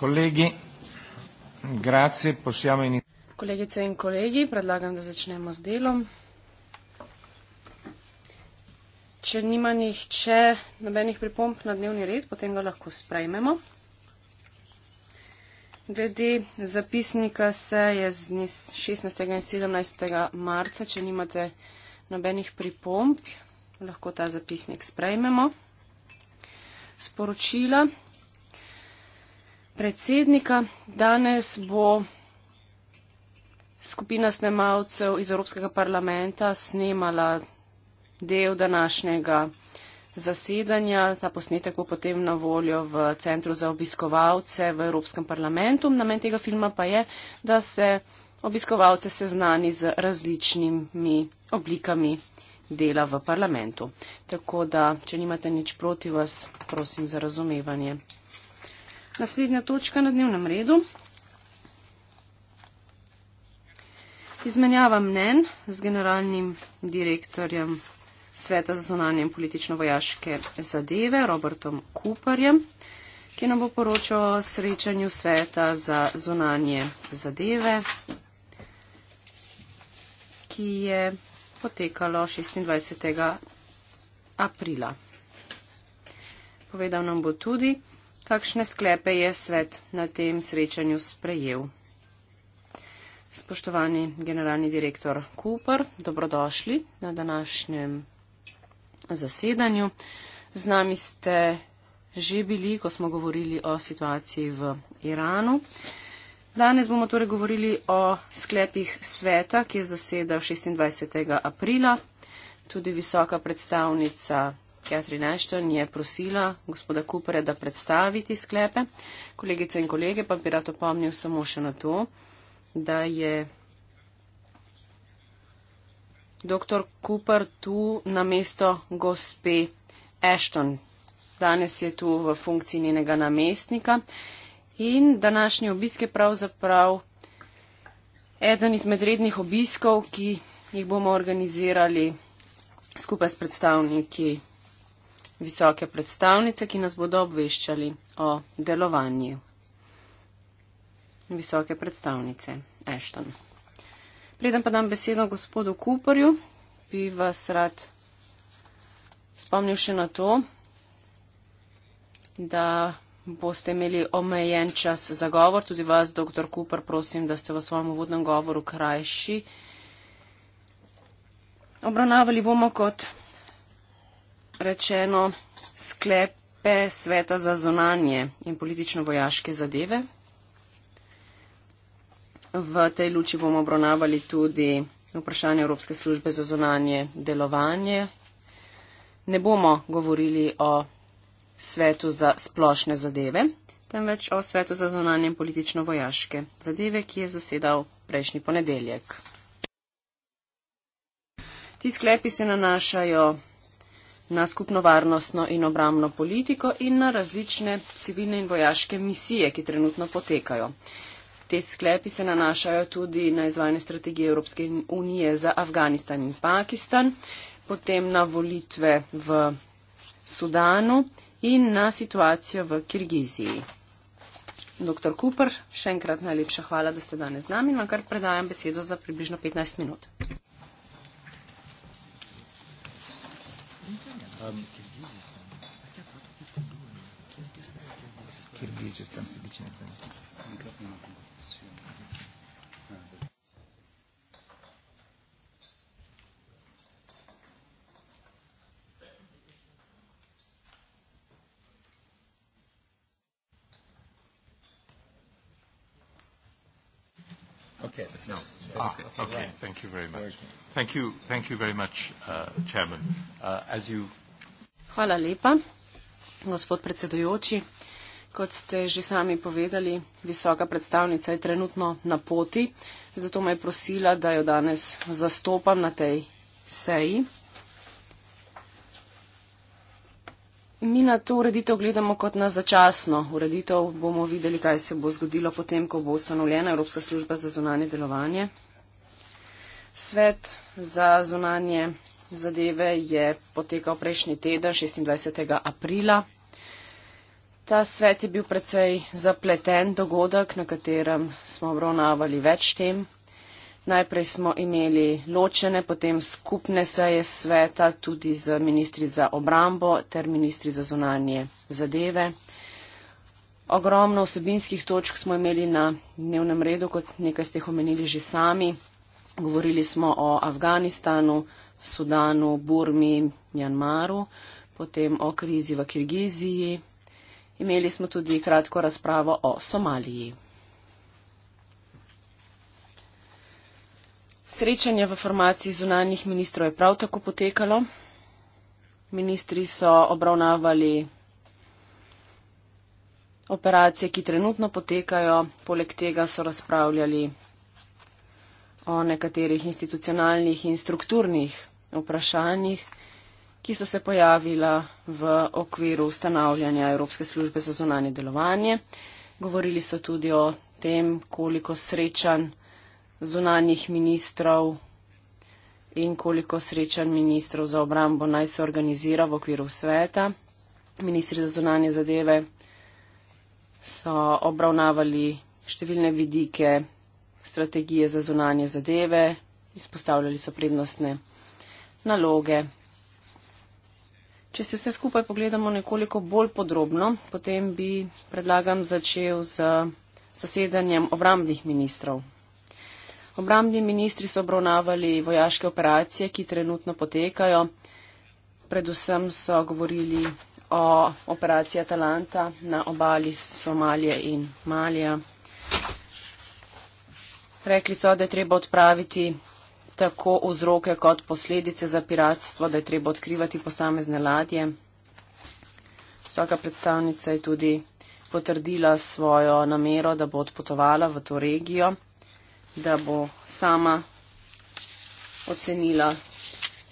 Kolegi, grazie, possiamo iniziare. Kolegice in kolegi, predlagam, da začnemo z delom. Če nima nihče nobenih pripomp na dnevni red, potem ga lahko sprejmemo. Glede zapisnika se je z 16. in 17. marca, če nimate nobenih pripomp, lahko ta zapisnik sprejmemo. Sporočila predsednika. Danes bo skupina snemalcev iz Evropskega parlamenta snemala del današnjega zasedanja. Ta posnetek bo potem na voljo v Centru za obiskovalce v Evropskem parlamentu. Namen tega filma pa je, da se obiskovalce seznani z različnimi oblikami dela v parlamentu. Tako da, če nimate nič proti vas, prosim za razumevanje naslednja točka na dnevnem redu. Izmenjava mnen z generalnim direktorjem Sveta za zonanje in politično-vojaške zadeve Robertom Kuparjem, ki nam bo poročal o srečanju Sveta za zonanje zadeve, ki je potekalo 26. aprila. Povedal nam bo tudi, kakšne sklepe je svet na tem srečanju sprejel. Spoštovani generalni direktor Cooper, dobrodošli na današnjem zasedanju. Z nami ste že bili, ko smo govorili o situaciji v Iranu. Danes bomo torej govorili o sklepih sveta, ki je zasedal 26. aprila. Tudi visoka predstavnica Catherine Ashton je prosila gospoda Cooperja, da predstavi te sklepe. Kolegice in kolege, pa bi rad opomnil samo še na to, da je dr. Cooper tu na mesto gospe Ashton. Danes je tu v funkciji njenega namestnika in današnji obisk je pravzaprav eden izmed rednih obiskov, ki jih bomo organizirali skupaj s predstavniki visoke predstavnice, ki nas bodo obveščali o delovanju. Visoke predstavnice, Ashton. Preden pa dam besedo gospodu Kuporju, bi vas rad spomnil še na to, da boste imeli omejen čas za govor. Tudi vas, dr. Kupor, prosim, da ste v svojem uvodnem govoru krajši. Obravnavali bomo kot rečeno sklepe sveta za zonanje in politično-vojaške zadeve. V tej luči bomo obravnavali tudi vprašanje Evropske službe za zonanje delovanje. Ne bomo govorili o svetu za splošne zadeve, temveč o svetu za zonanje in politično-vojaške zadeve, ki je zasedal prejšnji ponedeljek. Ti sklepi se nanašajo na skupno varnostno in obramno politiko in na različne civilne in vojaške misije, ki trenutno potekajo. Te sklepi se nanašajo tudi na izvajanje strategije Evropske unije za Afganistan in Pakistan, potem na volitve v Sudanu in na situacijo v Kirgiziji. Dr. Kupr, še enkrat najlepša hvala, da ste danes z nami in vam kar predajam besedo za približno 15 minut. Киргизистан. Um, Киргизистан, Okay, that's now. Ah, okay, thank you very much. Thank you, thank you very much, uh, Chairman. Uh, as you Hvala lepa, gospod predsedujoči. Kot ste že sami povedali, visoka predstavnica je trenutno na poti, zato me je prosila, da jo danes zastopam na tej seji. Mi na to ureditev gledamo kot na začasno ureditev. Bomo videli, kaj se bo zgodilo potem, ko bo ustanovljena Evropska služba za zunanje delovanje. Svet za zunanje zadeve je potekal prejšnji teden, 26. aprila. Ta svet je bil precej zapleten dogodek, na katerem smo obravnavali več tem. Najprej smo imeli ločene, potem skupne seje sveta tudi z ministri za obrambo ter ministri za zunanje zadeve. Ogromno vsebinskih točk smo imeli na dnevnem redu, kot nekaj ste jih omenili že sami. Govorili smo o Afganistanu, Sudanu, Burmi, Mjanmaru, potem o krizi v Kirgiziji. Imeli smo tudi kratko razpravo o Somaliji. Srečanje v formaciji zunanjih ministrov je prav tako potekalo. Ministri so obravnavali operacije, ki trenutno potekajo, poleg tega so razpravljali o nekaterih institucionalnih in strukturnih vprašanjih, ki so se pojavila v okviru ustanavljanja Evropske službe za zonanje delovanje. Govorili so tudi o tem, koliko srečanj zunanjih ministrov in koliko srečanj ministrov za obrambo naj se organizira v okviru sveta. Ministri za zunanje zadeve so obravnavali številne vidike strategije za zunanje zadeve, izpostavljali so prednostne naloge. Če si vse skupaj pogledamo nekoliko bolj podrobno, potem bi predlagam začel z zasedanjem obrambnih ministrov. Obrambni ministri so obravnavali vojaške operacije, ki trenutno potekajo. Predvsem so govorili o operaciji Atalanta na obali Somalije in Malija. Rekli so, da je treba odpraviti tako vzroke kot posledice za piratstvo, da je treba odkrivati posamezne ladje. Vsaka predstavnica je tudi potrdila svojo namero, da bo odpotovala v to regijo, da bo sama ocenila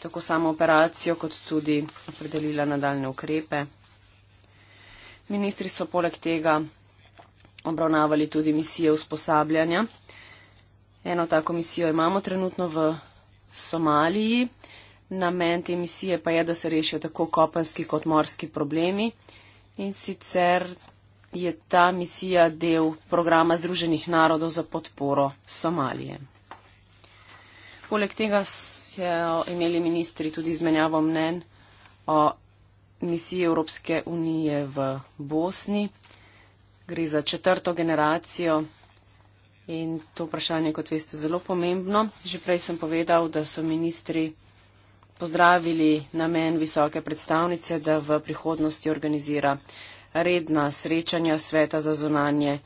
tako samo operacijo, kot tudi opredelila nadaljne ukrepe. Ministri so poleg tega obravnavali tudi misije usposabljanja. Eno tako komisijo imamo trenutno v Somaliji. Namen te misije pa je, da se rešijo tako kopenski kot morski problemi. In sicer je ta misija del programa Združenih narodov za podporo Somalije. Poleg tega so imeli ministri tudi izmenjavo mnen o misiji Evropske unije v Bosni. Gre za četrto generacijo In to vprašanje, kot veste, je zelo pomembno. Že prej sem povedal, da so ministri pozdravili namen visoke predstavnice, da v prihodnosti organizira redna srečanja sveta za zunanje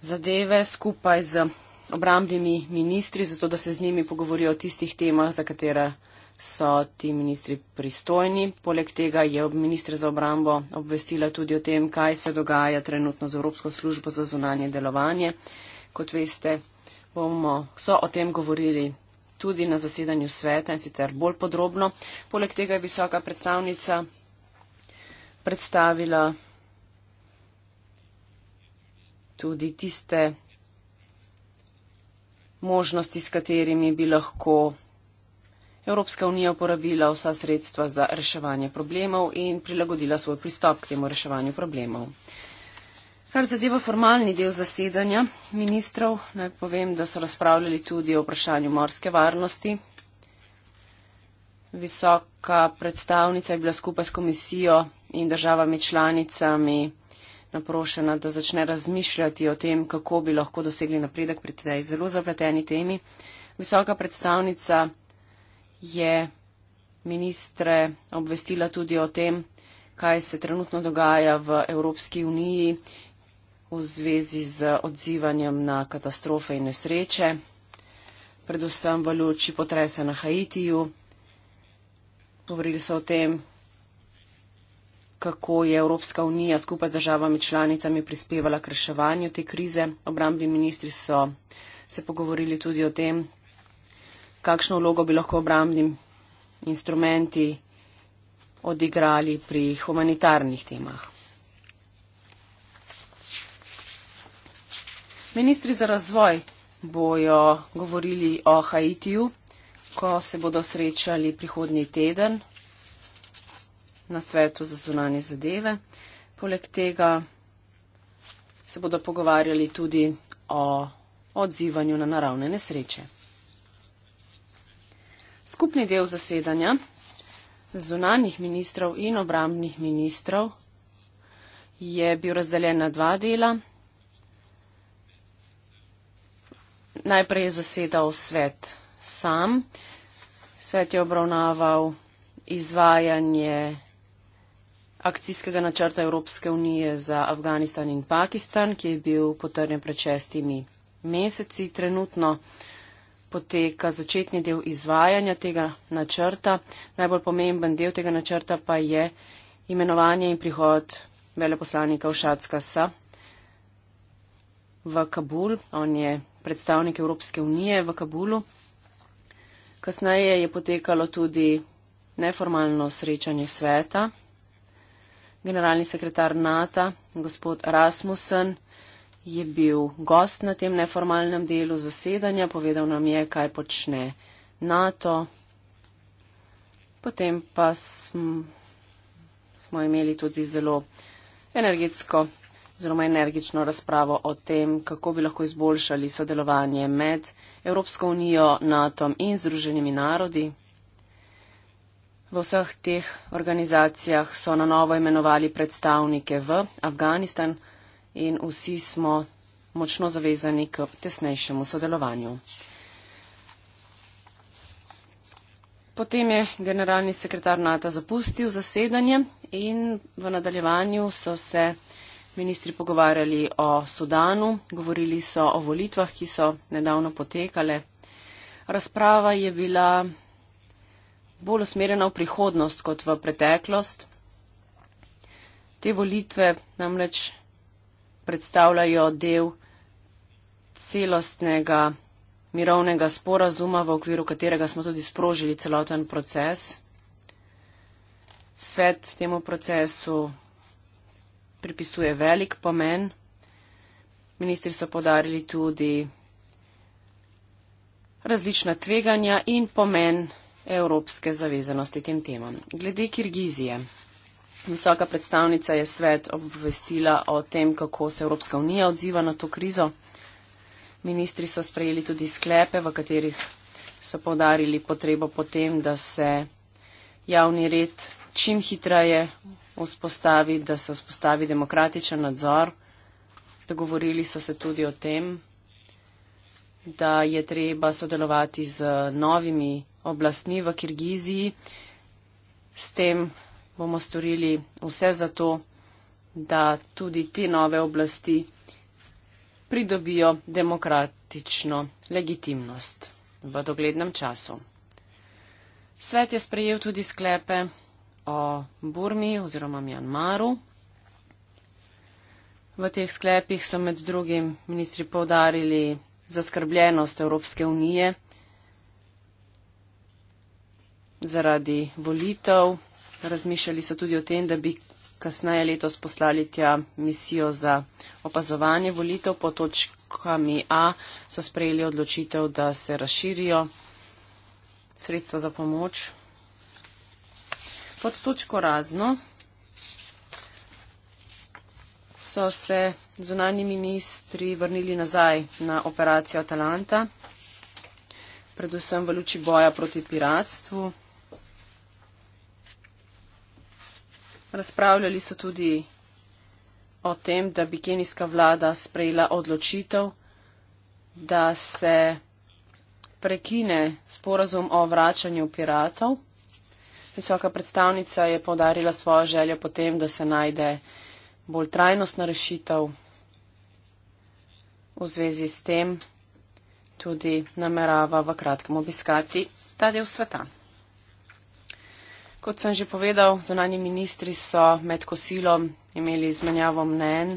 zadeve skupaj z obrambnimi ministri, zato da se z njimi pogovorijo o tistih temah, za katera so ti ministri pristojni. Poleg tega je ministr za obrambo obvestila tudi o tem, kaj se dogaja trenutno z Evropsko službo za zunanje delovanje. Kot veste, bomo so o tem govorili tudi na zasedanju sveta in sicer bolj podrobno. Poleg tega je visoka predstavnica predstavila tudi tiste možnosti, s katerimi bi lahko Evropska unija uporabila vsa sredstva za reševanje problemov in prilagodila svoj pristop k temu reševanju problemov. Kar zadeva formalni del zasedanja ministrov, naj povem, da so razpravljali tudi o vprašanju morske varnosti. Visoka predstavnica je bila skupaj s komisijo in državami članicami naprošena, da začne razmišljati o tem, kako bi lahko dosegli napredek pri tej zelo zapleteni temi. Visoka predstavnica je ministre obvestila tudi o tem, kaj se trenutno dogaja v Evropski uniji v zvezi z odzivanjem na katastrofe in nesreče, predvsem v luči potresa na Haitiju. Govorili so o tem, kako je Evropska unija skupaj z državami članicami prispevala k reševanju te krize. Obrambni ministri so se pogovorili tudi o tem, kakšno vlogo bi lahko obrambni instrumenti odigrali pri humanitarnih temah. Ministri za razvoj bojo govorili o Haitiju, ko se bodo srečali prihodnji teden na svetu za zunanje zadeve. Poleg tega se bodo pogovarjali tudi o odzivanju na naravne nesreče. Skupni del zasedanja zunanjih ministrov in obramnih ministrov je bil razdeljen na dva dela. Najprej je zasedal svet sam. Svet je obravnaval izvajanje akcijskega načrta Evropske unije za Afganistan in Pakistan, ki je bil potrjen pred šestimi meseci. Trenutno poteka začetni del izvajanja tega načrta. Najbolj pomemben del tega načrta pa je imenovanje in prihod veleposlanika Ušatska Sa v Kabul. On je predstavnik Evropske unije v Kabulu. Kasneje je potekalo tudi neformalno srečanje sveta. Generalni sekretar NATO, gospod Rasmussen, je bil gost na tem neformalnem delu zasedanja, povedal nam je, kaj počne NATO. Potem pa smo, smo imeli tudi zelo energetsko, zelo energično razpravo o tem, kako bi lahko izboljšali sodelovanje med Evropsko unijo, NATO in Združenimi narodi. V vseh teh organizacijah so na novo imenovali predstavnike v Afganistan, in vsi smo močno zavezani k tesnejšemu sodelovanju. Potem je generalni sekretar NATO zapustil zasedanje in v nadaljevanju so se ministri pogovarjali o Sudanu, govorili so o volitvah, ki so nedavno potekale. Razprava je bila bolj usmerjena v prihodnost kot v preteklost. Te volitve namreč predstavljajo del celostnega mirovnega sporazuma, v okviru katerega smo tudi sprožili celoten proces. Svet temu procesu pripisuje velik pomen. Ministri so podarili tudi različna tveganja in pomen evropske zavezanosti tem temam. Glede Kirgizije. Visoka predstavnica je svet obvestila o tem, kako se Evropska unija odziva na to krizo. Ministri so sprejeli tudi sklepe, v katerih so povdarili potrebo potem, da se javni red čim hitreje vzpostavi, da se vzpostavi demokratičen nadzor. Dogovorili so se tudi o tem, da je treba sodelovati z novimi oblastmi v Kirgiziji, s tem, bomo storili vse za to, da tudi te nove oblasti pridobijo demokratično legitimnost v doglednem času. Svet je sprejel tudi sklepe o Burmi oziroma Mjanmaru. V teh sklepih so med drugim ministri povdarili zaskrbljenost Evropske unije zaradi volitev Razmišljali so tudi o tem, da bi kasneje letos poslali tja misijo za opazovanje volitev. Po točkami A so sprejeli odločitev, da se razširijo sredstva za pomoč. Pod točko razno so se zunani ministri vrnili nazaj na operacijo Atalanta, predvsem v luči boja proti piratstvu. Razpravljali so tudi o tem, da bi kenijska vlada sprejela odločitev, da se prekine sporazum o vračanju piratov. Visoka predstavnica je podarila svojo željo potem, da se najde bolj trajnostna rešitev v zvezi s tem, tudi namerava v kratkem obiskati ta del sveta. Kot sem že povedal, zunani ministri so med kosilom imeli izmenjavo mnen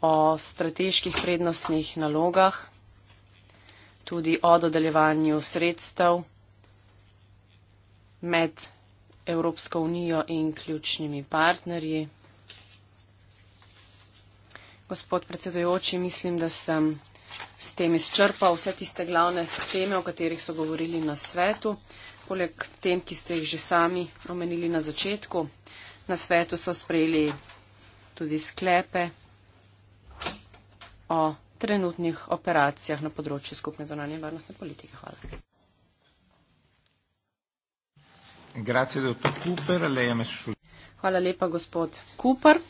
o strateških prednostnih nalogah, tudi o dodeljevanju sredstev med Evropsko unijo in ključnimi partnerji. Gospod predsedujoči, mislim, da sem s tem izčrpal vse tiste glavne teme, o katerih so govorili na svetu poleg tem, ki ste jih že sami omenili na začetku. Na svetu so sprejeli tudi sklepe o trenutnih operacijah na področju skupne zonanje varnostne politike. Hvala. Hvala lepa, gospod Kuper.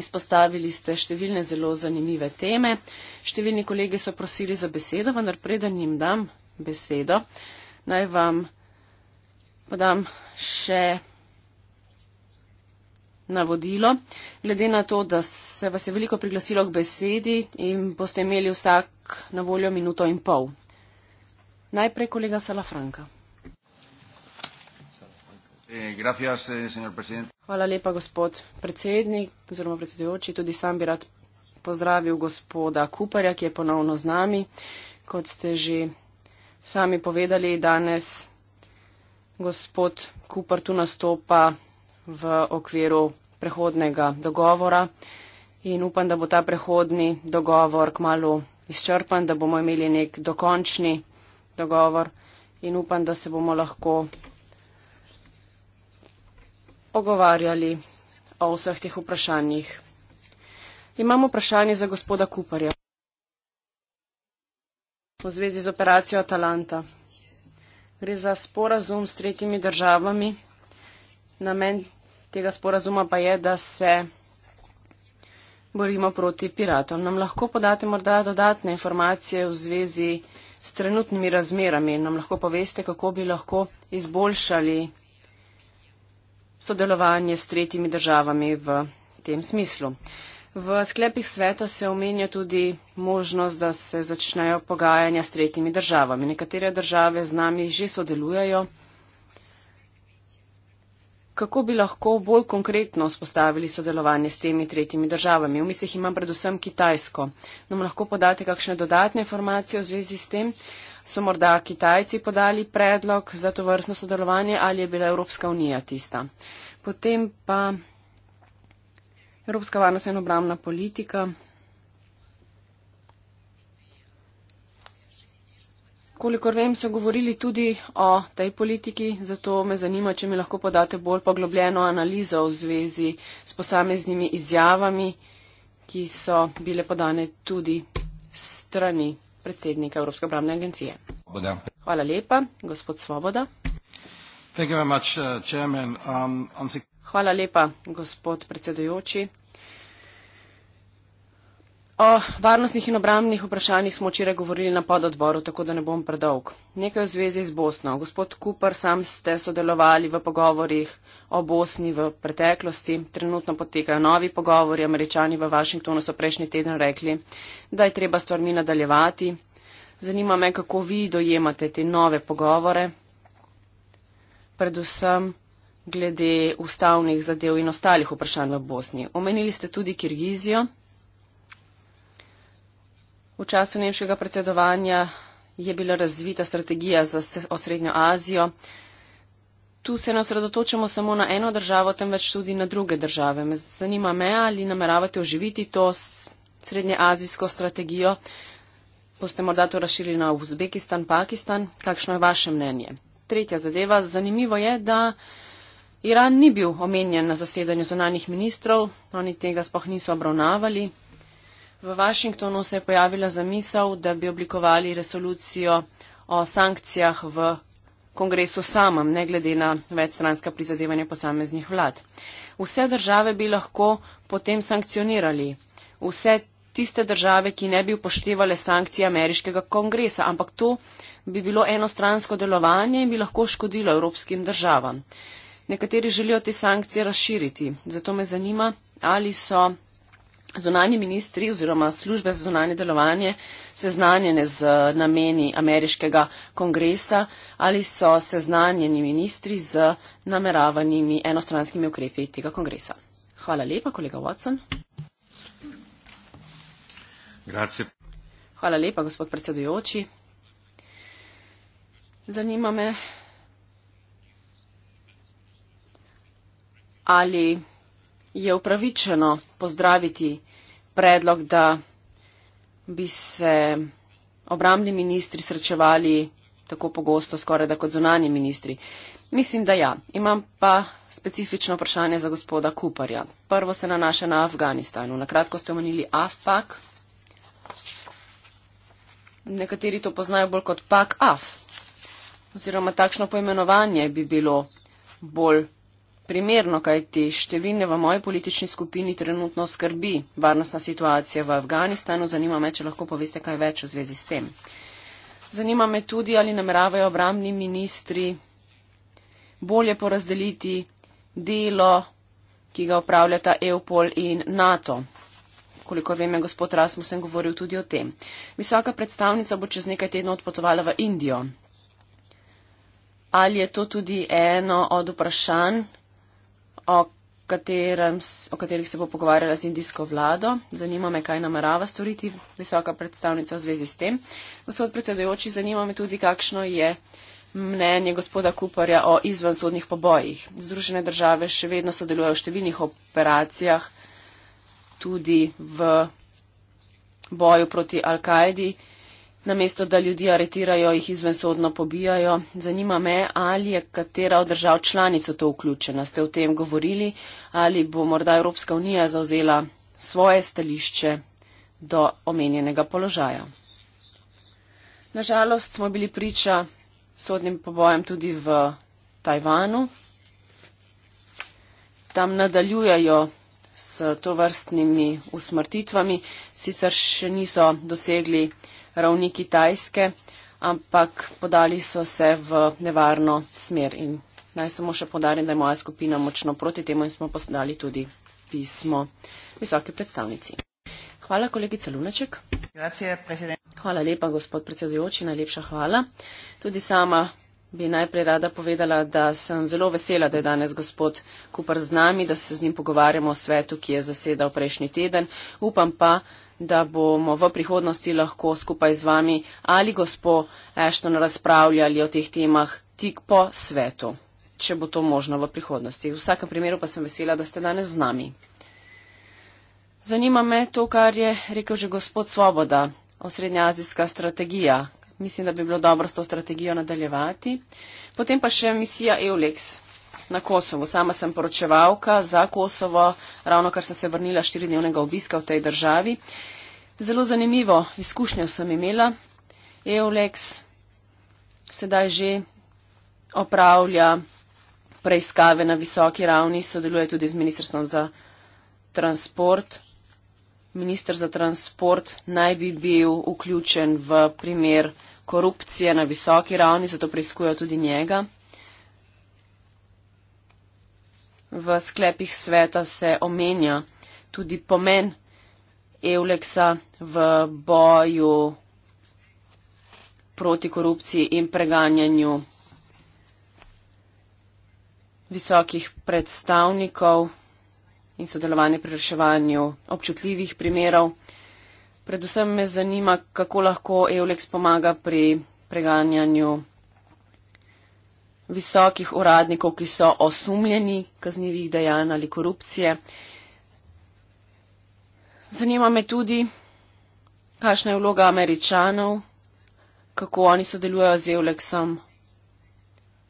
Izpostavili ste številne zelo zanimive teme. Številni kolegi so prosili za besedo, vendar preden jim dam besedo, naj vam podam še navodilo. Glede na to, da se vas je veliko priglasilo k besedi in boste imeli vsak na voljo minuto in pol. Najprej kolega Salafranka. Eh, eh, Hvala lepa, gospod predsednik, oziroma predsedujoči. Tudi sam bi rad pozdravil gospoda Kuparja, ki je ponovno z nami. Kot ste že sami povedali, danes gospod Kupr tu nastopa v okviru prehodnega dogovora in upam, da bo ta prehodni dogovor kmalo izčrpan, da bomo imeli nek dokončni dogovor in upam, da se bomo lahko pogovarjali o vseh teh vprašanjih. Imamo vprašanje za gospoda Kuparja v zvezi z operacijo Atalanta. Gre za sporazum s tretjimi državami. Namen tega sporazuma pa je, da se borimo proti piratom. Nam lahko podate morda dodatne informacije v zvezi s trenutnimi razmerami in nam lahko poveste, kako bi lahko izboljšali sodelovanje s tretjimi državami v tem smislu. V sklepih sveta se omenja tudi možnost, da se začnejo pogajanja s tretjimi državami. Nekatere države z nami že sodelujejo. Kako bi lahko bolj konkretno vzpostavili sodelovanje s temi tretjimi državami? V mislih imam predvsem Kitajsko. Nam lahko podate kakšne dodatne informacije v zvezi s tem? So morda Kitajci podali predlog za to vrstno sodelovanje ali je bila Evropska unija tista? Potem pa Evropska varnost in obramna politika. Kolikor vem, so govorili tudi o tej politiki, zato me zanima, če mi lahko podate bolj poglobljeno analizo v zvezi s posameznimi izjavami, ki so bile podane tudi strani predsednika Evropske obramne agencije. Hvala, Hvala lepa, gospod Svoboda. Thank you very much, uh, chairman. Um, on... Hvala lepa, gospod predsedujoči. O varnostnih in obramnih vprašanjih smo včeraj govorili na pododboru, tako da ne bom predolg. Nekaj v zvezi z Bosno. Gospod Kupr, sam ste sodelovali v pogovorjih o Bosni v preteklosti. Trenutno potekajo novi pogovori. Američani v Washingtonu so prejšnji teden rekli, da je treba stvarmi nadaljevati. Zanima me, kako vi dojemate te nove pogovore. Predvsem glede ustavnih zadev in ostalih vprašanj v Bosni. Omenili ste tudi Kirgizijo. V času nemškega predsedovanja je bila razvita strategija za osrednjo Azijo. Tu se ne osredotočamo samo na eno državo, temveč tudi na druge države. Me zanima me, ali nameravate oživiti to srednjeazijsko strategijo. Boste morda to razširili na Uzbekistan, Pakistan. Kakšno je vaše mnenje? Tretja zadeva. Zanimivo je, da Iran ni bil omenjen na zasedanju zunanih ministrov, oni tega spoh niso obravnavali. V Vašingtonu se je pojavila zamisel, da bi oblikovali resolucijo o sankcijah v kongresu samem, ne glede na večstranska prizadevanja posameznih vlad. Vse države bi lahko potem sankcionirali. Vse tiste države, ki ne bi upoštevale sankcije ameriškega kongresa, ampak to bi bilo enostransko delovanje in bi lahko škodilo evropskim državam. Nekateri želijo te sankcije razširiti. Zato me zanima, ali so zunani ministri oziroma službe za zunanje delovanje seznanjene z nameni ameriškega kongresa, ali so seznanjeni ministri z nameravanimi enostranskimi ukrepi tega kongresa. Hvala lepa, kolega Watson. Grazie. Hvala lepa, gospod predsedujoči. Zanima me, ali je upravičeno pozdraviti predlog, da bi se obramni ministri srečevali tako pogosto skoraj da kot zunani ministri. Mislim, da ja. Imam pa specifično vprašanje za gospoda Kuparja. Prvo se nanaša na Afganistanu. Na kratko ste omenili AFAK. Nekateri to poznajo bolj kot PAK-AF. Oziroma takšno poimenovanje bi bilo bolj Primerno, kaj ti številne v moji politični skupini trenutno skrbi varnostna situacija v Afganistanu, zanima me, če lahko poveste kaj več v zvezi s tem. Zanima me tudi, ali nameravajo obramni ministri bolje porazdeliti delo, ki ga upravljata EUPOL in NATO. Koliko vem, je gospod Rasmussen govoril tudi o tem. Visoka predstavnica bo čez nekaj tednov odpotovala v Indijo. Ali je to tudi eno od vprašanj, o, katerem, o katerih se bo pogovarjala z indijsko vlado. Zanima me, kaj namerava storiti visoka predstavnica v zvezi s tem. Gospod predsedujoči, zanima me tudi, kakšno je mnenje gospoda Kuparja o izvansodnih pobojih. Združene države še vedno sodelujejo v številnih operacijah, tudi v boju proti Al-Kaidi. Namesto, da ljudi aretirajo, jih izvensodno pobijajo. Zanima me, ali je katera od držav članico to vključena. Ste o tem govorili ali bo morda Evropska unija zauzela svoje stališče do omenjenega položaja. Nažalost smo bili priča sodnim pobojem tudi v Tajvanu. Tam nadaljujejo s tovrstnimi usmrtitvami, sicer še niso dosegli ravni Kitajske, ampak podali so se v nevarno smer. In naj samo še podarim, da je moja skupina močno proti temu in smo poslali tudi pismo visoke predstavnici. Hvala, kolegica Lunaček. Hvala lepa, gospod predsedujoči, najlepša hvala. Tudi sama bi najprej rada povedala, da sem zelo vesela, da je danes gospod Kupar z nami, da se z njim pogovarjamo o svetu, ki je zasedal prejšnji teden. Upam pa, da bomo v prihodnosti lahko skupaj z vami ali gospo Ashton razpravljali o teh temah tik po svetu, če bo to možno v prihodnosti. V vsakem primeru pa sem vesela, da ste danes z nami. Zanima me to, kar je rekel že gospod Svoboda, osrednjazijska strategija. Mislim, da bi bilo dobro s to strategijo nadaljevati. Potem pa še misija EULEX na Kosovo. Sama sem poročevalka za Kosovo, ravno kar sem se vrnila štiridnevnega obiska v tej državi. Uh, Zelo zanimivo izkušnjo sem imela. Eolex sedaj že opravlja preiskave na visoki ravni, sodeluje tudi z Ministrstvom za transport. Ministr za transport naj bi bil vključen v primer korupcije na visoki ravni, zato preiskujejo tudi njega. V sklepih sveta se omenja tudi pomen Euleksa v boju proti korupciji in preganjanju visokih predstavnikov in sodelovanje pri reševanju občutljivih primerov. Predvsem me zanima, kako lahko Eulex pomaga pri preganjanju visokih uradnikov, ki so osumljeni kaznjivih dejanj ali korupcije. Zanima me tudi, kakšna je vloga američanov, kako oni sodelujejo z Euleksom.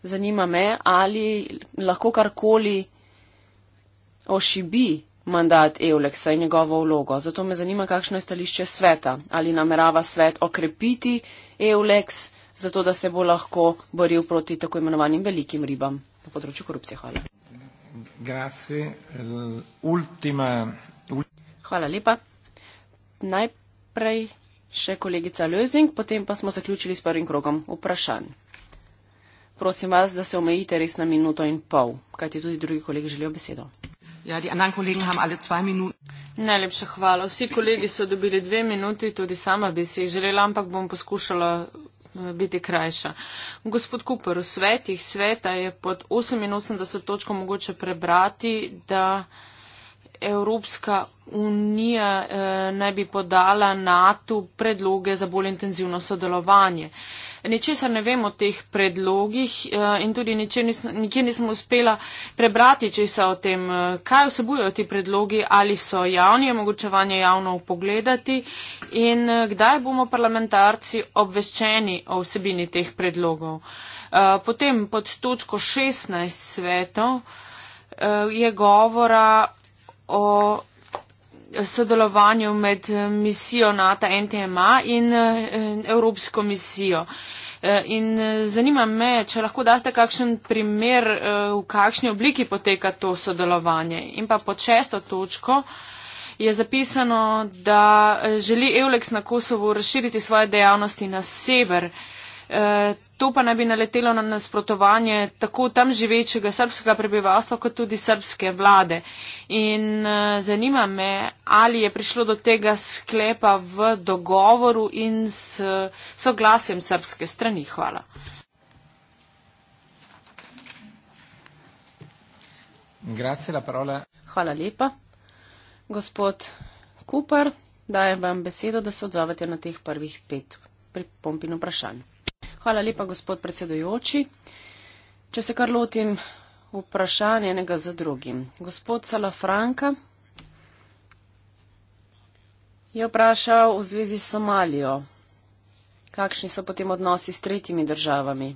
Zanima me, ali lahko karkoli ošibi mandat Euleksa in njegovo vlogo. Zato me zanima, kakšno je stališče sveta. Ali namerava svet okrepiti Euleks, zato da se bo lahko boril proti tako imenovanim velikim ribam na področju korupcije. Hvala. Grazie. L'ultima Hvala lepa. Najprej še kolegica Lözing, potem pa smo zaključili s prvim krogom vprašanj. Prosim vas, da se omejite res na minuto in pol, kajti tudi drugi kolegi želijo besedo. Ja, di anan kolegen ham ale dva minut. Najlepša hvala. Vsi kolegi so dobili dve minuti, tudi sama bi si jih želela, ampak bom poskušala eh, biti krajša. Gospod Kuper, v svetih sveta je pod 88 točko mogoče prebrati, da. Evropska unija eh, naj bi podala NATO predloge za bolj intenzivno sodelovanje. Ničesar ne vem o teh predlogih eh, in tudi nikjer nisem uspela prebrati česa o tem, eh, kaj vsebujejo ti predlogi, ali so javni, je mogočevanje javno upogledati in eh, kdaj bomo parlamentarci obveščeni o vsebini teh predlogov. Eh, potem pod točko 16 svetov eh, je govora o sodelovanju med misijo NATO NTMA in eh, Evropsko misijo. Eh, in eh, zanima me, če lahko daste kakšen primer, v kakšni obliki poteka to sodelovanje. In pa pod šesto točko je zapisano, da želi Eulex na Kosovo razširiti svoje dejavnosti na sever. Eh, to pa naj bi naletelo na nasprotovanje tako tam živečega srpskega prebivalstva, kot tudi srpske vlade. In eh, zanima me, ali je prišlo do tega sklepa v dogovoru in s soglasjem srpske strani. Hvala. Hvala lepa. Gospod Kupar, dajem vam besedo, da se odzovete na teh prvih pet pripomb in vprašanj. Hvala lepa, gospod predsedujoči. Če se kar lotim vprašanja enega za drugim. Gospod Salafranka je vprašal v zvezi s Somalijo, kakšni so potem odnosi s tretjimi državami.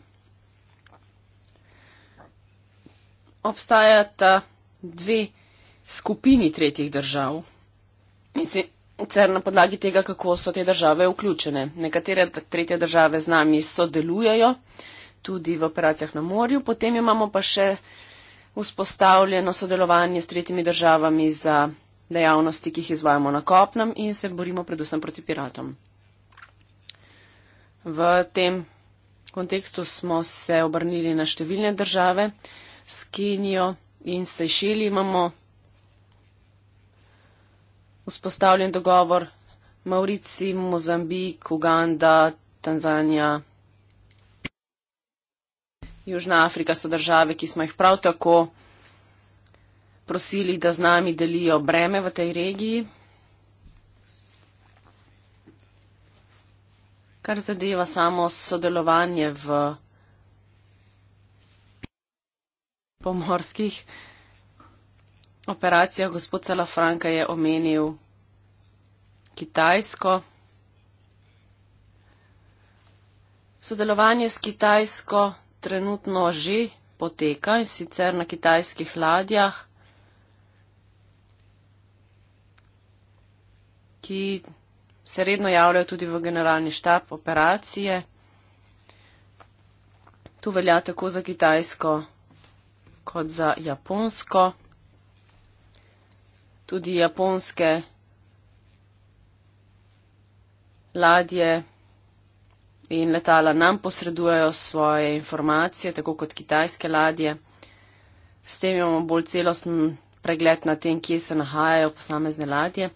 Obstajata dve skupini tretjih držav. In, si, Cer na podlagi tega, kako so te države vključene. Nekatere tretje države z nami sodelujejo tudi v operacijah na morju, potem imamo pa še vzpostavljeno sodelovanje s tretjimi državami za dejavnosti, ki jih izvajamo na kopnem in se borimo predvsem proti piratom. V tem kontekstu smo se obrnili na številne države, s Kenijo in Sejšeli imamo vzpostavljen dogovor, Maurici, Mozambik, Uganda, Tanzanija. Južna Afrika so države, ki smo jih prav tako prosili, da z nami delijo breme v tej regiji. Kar zadeva samo sodelovanje v pomorskih operacijah gospod Salafranka je omenil Kitajsko. Sodelovanje s Kitajsko trenutno že poteka in sicer na kitajskih ladjah, ki se redno javljajo tudi v generalni štab operacije. Tu velja tako za Kitajsko kot za Japonsko tudi japonske ladje in letala nam posredujejo svoje informacije, tako kot kitajske ladje. S tem imamo bolj celosten pregled na tem, kje se nahajajo posamezne ladje.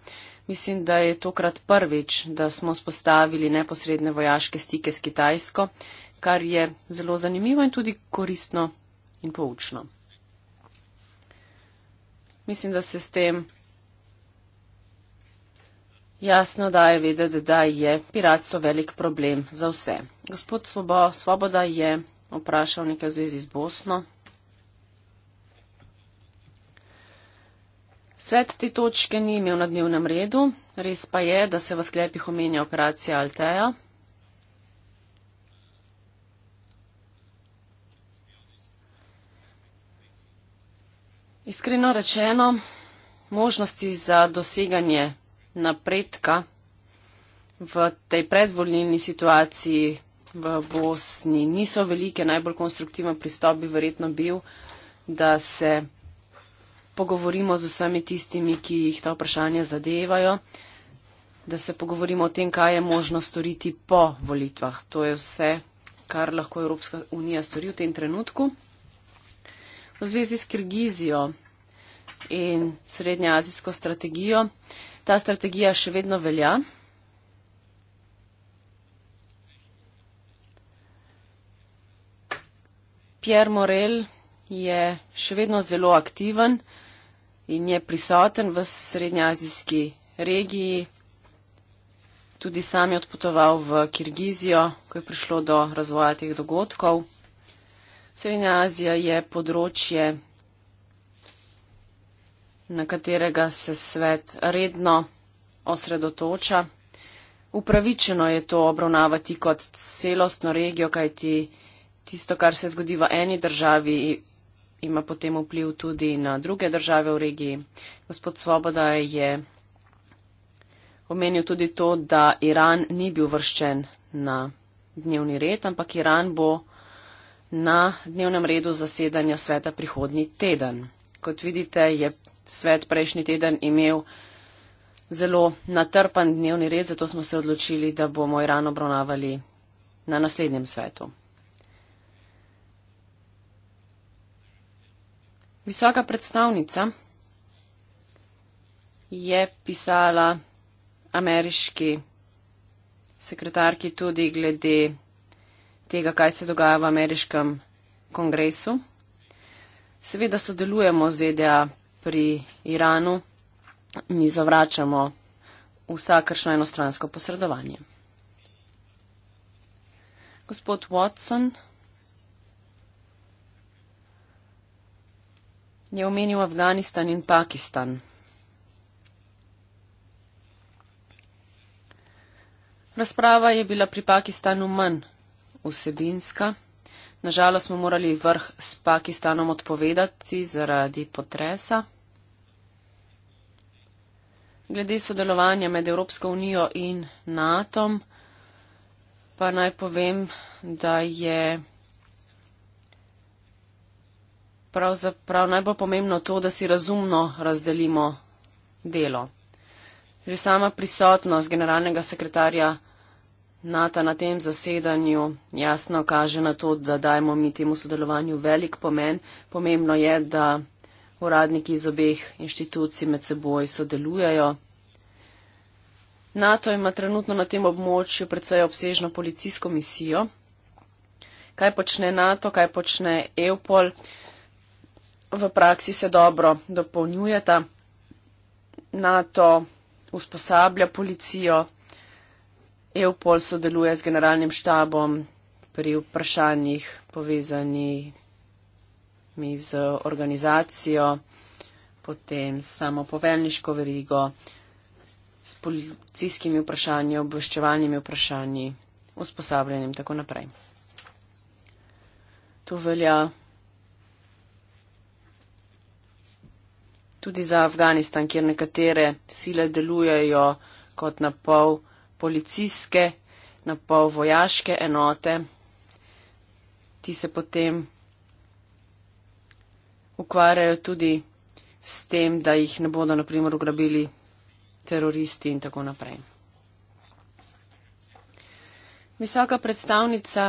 Mislim, da je tokrat prvič, da smo spostavili neposredne vojaške stike s Kitajsko, kar je zelo zanimivo in tudi koristno in poučno. Mislim, da se s tem Jasno daje vedeti, da je piratstvo velik problem za vse. Gospod Svobo, Svoboda je vprašal nekaj v zvezi z Bosno. Svet te točke ni imel na dnevnem redu, res pa je, da se v sklepih omenja operacija Alteja. Iskreno rečeno, možnosti za doseganje napredka v tej predvoljeni situaciji v Bosni niso velike. Najbolj konstruktiven pristop bi verjetno bil, da se pogovorimo z vsemi tistimi, ki jih ta vprašanja zadevajo, da se pogovorimo o tem, kaj je možno storiti po volitvah. To je vse, kar lahko Evropska unija stori v tem trenutku. V zvezi s Kirgizijo in srednjeazijsko strategijo ta strategija še vedno velja. Pierre Morel je še vedno zelo aktiven in je prisoten v srednjeazijski regiji. Tudi sam je odpotoval v Kirgizijo, ko je prišlo do razvoja teh dogodkov. Srednja Azija je področje na katerega se svet redno osredotoča. Upravičeno je to obravnavati kot celostno regijo, kajti tisto, kar se zgodi v eni državi, ima potem vpliv tudi na druge države v regiji. Gospod Svoboda je omenil tudi to, da Iran ni bil vrščen na dnevni red, ampak Iran bo na dnevnem redu zasedanja sveta prihodnji teden. Kot vidite, je svet prejšnji teden imel zelo natrpan dnevni red, zato smo se odločili, da bomo Iran obravnavali na naslednjem svetu. Visoka predstavnica je pisala ameriški sekretarki tudi glede tega, kaj se dogaja v ameriškem kongresu. Seveda sodelujemo z ZDA pri Iranu, mi zavračamo vsakršno enostransko posredovanje. Gospod Watson je omenil Afganistan in Pakistan. Razprava je bila pri Pakistanu manj vsebinska. Nažalost smo morali vrh s Pakistanom odpovedati zaradi potresa. Glede sodelovanja med Evropsko unijo in NATO, pa naj povem, da je pravzaprav najbolj pomembno to, da si razumno razdelimo delo. Že sama prisotnost generalnega sekretarja NATO na tem zasedanju jasno kaže na to, da dajemo mi temu sodelovanju velik pomen. Pomembno je, da uradniki iz obeh inštitucij med seboj sodelujejo. NATO ima trenutno na tem območju predvsej obsežno policijsko misijo. Kaj počne NATO, kaj počne EUPOL, v praksi se dobro dopolnjujeta. NATO usposablja policijo. EUPOL sodeluje z generalnim štabom pri vprašanjih povezanimi z organizacijo, potem s samo poveljniško verigo, s policijskimi vprašanji, obveščevalnimi vprašanji, usposabljanjem in tako naprej. To velja tudi za Afganistan, kjer nekatere sile delujejo kot na pol policijske, na pol vojaške enote, ti se potem ukvarjajo tudi s tem, da jih ne bodo naprimer ugrabili teroristi in tako naprej. Visoka predstavnica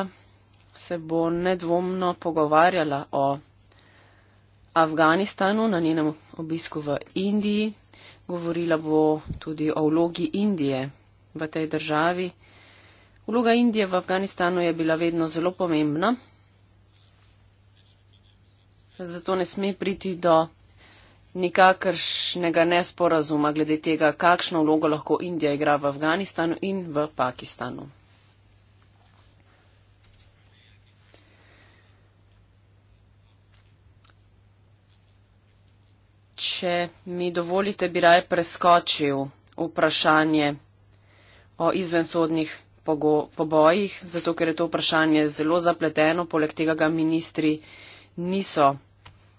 se bo nedvomno pogovarjala o Afganistanu na njenem obisku v Indiji, govorila bo tudi o vlogi Indije v tej državi. Vloga Indije v Afganistanu je bila vedno zelo pomembna, zato ne sme priti do nikakršnega nesporazuma glede tega, kakšno vlogo lahko Indija igra v Afganistanu in v Pakistanu. Če mi dovolite, bi raje preskočil vprašanje o izvensodnih pobojih, zato ker je to vprašanje zelo zapleteno, poleg tega ga ministri niso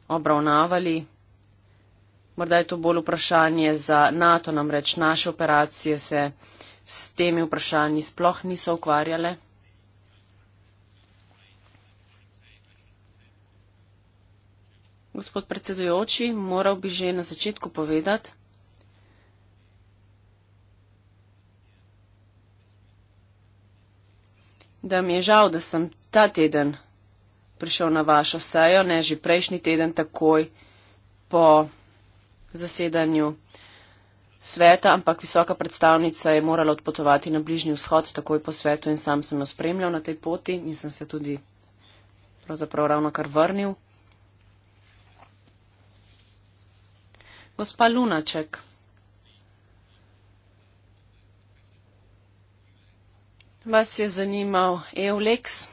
obravnavali. Morda je to bolj vprašanje za NATO, namreč naše operacije se s temi vprašanji sploh niso ukvarjale. Gospod predsedujoči, moral bi že na začetku povedati, da mi je žal, da sem ta teden prišel na vašo sejo, ne že prejšnji teden, takoj po zasedanju sveta, ampak visoka predstavnica je morala odpotovati na bližnji vzhod, takoj po svetu in sam sem jo spremljal na tej poti in sem se tudi pravzaprav ravno kar vrnil. Gospa Lunaček. Vas je zanimal Eulex?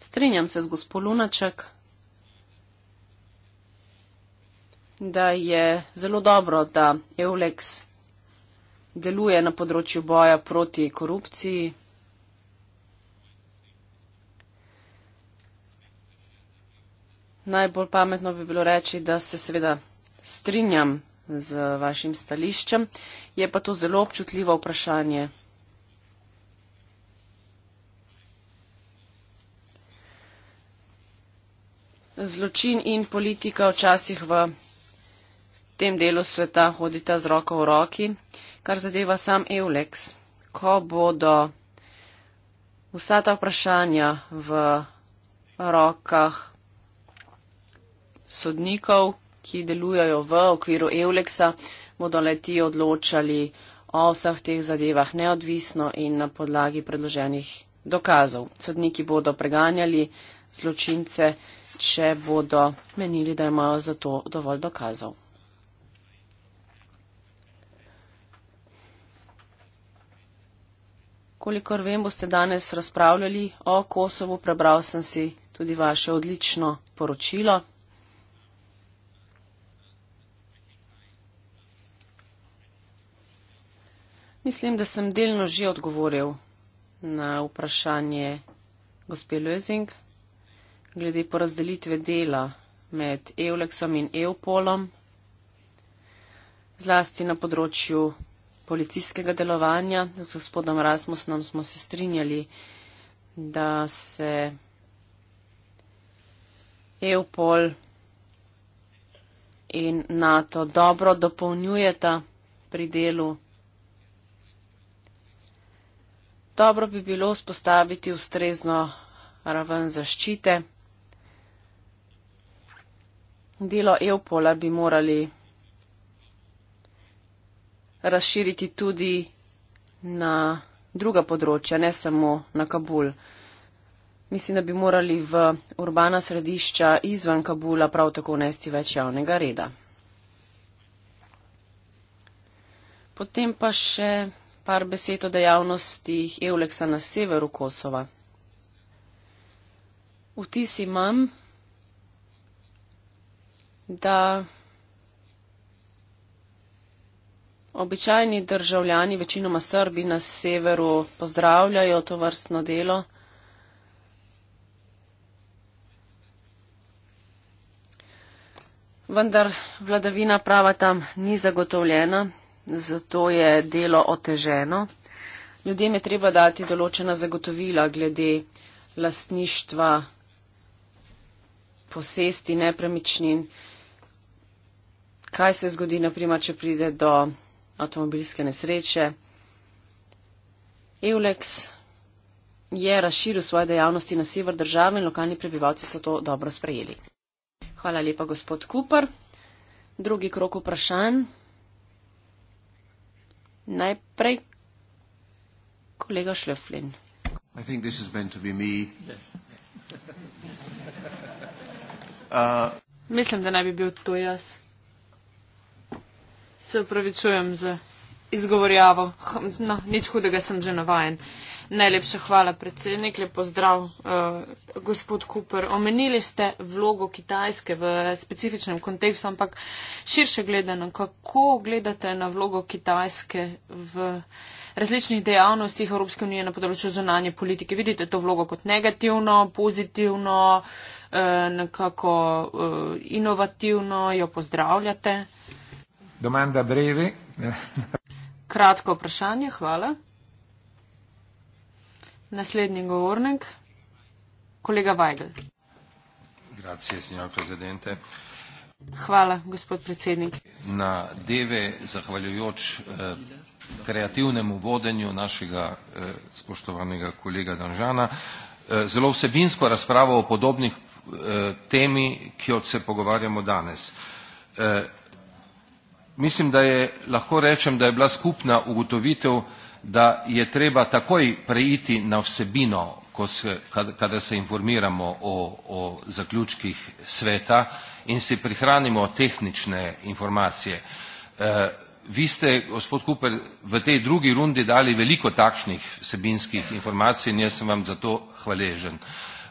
Strinjam se z gospod Lunaček, da je zelo dobro, da Eulex deluje na področju boja proti korupciji. Najbolj pametno bi bilo reči, da se seveda strinjam z vašim stališčem. Je pa to zelo občutljivo vprašanje. Zločin in politika včasih v tem delu sveta hodita z roko v roki, kar zadeva sam Eulex. Ko bodo vsa ta vprašanja v rokah sodnikov, ki delujejo v okviru Euleksa, bodo le ti odločali o vseh teh zadevah neodvisno in na podlagi predloženih dokazov. Sodniki bodo preganjali zločince, če bodo menili, da imajo za to dovolj dokazov. Kolikor vem, boste danes razpravljali o Kosovu, prebral sem si tudi vaše odlično poročilo. Mislim, da sem delno že odgovoril na vprašanje gospe Lezing glede porazdelitve dela med Eulexom in Eupolom, zlasti na področju policijskega delovanja. Z gospodom Rasmusnom smo se strinjali, da se Eupol in NATO dobro dopolnjujeta pri delu. Dobro bi bilo spostaviti ustrezno raven zaščite. Delo Evpola bi morali razširiti tudi na druga področja, ne samo na Kabul. Mislim, da bi morali v urbana središča izven Kabula prav tako nesti več javnega reda. Potem pa še par besed o dejavnostih Euleksa na severu Kosova. Vtis imam, da običajni državljani, večinoma Srbi na severu, pozdravljajo to vrstno delo. Vendar vladavina prava tam ni zagotovljena zato je delo oteženo. Ljudem je treba dati določena zagotovila glede lastništva posesti nepremičnin. Kaj se zgodi, naprimer, če pride do avtomobilske nesreče? Eulex je razširil svoje dejavnosti na sever države in lokalni prebivalci so to dobro sprejeli. Hvala lepa, gospod Kupar. Drugi krok vprašanj i think this is meant to be me. Uh, Mislim, da naj bi bil to jaz. Se upravičujem za izgovorjavo. No, nič hudega sem že navajen. Najlepša hvala, predsednik. Lep pozdrav, uh, gospod Kuper. Omenili ste vlogo Kitajske v specifičnem kontekstu, ampak širše gledano, kako gledate na vlogo Kitajske v različnih dejavnostih Evropske unije na področju zonanje politike? Vidite to vlogo kot negativno, pozitivno, uh, nekako uh, inovativno, jo pozdravljate? Domanda brevi. Kratko vprašanje, hvala. Naslednji govornik, kolega Vajgl. Grazie, signor presidente. Hvala, gospod predsednik. Na deve, zahvaljujoč eh, kreativnemu vodenju našega eh, spoštovanega kolega Danžana, eh, zelo vsebinsko razpravo o podobnih eh, temi, ki jo se pogovarjamo danes. Eh, mislim, da je, lahko rečem, da je bila skupna ugotovitev eh, da je treba takoj preiti na vsebino, ko se, kada se informiramo o, o zaključkih sveta in si prihranimo tehnične informacije. E, vi ste, gospod Kuper, v tej drugi rundi dali veliko takšnih vsebinskih informacij in jaz sem vam za to hvaležen.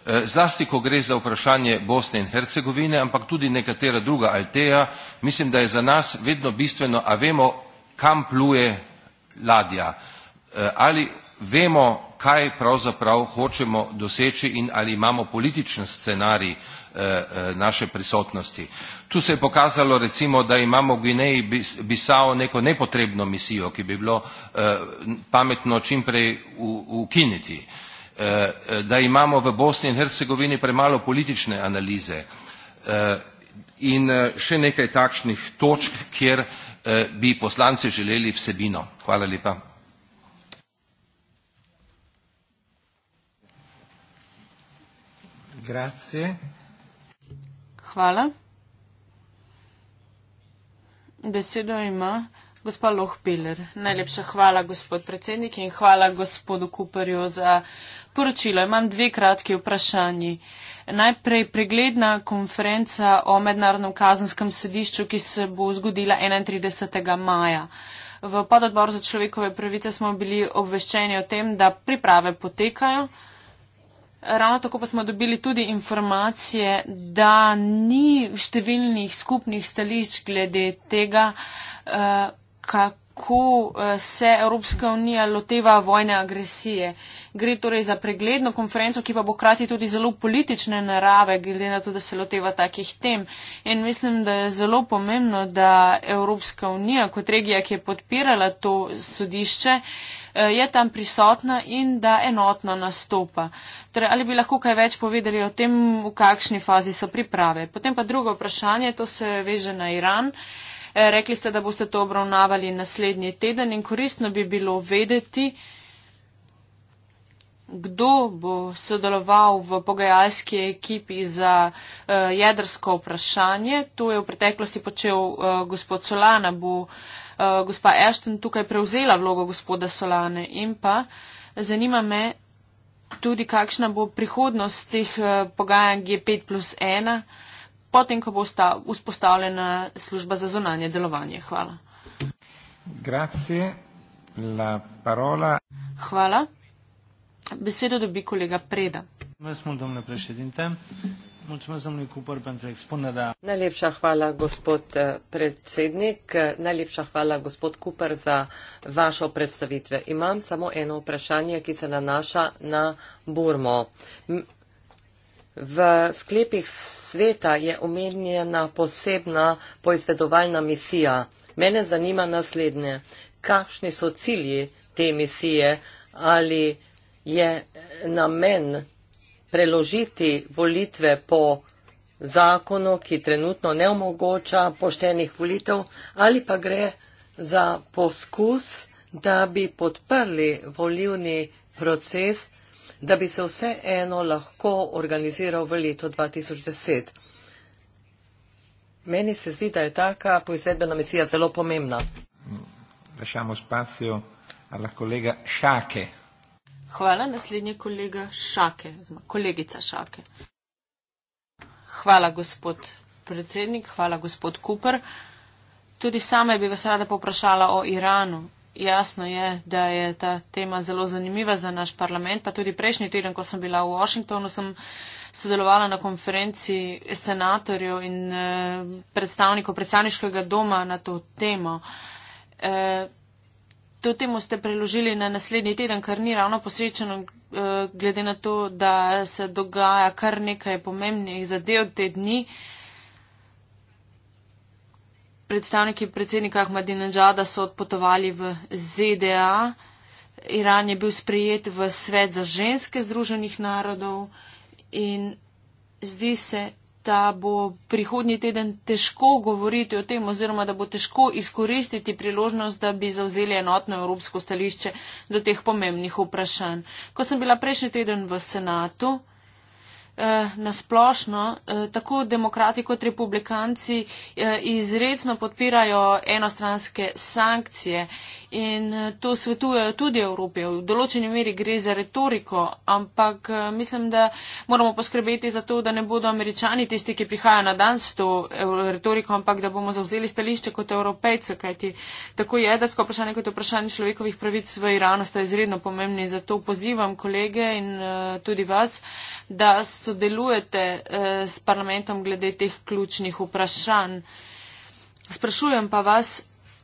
Eh, zlasti, ko gre za vprašanje Bosne in Hercegovine, ampak tudi nekatera druga Alteja, mislim, da je za nas vedno bistveno, a vemo, kam pluje ladja. Eh, ali vemo, kaj pravzaprav hočemo doseči in ali imamo političen scenarij eh, eh, naše prisotnosti. Tu se je pokazalo recimo, da imamo v Gvineji Bisao neko nepotrebno misijo, ki bi bilo pametno čimprej ukiniti, da imamo v Bosni in Hercegovini premalo politične analize in še nekaj takšnih točk, kjer bi poslanci želeli vsebino. Hvala lepa. Grazie. Hvala. Besedo ima gospa Lohpiller. Najlepša hvala, gospod predsednik, in hvala gospodu Kuperju za poročilo. Imam dve kratki vprašanji. Najprej pregledna konferenca o mednarodnem kazenskem sedišču, ki se bo zgodila 31. maja. V pododboru za človekove pravice smo bili obveščeni o tem, da priprave potekajo. Ravno tako pa smo dobili tudi informacije, da ni številnih skupnih stališč glede tega, eh, kako eh, se Evropska unija loteva vojne agresije. Gre torej za pregledno konferenco, ki pa bo hkrati tudi zelo politične narave, glede na to, da se loteva takih tem. In mislim, da je zelo pomembno, da Evropska unija kot regija, ki je podpirala to sodišče, uh, Eh, je tam prisotna in da enotno nastopa. Torej, ali bi lahko kaj več povedali o tem, v kakšni fazi so priprave? Potem pa drugo vprašanje, to se veže na Iran. Eh, rekli ste, da boste to obravnavali naslednji teden in koristno bi bilo vedeti, kdo bo sodeloval v pogajalski ekipi za eh, jedrsko vprašanje. To je v preteklosti počel gospod Solana. Bo Eh, gospa Ashton tukaj prevzela vlogo gospoda Solane in pa zanima me tudi, kakšna bo prihodnost teh eh, pogajanj G5 plus 1, potem, ko bo vzpostavljena služba za zonanje delovanje. Hvala. Grazie. La parola. Hvala. Besedo dobi kolega Preda. Vesmul, domnule președinte, Mulțumesc, domnului Cooper, pentru expunerea. Najlepša hvala, gospod eh, predsednik. Najlepša hvala, gospod Cooper, za vašo predstavitve. Imam samo eno vprašanje, ki se nanaša na Burmo. V sklepih sveta je omenjena posebna poizvedovalna misija. Mene zanima naslednje. Kakšni so cilji te misije ali je namen preložiti volitve po zakonu, ki trenutno ne omogoča poštenih volitev, ali pa gre za poskus, da bi podprli volivni proces, da bi se vse eno lahko organiziral v letu 2010. Meni se zdi, da je taka poizvedbena misija zelo pomembna. Vešamo spacijo, ali kolega Šake. Hvala, naslednji kolega Šake, zma, kolegica Šake. Hvala, gospod predsednik, hvala, gospod Kuper. Tudi sama bi vas rada poprašala o Iranu. Jasno je, da je ta tema zelo zanimiva za naš parlament, pa tudi prejšnji teden, ko sem bila v Washingtonu, sem sodelovala na konferenci senatorjev in eh, predstavnikov predstavniškega doma na to temo. Eh, to temu ste preložili na naslednji teden, kar ni ravno posrečeno, eh, glede na to, da se dogaja kar nekaj pomembnih zadev te dni. Predstavniki predsednika Ahmadinejada so odpotovali v ZDA. Iran je bil sprejet v svet za ženske združenih narodov in zdi se, da bo prihodnji teden težko govoriti o tem oziroma da bo težko izkoristiti priložnost, da bi zavzeli enotno evropsko stališče do teh pomembnih vprašanj. Ko sem bila prejšnji teden v senatu, eh, nasplošno, eh, tako demokrati kot republikanci eh, izredno podpirajo enostranske sankcije in eh, to svetujejo tudi Evropi. V določeni meri gre za retoriko, ampak eh, mislim, da moramo poskrbeti za to, da ne bodo američani tisti, ki prihajajo na dan s to eh, retoriko, ampak da bomo zauzeli stališče kot evropejce, kajti tako je, da sko vprašanje kot vprašanje človekovih pravic v Iranu sta izredno pomembni. Zato pozivam kolege in tudi vas, da sodelujete s parlamentom glede teh ključnih vprašanj. Sprašujem pa vas,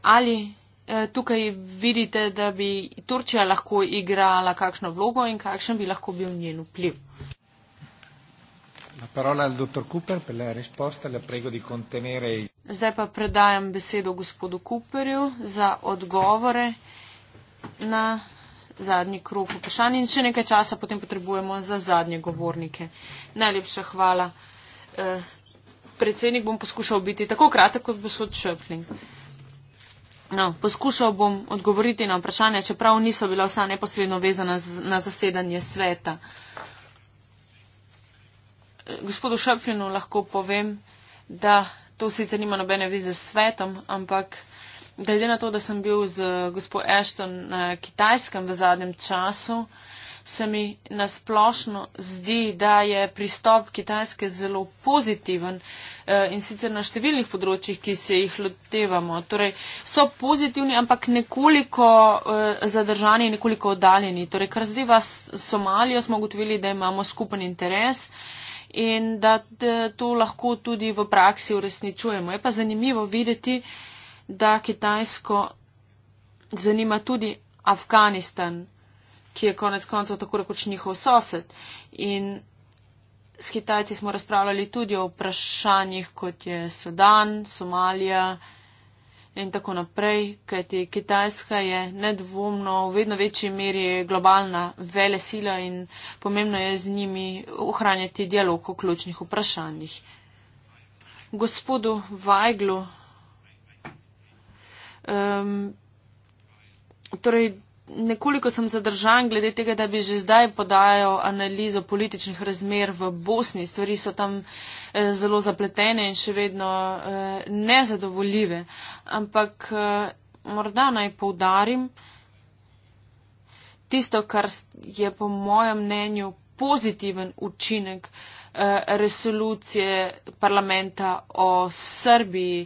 ali Eh, tukaj vidite, da bi Turčija lahko igrala kakšno vlogo in kakšen bi lahko bil njen vpliv? Zdaj pa predajam besedo gospodu Cooperju za odgovore na zadnji krok vprašanj in še nekaj časa potem potrebujemo za zadnje govornike. Najlepša hvala. Eh, predsednik bom poskušal biti tako kratek kot gospod Šöpling. No, poskušal bom odgovoriti na vprašanje, čeprav niso bila vsa neposredno vezana z, na zasedanje sveta. Gospodu Šepfinu lahko povem, da to sicer nima nobene veze s svetom, ampak glede na to, da sem bil z gospod Ashton na kitajskem v zadnjem času, se mi nasplošno zdi, da je pristop Kitajske zelo pozitiven eh, in sicer na številnih področjih, ki se jih lotevamo. Torej, so pozitivni, ampak nekoliko eh, zadržani in nekoliko oddaljeni. Torej, kar zdiva Somalijo, smo ugotovili, da imamo skupen interes in da to lahko tudi v praksi uresničujemo. Je pa zanimivo videti, da Kitajsko zanima tudi Afganistan ki je konec koncev tako rekoč njihov sosed. In s Kitajci smo razpravljali tudi o vprašanjih, kot je Sudan, Somalija in tako naprej, kajti Kitajska je nedvomno v vedno večji meri globalna vele sila in pomembno je z njimi ohranjati dialog o ključnih vprašanjih. Gospodu Vajglu. Um, torej, nekoliko sem zadržan glede tega, da bi že zdaj podajal analizo političnih razmer v Bosni. Stvari so tam eh, zelo zapletene in še vedno eh, nezadovoljive. Ampak eh, morda naj poudarim tisto, kar je po mojem mnenju pozitiven učinek resolucije parlamenta o Srbiji.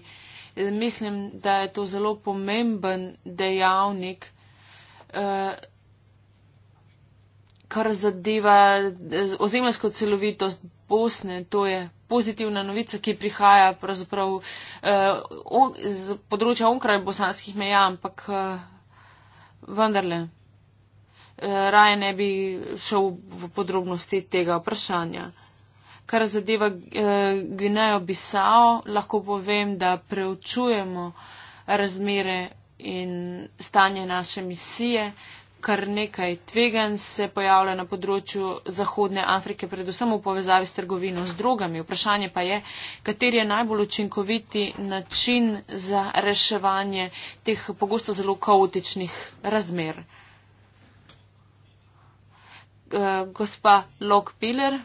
Mislim, da je to zelo pomemben dejavnik uh, kar zadeva eh, ozemljsko celovitost Bosne, to je pozitivna novica, ki prihaja pravzaprav uh, eh, on, z področja onkraj bosanskih meja, ampak uh, vendarle. Raje ne bi šel v podrobnosti tega vprašanja. Kar zadeva Gvinejo Bisao, lahko povem, da preučujemo razmere in stanje naše misije, kar nekaj tvegan se pojavlja na področju Zahodne Afrike, predvsem v povezavi s trgovino z drogami. Vprašanje pa je, kateri je najbolj učinkoviti način za reševanje teh pogosto zelo kaotičnih razmer. Eh, gospa Lok Piller.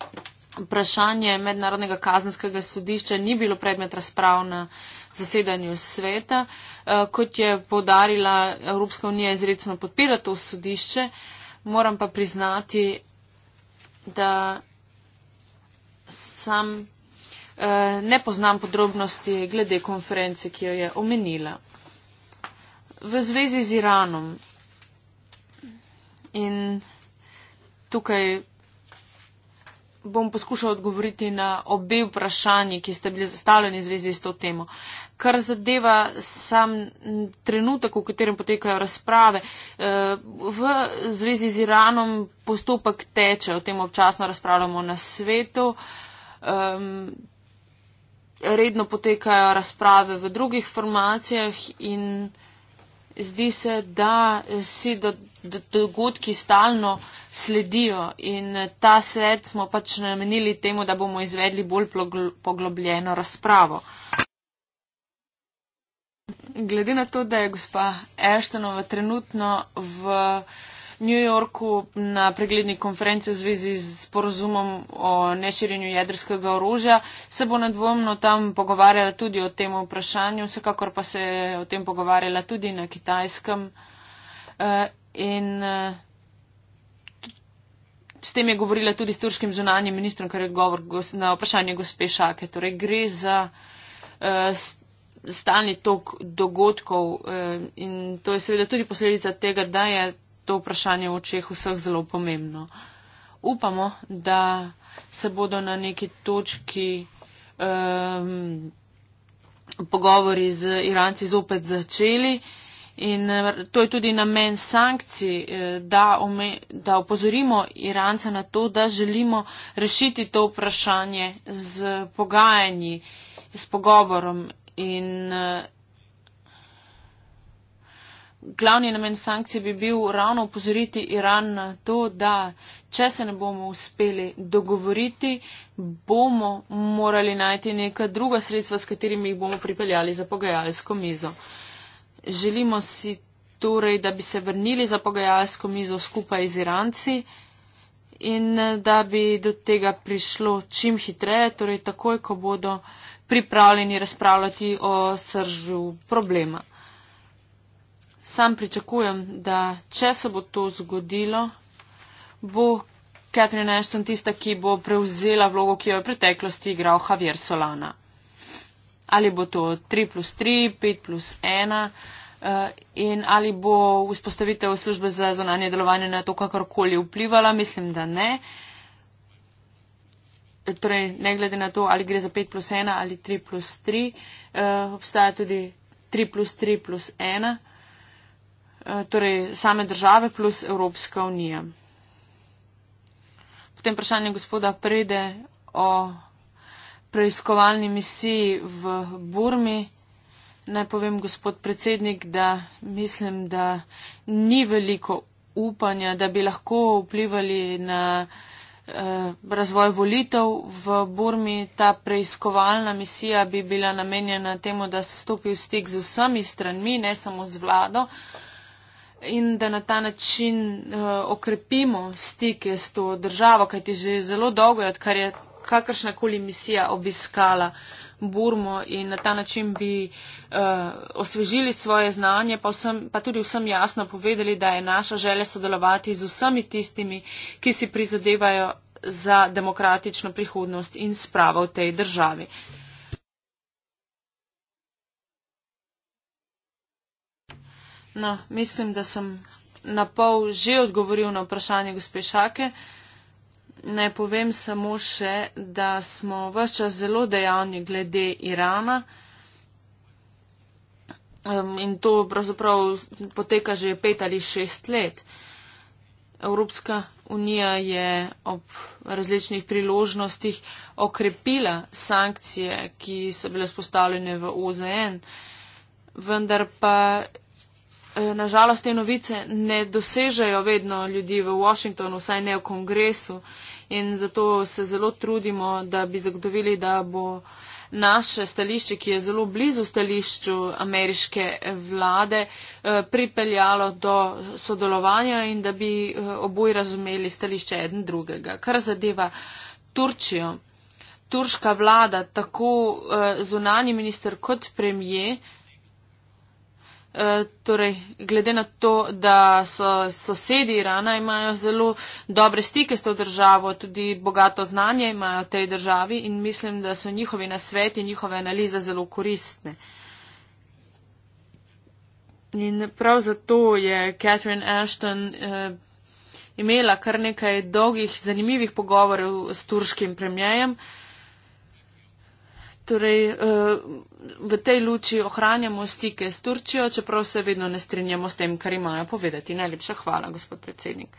Thank you vprašanje mednarodnega kazenskega sodišča ni bilo predmet razprav na zasedanju sveta. Eh, kot je povdarila Evropska unija, izredno podpira to sodišče, moram pa priznati, da sam eh, ne poznam podrobnosti glede konference, ki jo je omenila. V zvezi z Iranom in tukaj bom poskušal odgovoriti na obe vprašanji, ki ste bili zastavljeni v zvezi s to temo. Kar zadeva sam trenutek, v katerem potekajo razprave, eh, v zvezi z Iranom postopek teče, o tem občasno razpravljamo na svetu. Redno potekajo razprave v drugih formacijah in zdi se, da si do, dogodki stalno sledijo in eh, ta svet smo pač namenili temu, da bomo izvedli bolj poglobljeno razpravo. Glede na to, da je gospa Eštonova trenutno v New Yorku na pregledni konferenci v zvezi z sporozumom o neširjenju jedrskega orožja, se bo nedvomno tam pogovarjala tudi o tem vprašanju, vsekakor pa se je o tem pogovarjala tudi na kitajskem. Eh, In uh, s tem je govorila tudi s turškim zunanjem ministrom, kar je govor na vprašanje gospe Šake. Torej, gre za uh, stalni tok dogodkov uh, in to je seveda tudi posledica tega, da je to vprašanje v očeh vseh zelo pomembno. Upamo, da se bodo na neki točki um, pogovori z Iranci zopet začeli. Uh, In eh, to je tudi namen sankcij, eh, da, ome, da opozorimo Irance na to, da želimo rešiti to vprašanje z pogajanji, s pogovorom. In eh, glavni namen sankcij bi bil ravno opozoriti Iran na to, da če se ne bomo uspeli dogovoriti, bomo morali najti neka druga sredstva, s katerimi jih bomo pripeljali za pogajalsko mizo. Želimo si torej, da bi se vrnili za pogajalsko mizo skupaj z Iranci in eh, da bi do tega prišlo čim hitreje, torej takoj, ko bodo pripravljeni razpravljati o sržu problema. Sam pričakujem, da če se bo to zgodilo, bo Catherine Ashton tista, ki bo prevzela vlogo, ki jo je v preteklosti igral Javier Solana ali bo to 3 plus 3, 5 plus 1 eh, in ali bo vzpostavitev službe za zonanje delovanje na to kakorkoli vplivala, mislim, da ne. Torej, ne glede na to, ali gre za 5 plus 1 ali 3 plus 3, eh, obstaja tudi 3 plus 3 plus 1, eh, torej same države plus Evropska unija. Potem vprašanje gospoda pride o preiskovalni misiji v Burmi. Naj povem, gospod predsednik, da mislim, da ni veliko upanja, da bi lahko vplivali na eh, razvoj volitev v Burmi. Ta preiskovalna misija bi bila namenjena temu, da se stopi v stik z vsemi stranmi, ne samo z vlado in da na ta način eh, okrepimo stike s to državo, kajti že zelo dolgo je, odkar je kakršna koli misija obiskala Burmo in na ta način bi uh, osvežili svoje znanje, pa, vsem, pa tudi vsem jasno povedali, da je naša želja sodelovati z vsemi tistimi, ki si prizadevajo za demokratično prihodnost in spravo v tej državi. No, mislim, da sem na pol že odgovoril na vprašanje gospe Šake. Uh, ne povem samo še, da smo vse čas zelo dejavni glede Irana in to pravzaprav poteka že pet ali šest let. Evropska unija je ob različnih priložnostih okrepila sankcije, ki so bile spostavljene v OZN, vendar pa e, nažalost te novice ne dosežejo vedno ljudi v Washingtonu, vsaj ne v kongresu in zato se zelo trudimo, da bi zagotovili, da bo naše stališče, ki je zelo blizu stališču ameriške vlade, eh, pripeljalo do sodelovanja in da bi eh, oboj razumeli stališče eden drugega. Kar zadeva Turčijo, turška vlada, tako eh, zunani minister kot premije, Eh, torej, glede na to, da so sosedi Irana imajo zelo dobre stike s to državo, tudi bogato znanje imajo v tej državi in mislim, da so njihovi nasveti, njihove analize zelo koristne. In prav zato je Catherine Ashton eh, imela kar nekaj dolgih, zanimivih pogovorov s turškim premijejem. Eh, torej, eh, v tej luči ohranjamo stike s Turčijo, čeprav se vedno ne strinjamo s tem, kar imajo povedati. Najlepša hvala, gospod predsednik.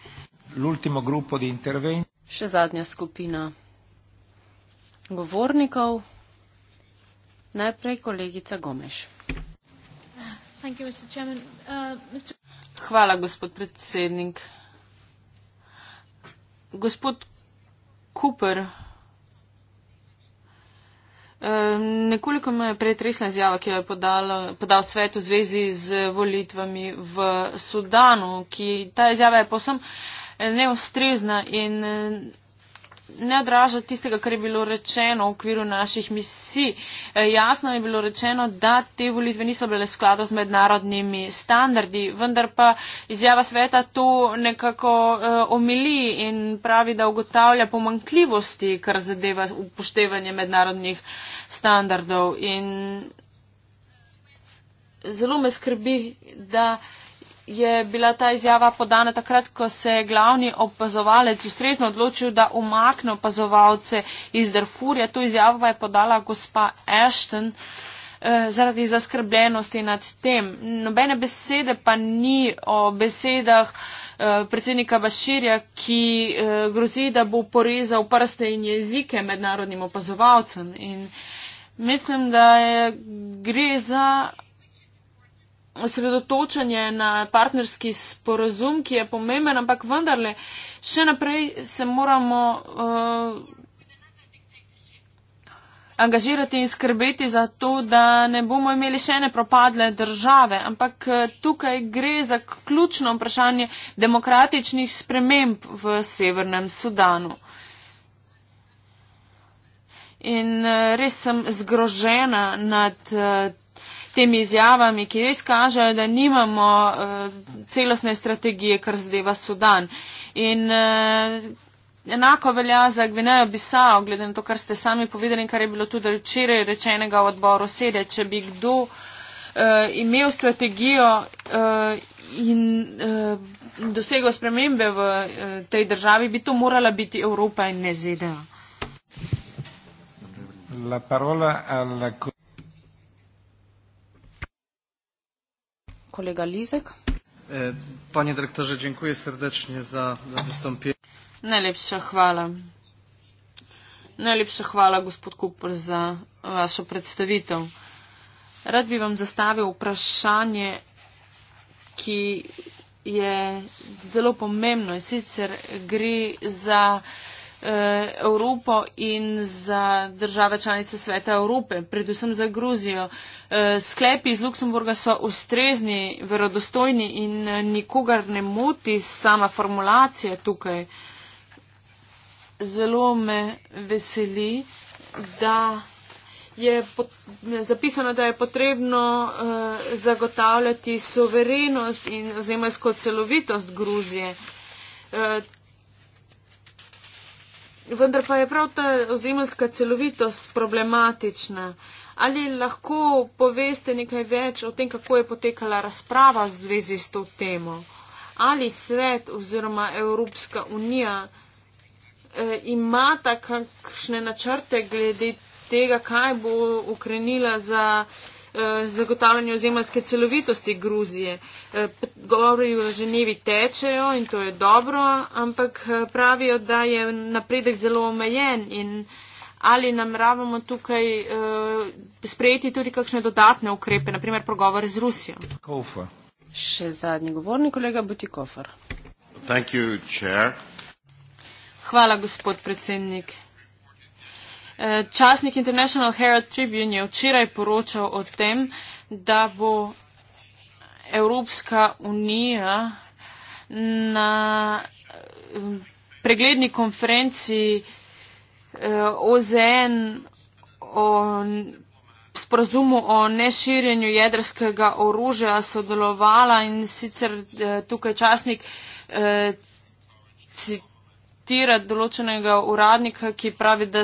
Še zadnja skupina govornikov. Najprej kolegica Gomeš. Uh, hvala, gospod predsednik. Gospod Cooper, Nekoliko me je pretresla izjava, ki jo je podal, podal svet v zvezi z volitvami v Sudanu, ki ta izjava je posem eh, neustrezna in eh, ne odraža tistega, kar je bilo rečeno v okviru naših misij. E, jasno je bilo rečeno, da te volitve niso bile sklado z mednarodnimi standardi, vendar pa izjava sveta to nekako uh, omili in pravi, da ugotavlja pomankljivosti, kar zadeva upoštevanje mednarodnih standardov. In zelo me skrbi, da je bila ta izjava podana takrat, ko se je glavni opazovalec ustrezno odločil, da umakne opazovalce iz Darfurja. To izjavo je podala gospa Ashton eh, zaradi zaskrbljenosti nad tem. Nobene besede pa ni o besedah eh, predsednika Baširja, ki eh, grozi, da bo porezal prste in jezike mednarodnim opazovalcem. In mislim, da je, gre za osredotočanje na partnerski sporazum, ki je pomemben, ampak vendarle še naprej se moramo uh, angažirati in skrbeti za to, da ne bomo imeli še ene propadle države. Ampak eh, tukaj gre za ključno vprašanje demokratičnih sprememb v Severnem Sudanu. In eh, res sem zgrožena nad temi izjavami, ki res kažejo, da nimamo uh, celostne strategije, kar zadeva Sudan. In uh, enako velja za Gvinejo Bisao, glede na to, kar ste sami povedali in kar je bilo tudi včeraj rečenega v odboru sede, če bi kdo uh, imel strategijo uh, in uh, dosegel spremembe v uh, tej državi, bi to morala biti Evropa in ne ZDA. La parola alla... kolega Lizek. E, panie dyrektorze, dziękuję serdecznie za, za wystąpienie. Najlepsza chwala. Najlepsza chwala, gospod Kupor, za waszą przedstawitel. Rad bi vam zastavil vprašanje, ki je zelo pomembno in sicer gre za Eh, Evropo in za države članice sveta Evrope, predvsem za Gruzijo. Eh, sklepi iz Luksemburga so ustrezni, verodostojni in eh, nikogar ne moti sama formulacija tukaj. Zelo me veseli, da je zapisano, da je potrebno zagotavljati soverenost in oziroma skocelovitost Gruzije vendar pa je prav ta ozemljska celovitost problematična. Ali lahko poveste nekaj več o tem, kako je potekala razprava v zvezi s to temo? Ali svet oziroma Evropska unija eh, imata kakšne načrte glede tega, kaj bo ukrenila za eh, Eh, zagotavljanju zemljske celovitosti Gruzije. Eh, govori o Ženevi tečejo in to je dobro, ampak eh, pravijo, da je napredek zelo omejen in ali nameravamo tukaj sprejeti tudi kakšne dodatne ukrepe, naprimer progovore z Rusijo. Kofa. Še zadnji govorni kolega Butikofer. Hvala, gospod predsednik. Časnik International Herald Tribune je včeraj poročal o tem, da bo Evropska unija na pregledni konferenci eh, OZN o sporazumu o neširjenju jedrskega orožja sodelovala in sicer eh, tukaj časnik eh, citira citirati določenega uradnika, ki pravi, da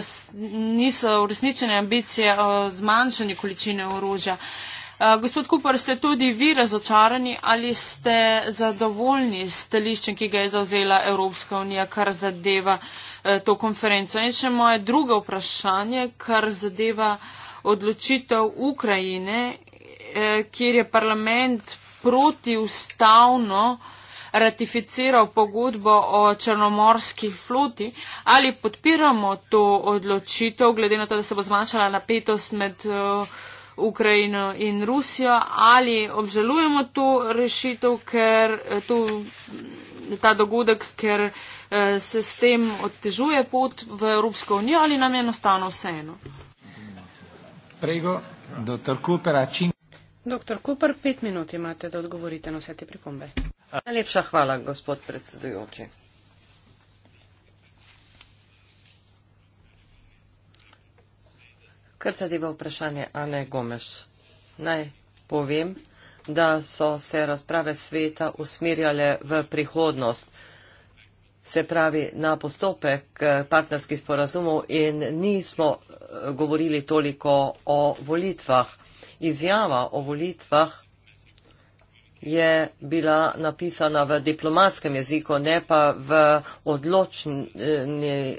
niso uresničene ambicije o zmanjšanju količine orožja. Eh, gospod Kupar, ste tudi vi razočarani ali ste zadovoljni s stališčem, ki ga je zauzela Evropska unija, kar zadeva eh, to konferenco? In še moje drugo vprašanje, kar zadeva odločitev Ukrajine, eh, kjer je parlament protiustavno uh, ratificiral pogodbo o črnomorski floti, ali podpiramo to odločitev, glede na to, da se bo zmanjšala napetost med eh, Ukrajino in Rusijo, ali obžalujemo to rešitev, ker eh, to, ta dogodek, ker eh, se s tem otežuje pot v Evropsko unijo, ali nam je enostavno vseeno. Prego, doktor Kupera, čim. Doktor Kuper, pet minut imate, da odgovorite na vse te pripombe. Najlepša hvala, gospod predsedujoči. Kar se tiče vprašanja Ane Gomeš, naj povem, da so se razprave sveta usmerjale v prihodnost, se pravi na postopek eh, partnerskih sporazumov in nismo eh, govorili toliko o volitvah. Izjava o volitvah je bila napisana v diplomatskem jeziku, ne pa v odločni eh,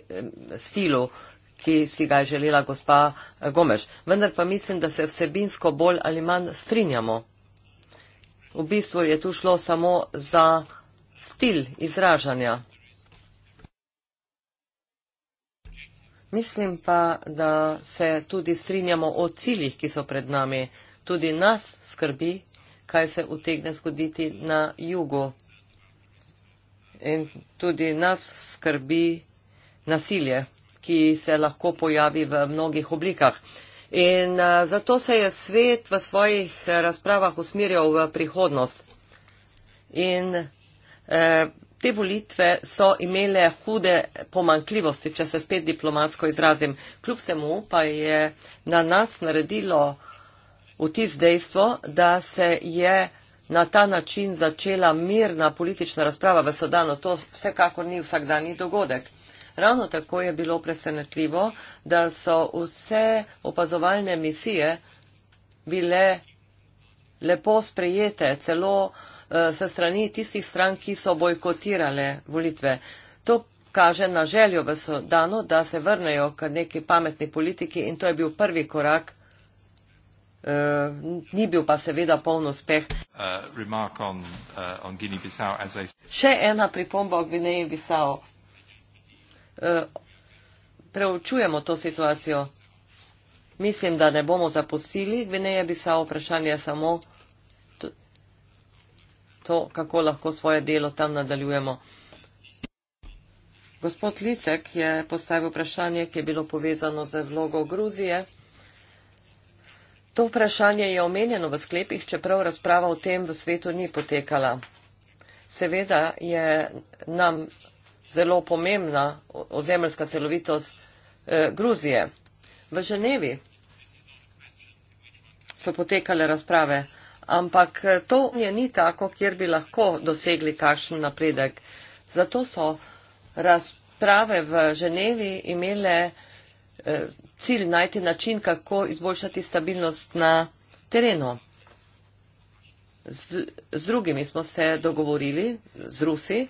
stilu, ki si ga je želela gospa eh, Gomeš. Vendar pa mislim, da se vsebinsko bolj ali manj strinjamo. V bistvu je tu šlo samo za stil izražanja. Mislim pa, da se tudi strinjamo o ciljih, ki so pred nami. Tudi nas skrbi kaj se utegne zgoditi na jugu. In tudi nas skrbi nasilje, ki se lahko pojavi v mnogih oblikah. In zato se je svet v svojih razpravah usmirjal v prihodnost. In e, te volitve so imele hude pomankljivosti, če se spet diplomatsko izrazim. Kljub se mu pa je na nas naredilo vtis dejstvo, da se je na ta način začela mirna politična razprava v Sodanu. To vsekakor ni vsakdani dogodek. Ravno tako je bilo presenetljivo, da so vse opazovalne misije bile lepo sprejete, celo eh, se strani tistih stran, ki so bojkotirale volitve. To kaže na željo v Sodanu, da se vrnejo k neki pametni politiki in to je bil prvi korak Eh, ni bil pa seveda poln uspeh. Uh, on, uh, on Bissau, I... Še ena pripomba o Gvineji Bisao. Uh, eh, preučujemo to situacijo. Mislim, da ne bomo zapustili Gvineje Bisao. Vprašanje je samo to, to, kako lahko svoje delo tam nadaljujemo. Gospod Licek je postavil vprašanje, ki je bilo povezano z vlogo Gruzije. To vprašanje je omenjeno v sklepih, čeprav razprava o tem v svetu ni potekala. Seveda je nam zelo pomembna ozemeljska celovitost eh, Gruzije. V Ženevi so potekale razprave, ampak eh, to je ni tako, kjer bi lahko dosegli kakšen napredek. Zato so razprave v Ženevi imele eh, cilj najti način, kako izboljšati stabilnost na terenu. Z, z drugimi smo se dogovorili, z Rusi,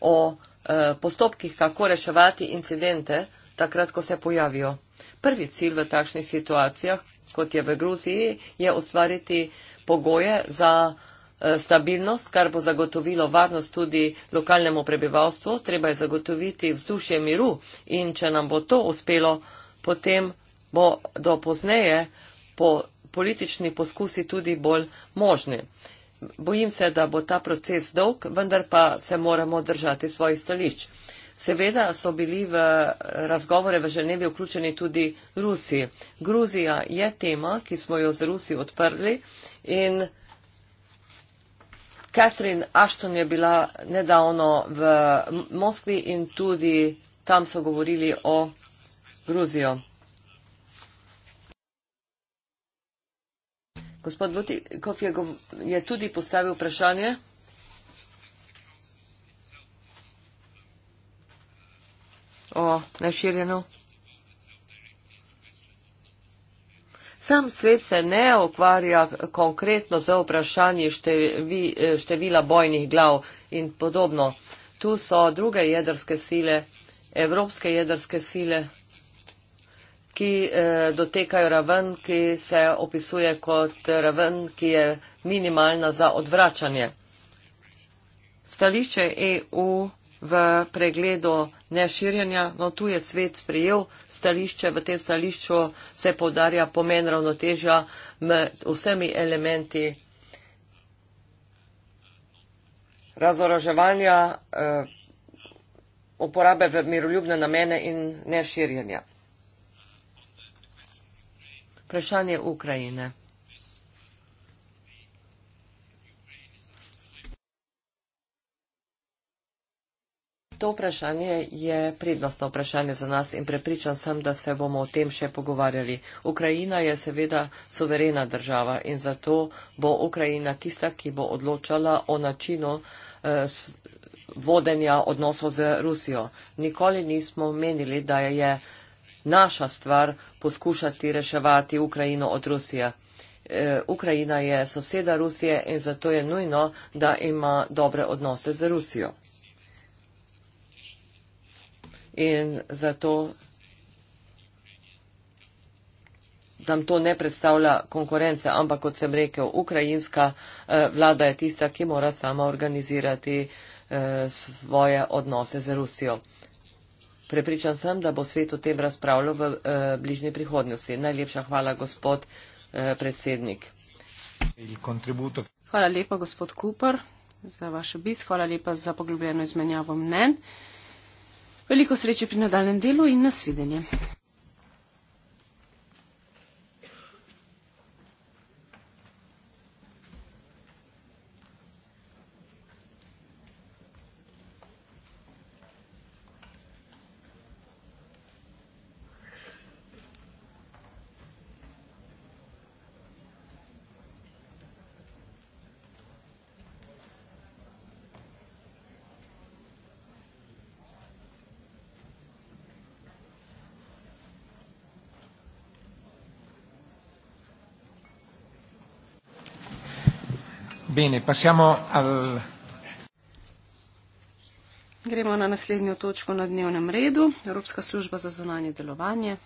o e, postopkih, kako reševati incidente, takrat, ko se pojavijo. Prvi cilj v takšnih situacijah, kot je v Gruziji, je ustvariti pogoje za eh, stabilnost, kar bo zagotovilo varnost tudi lokalnemu prebivalstvu. Treba je zagotoviti vzdušje miru in če nam bo to uspelo, potem bo do pozneje po politični poskusi tudi bolj možni. Bojim se, da bo ta proces dolg, vendar pa se moramo držati svojih stališč. Seveda so bili v razgovore v Ženevi vključeni tudi Rusi. Gruzija je tema, ki smo jo z Rusi odprli in Catherine Ashton je bila nedavno v Moskvi in tudi tam so govorili o Gruzijo. Gospod Butikov je, je tudi postavil vprašanje. O, neširjeno. Sam svet se ne ukvarja konkretno za vprašanje števi, števila bojnih glav in podobno. Tu so druge jedrske sile, evropske jedrske sile ki eh, dotekajo raven, ki se opisuje kot raven, ki je minimalna za odvračanje. Stališče EU v pregledu neširjenja, no tu je svet sprejel stališče, v tem stališču se podarja pomen ravnotežja med vsemi elementi razoraževanja, eh, uporabe v miroljubne namene in neširjenja vprašanje Ukrajine. To vprašanje je prednostno vprašanje za nas in prepričan sem, da se bomo o tem še pogovarjali. Ukrajina je seveda suverena država in zato bo Ukrajina tista, ki bo odločala o načinu eh, vodenja odnosov z Rusijo. Nikoli nismo menili, da je naša stvar poskušati reševati Ukrajino od Rusije. E, Ukrajina je soseda Rusije in zato je nujno, da ima dobre odnose z Rusijo. In zato nam to ne predstavlja konkurence, ampak kot sem rekel, ukrajinska e, vlada je tista, ki mora sama organizirati e, svoje odnose z Rusijo. Prepričan sem, da bo svet o tem razpravljal v uh, bližnji prihodnosti. Najlepša hvala, gospod uh, predsednik. Hvala lepa, gospod Kupr, za vaš obisk. Hvala lepa za poglobljeno izmenjavo mnen. Veliko sreče pri nadaljem delu in nasvidenje. Bene, passiamo al. Gremo na naslednjo točko na dnevnem redu. Evropska služba za zunanje delovanje.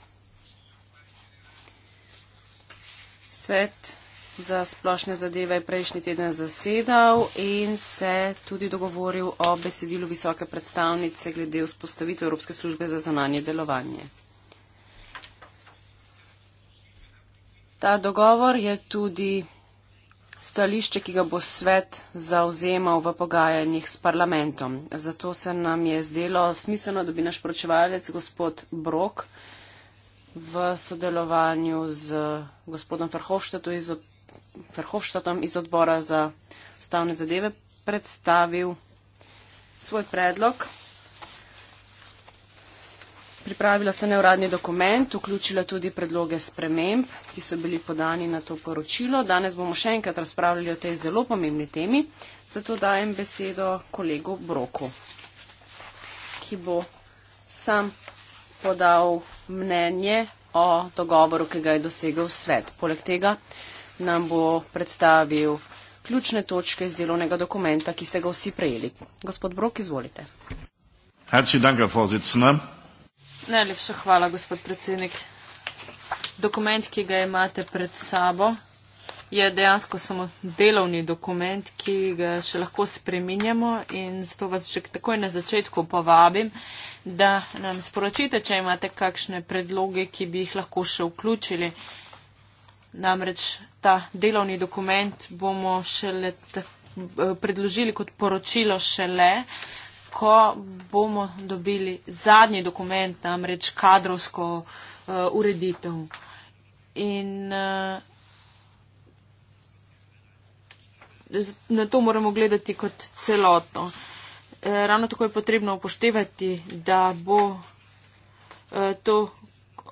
Svet za splošne zadeve je prejšnji teden zasedal in se tudi dogovoril o besedilu visoke predstavnice glede vzpostavitve Evropske službe za zunanje delovanje. Ta dogovor je tudi stališče, ki ga bo svet zauzemal v pogajanjih s parlamentom. Zato se nam je zdelo smiselno, da bi naš poročevalec gospod Brok v sodelovanju z gospodom Ferhofštatom iz odbora za ustavne zadeve predstavil svoj predlog pripravila se neuradni dokument, vključila tudi predloge sprememb, ki so bili podani na to poročilo. Danes bomo še enkrat razpravljali o tej zelo pomembni temi, zato dajem besedo kolegu Broku, ki bo sam podal mnenje o dogovoru, ki ga je dosegel svet. Poleg tega nam bo predstavil ključne točke iz delovnega dokumenta, ki ste ga vsi prejeli. Gospod Brok, izvolite. Herzlichen Dank, Herr Vorsitzender. Najlepša hvala, gospod predsednik. Dokument, ki ga imate pred sabo, je dejansko samo delovni dokument, ki ga še lahko spreminjamo in zato vas že takoj na začetku povabim, da nam sporočite, če imate kakšne predloge, ki bi jih lahko še vključili. Namreč ta delovni dokument bomo šele eh, predložili kot poročilo šele. Uh, ko bomo dobili zadnji dokument, namreč kadrovsko uh, ureditev. In uh, na to moramo gledati kot celotno. Eh, ravno tako je potrebno upoštevati, da bo to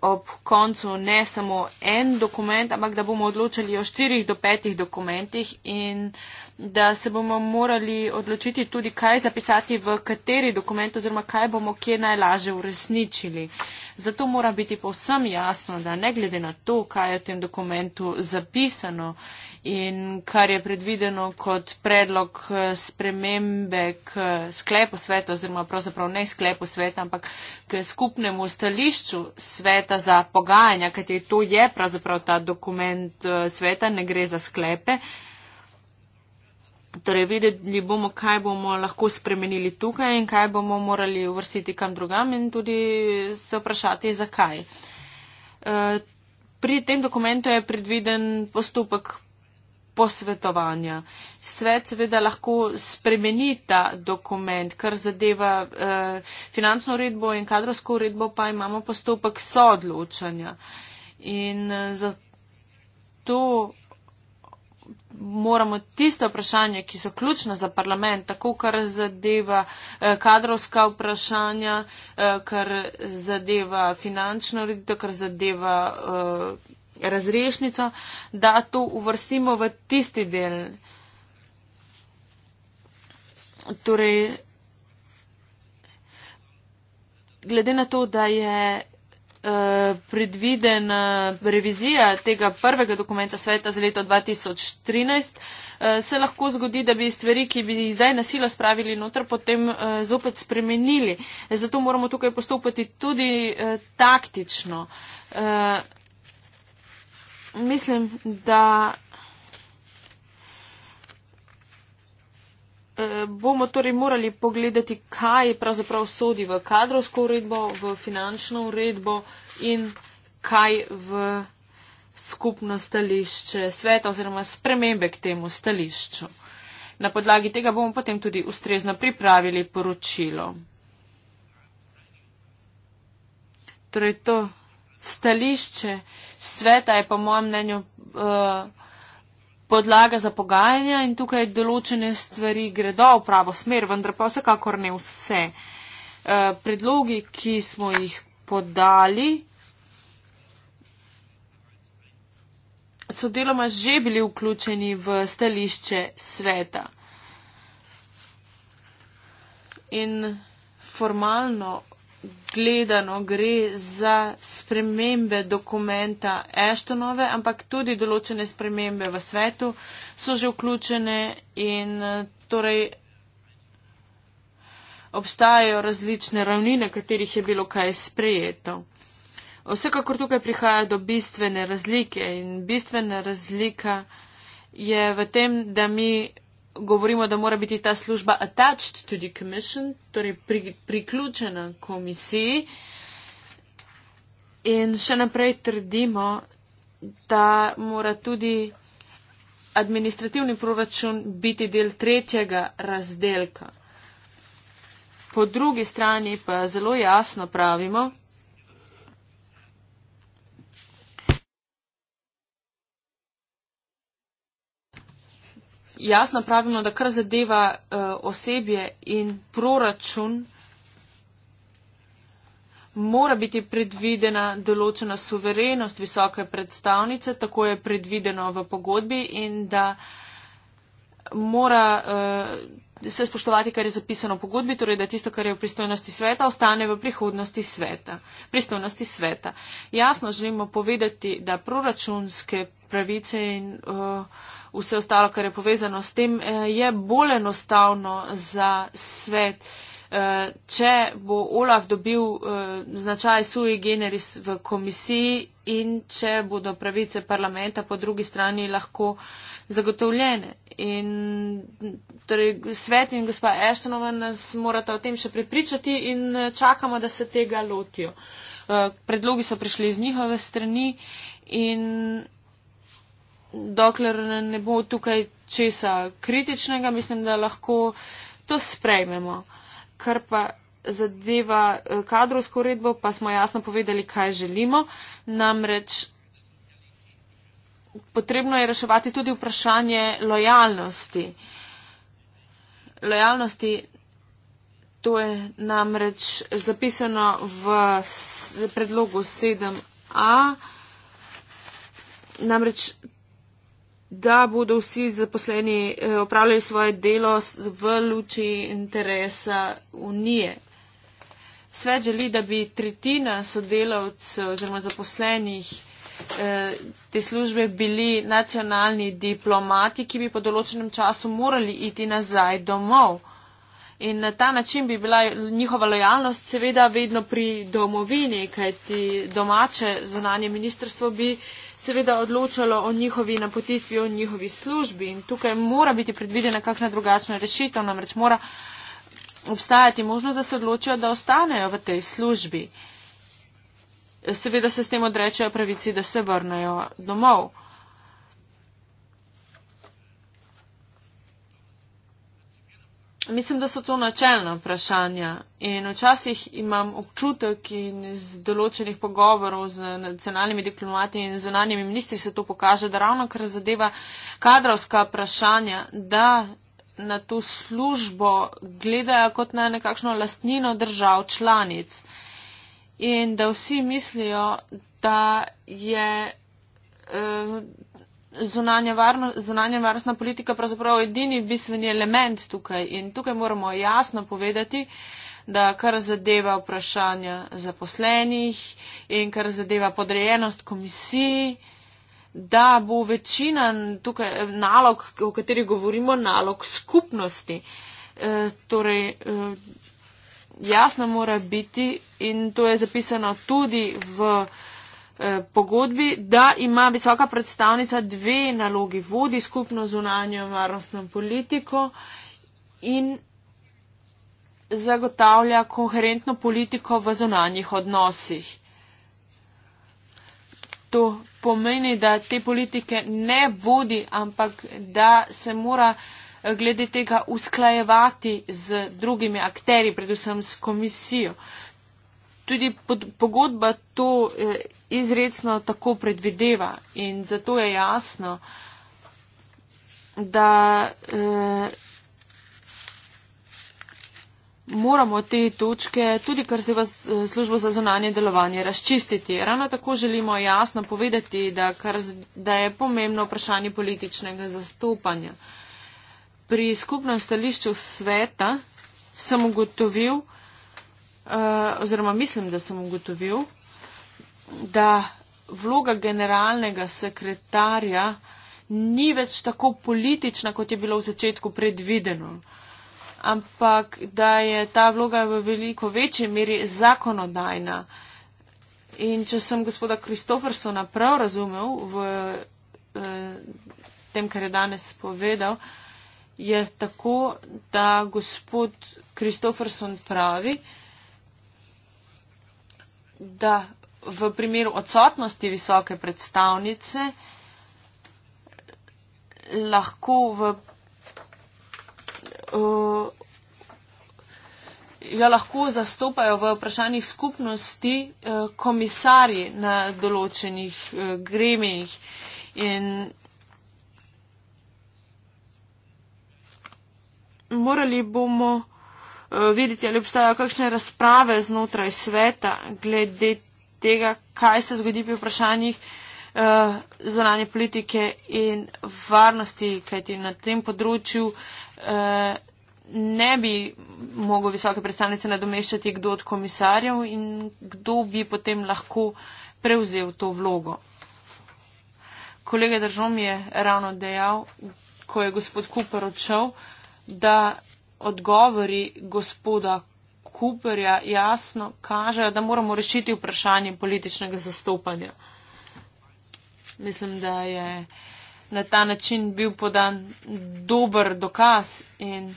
ob koncu ne samo en dokument, ampak da bomo odločali o štirih do petih dokumentih in da se bomo morali odločiti tudi, kaj zapisati v kateri dokument oziroma kaj bomo kje najlaže uresničili. Zato mora biti povsem jasno, da ne glede na to, kaj je v tem dokumentu zapisano in kar je predvideno kot predlog eh, spremembe k sklepu sveta oziroma pravzaprav ne sklepu sveta, ampak k skupnemu stališču sveta za pogajanja, kateri to je pravzaprav ta dokument eh, sveta, ne gre za sklepe. Torej, vedeli bomo, kaj bomo lahko spremenili tukaj in kaj bomo morali uvrstiti kam drugam in tudi se vprašati, zakaj. Eh, pri tem dokumentu je predviden postopek posvetovanja. Svet seveda lahko spremeni ta dokument, kar zadeva eh, finančno uredbo in kadrovsko uredbo, pa imamo postopek soodločanja. In eh, zato moramo tiste vprašanja, ki so ključna za parlament, tako kar zadeva eh, kadrovska vprašanja, eh, kar zadeva finančno ureditev, kar zadeva eh, razrešnico, da to uvrstimo v tisti del. Torej, glede na to, da je Eh, predviden revizija tega prvega dokumenta sveta za leto 2013, eh, se lahko zgodi, da bi stvari, ki bi jih zdaj nasilo spravili noter, potem eh, zopet spremenili. Zato moramo tukaj postopati tudi taktično. Mislim, da bomo torej morali pogledati, kaj pravzaprav sodi v kadrovsko uredbo, v finančno uredbo in kaj v skupno stališče sveta oziroma spremembe k temu stališču. Na podlagi tega bomo potem tudi ustrezno pripravili poročilo. Torej, to stališče sveta je po mojem mnenju. Uh, podlaga za pogajanja in tukaj določene stvari gredo v pravo smer, vendar pa vsekakor ne vse. Eh, predlogi, ki smo jih podali, so deloma že bili vključeni v stališče sveta. In formalno gledano gre za spremembe dokumenta Eštonove, ampak tudi določene spremembe v svetu so že vključene in eh, torej obstajajo različne ravni, na katerih je bilo kaj sprejeto. Vsekakor tukaj prihaja do bistvene razlike in bistvena razlika je v tem, da mi govorimo, da mora biti ta služba attached to the commission, torej pri, priključena komisiji. In še naprej trdimo, da mora tudi administrativni proračun biti del tretjega razdelka. Po drugi strani pa zelo jasno pravimo, jasno pravimo, da kar zadeva uh, osebje in proračun, mora biti predvidena določena suverenost visoke predstavnice, tako je predvideno v pogodbi in da mora uh, se spoštovati, kar je zapisano v pogodbi, torej da tisto, kar je v pristojnosti sveta, ostane v prihodnosti sveta. Pristojnosti sveta. Jasno želimo povedati, da proračunske pravice in uh, vse ostalo, kar je povezano s tem, uh, je bolj enostavno za svet. Eh, če bo Olaf dobil uh, značaj sui generis v komisiji in če bodo pravice parlamenta po drugi strani lahko zagotovljene. In, torej, svet in gospa Eštonova nas morata o tem še prepričati in čakamo, da se tega lotijo. Uh, predlogi so prišli iz njihove strani in dokler ne bo tukaj česa kritičnega, mislim, da lahko to sprejmemo. Kar pa zadeva eh, kadrovsko uredbo, pa smo jasno povedali, kaj želimo. Namreč potrebno je reševati tudi vprašanje lojalnosti. Lojalnosti, to je namreč zapisano v predlogu 7a. Namreč da bodo vsi zaposleni eh, opravljali svoje delo v luči interesa unije. Svet želi, da bi tretjina sodelavcev oziroma zaposlenih eh, te službe bili nacionalni diplomati, ki bi po določenem času morali iti nazaj domov. In na ta način bi bila njihova lojalnost seveda vedno pri domovini, kajti domače zunanje ministrstvo bi eh, seveda odločalo o njihovi napotitvi, o njihovi službi. In tukaj mora biti predvidena kakšna drugačna rešitev, namreč mora obstajati možnost, da se odločijo, da ostanejo v tej službi. Seveda se s tem odrečajo pravici, da se vrnejo domov. Mislim, da so to načeljna vprašanja in včasih imam občutek in iz določenih pogovorov z nacionalnimi diplomati in zunanjimi ministri se to pokaže, da ravno kar zadeva kadrovska vprašanja, da na to službo gledajo kot na nekakšno lastnino držav članic in da vsi mislijo, da je. Eh, zunanja, varno, zunanja varnostna politika pravzaprav edini bistveni element tukaj in tukaj moramo jasno povedati, da kar zadeva vprašanja zaposlenih in kar zadeva podrejenost komisiji, da bo večina tukaj eh, nalog, o kateri govorimo, nalog skupnosti. E, torej, e, jasno mora biti in to je zapisano tudi v. Eh, pogodbi, da ima visoka predstavnica dve nalogi, vodi skupno zunanjo varnostno politiko in zagotavlja koherentno politiko v zunanjih odnosih. To pomeni, da te politike ne vodi, ampak da se mora eh, glede tega usklajevati z drugimi akteri, predvsem s komisijo. Uh, tudi pod, pogodba to eh, izredno tako predvideva in zato je jasno, da eh, moramo te točke, tudi kar zdaj v eh, službo za zonanje delovanje, razčistiti. Ravno tako želimo jasno povedati, da, kar, da je pomembno vprašanje političnega zastopanja. Pri skupnem stališču sveta sem ugotovil, Eh, oziroma mislim, da sem ugotovil, da vloga generalnega sekretarja ni več tako politična, kot je bilo v začetku predvideno, ampak da je ta vloga v veliko večji meri zakonodajna. In če sem gospoda Kristofersona prav razumel v eh, tem, kar je danes povedal, je tako, da gospod Kristoferson pravi, da v primeru odsotnosti visoke predstavnice lahko v. Uh, Jo lahko zastopajo v vprašanjih skupnosti eh, komisarji na določenih eh, gremijih. In morali bomo Eh, videti, ali obstajajo kakšne razprave znotraj sveta glede tega, kaj se zgodi pri vprašanjih eh, zonanje politike in varnosti, kajti na tem področju eh, ne bi mogel visoke predstavnice nadomeščati kdo od komisarjev in kdo bi potem lahko prevzel to vlogo. Kolega Držom je ravno dejal, ko je gospod Kuper odšel, da odgovori gospoda Cooperja jasno kažejo, da moramo rešiti vprašanje političnega zastopanja. Mislim, da je na ta način bil podan dober dokaz in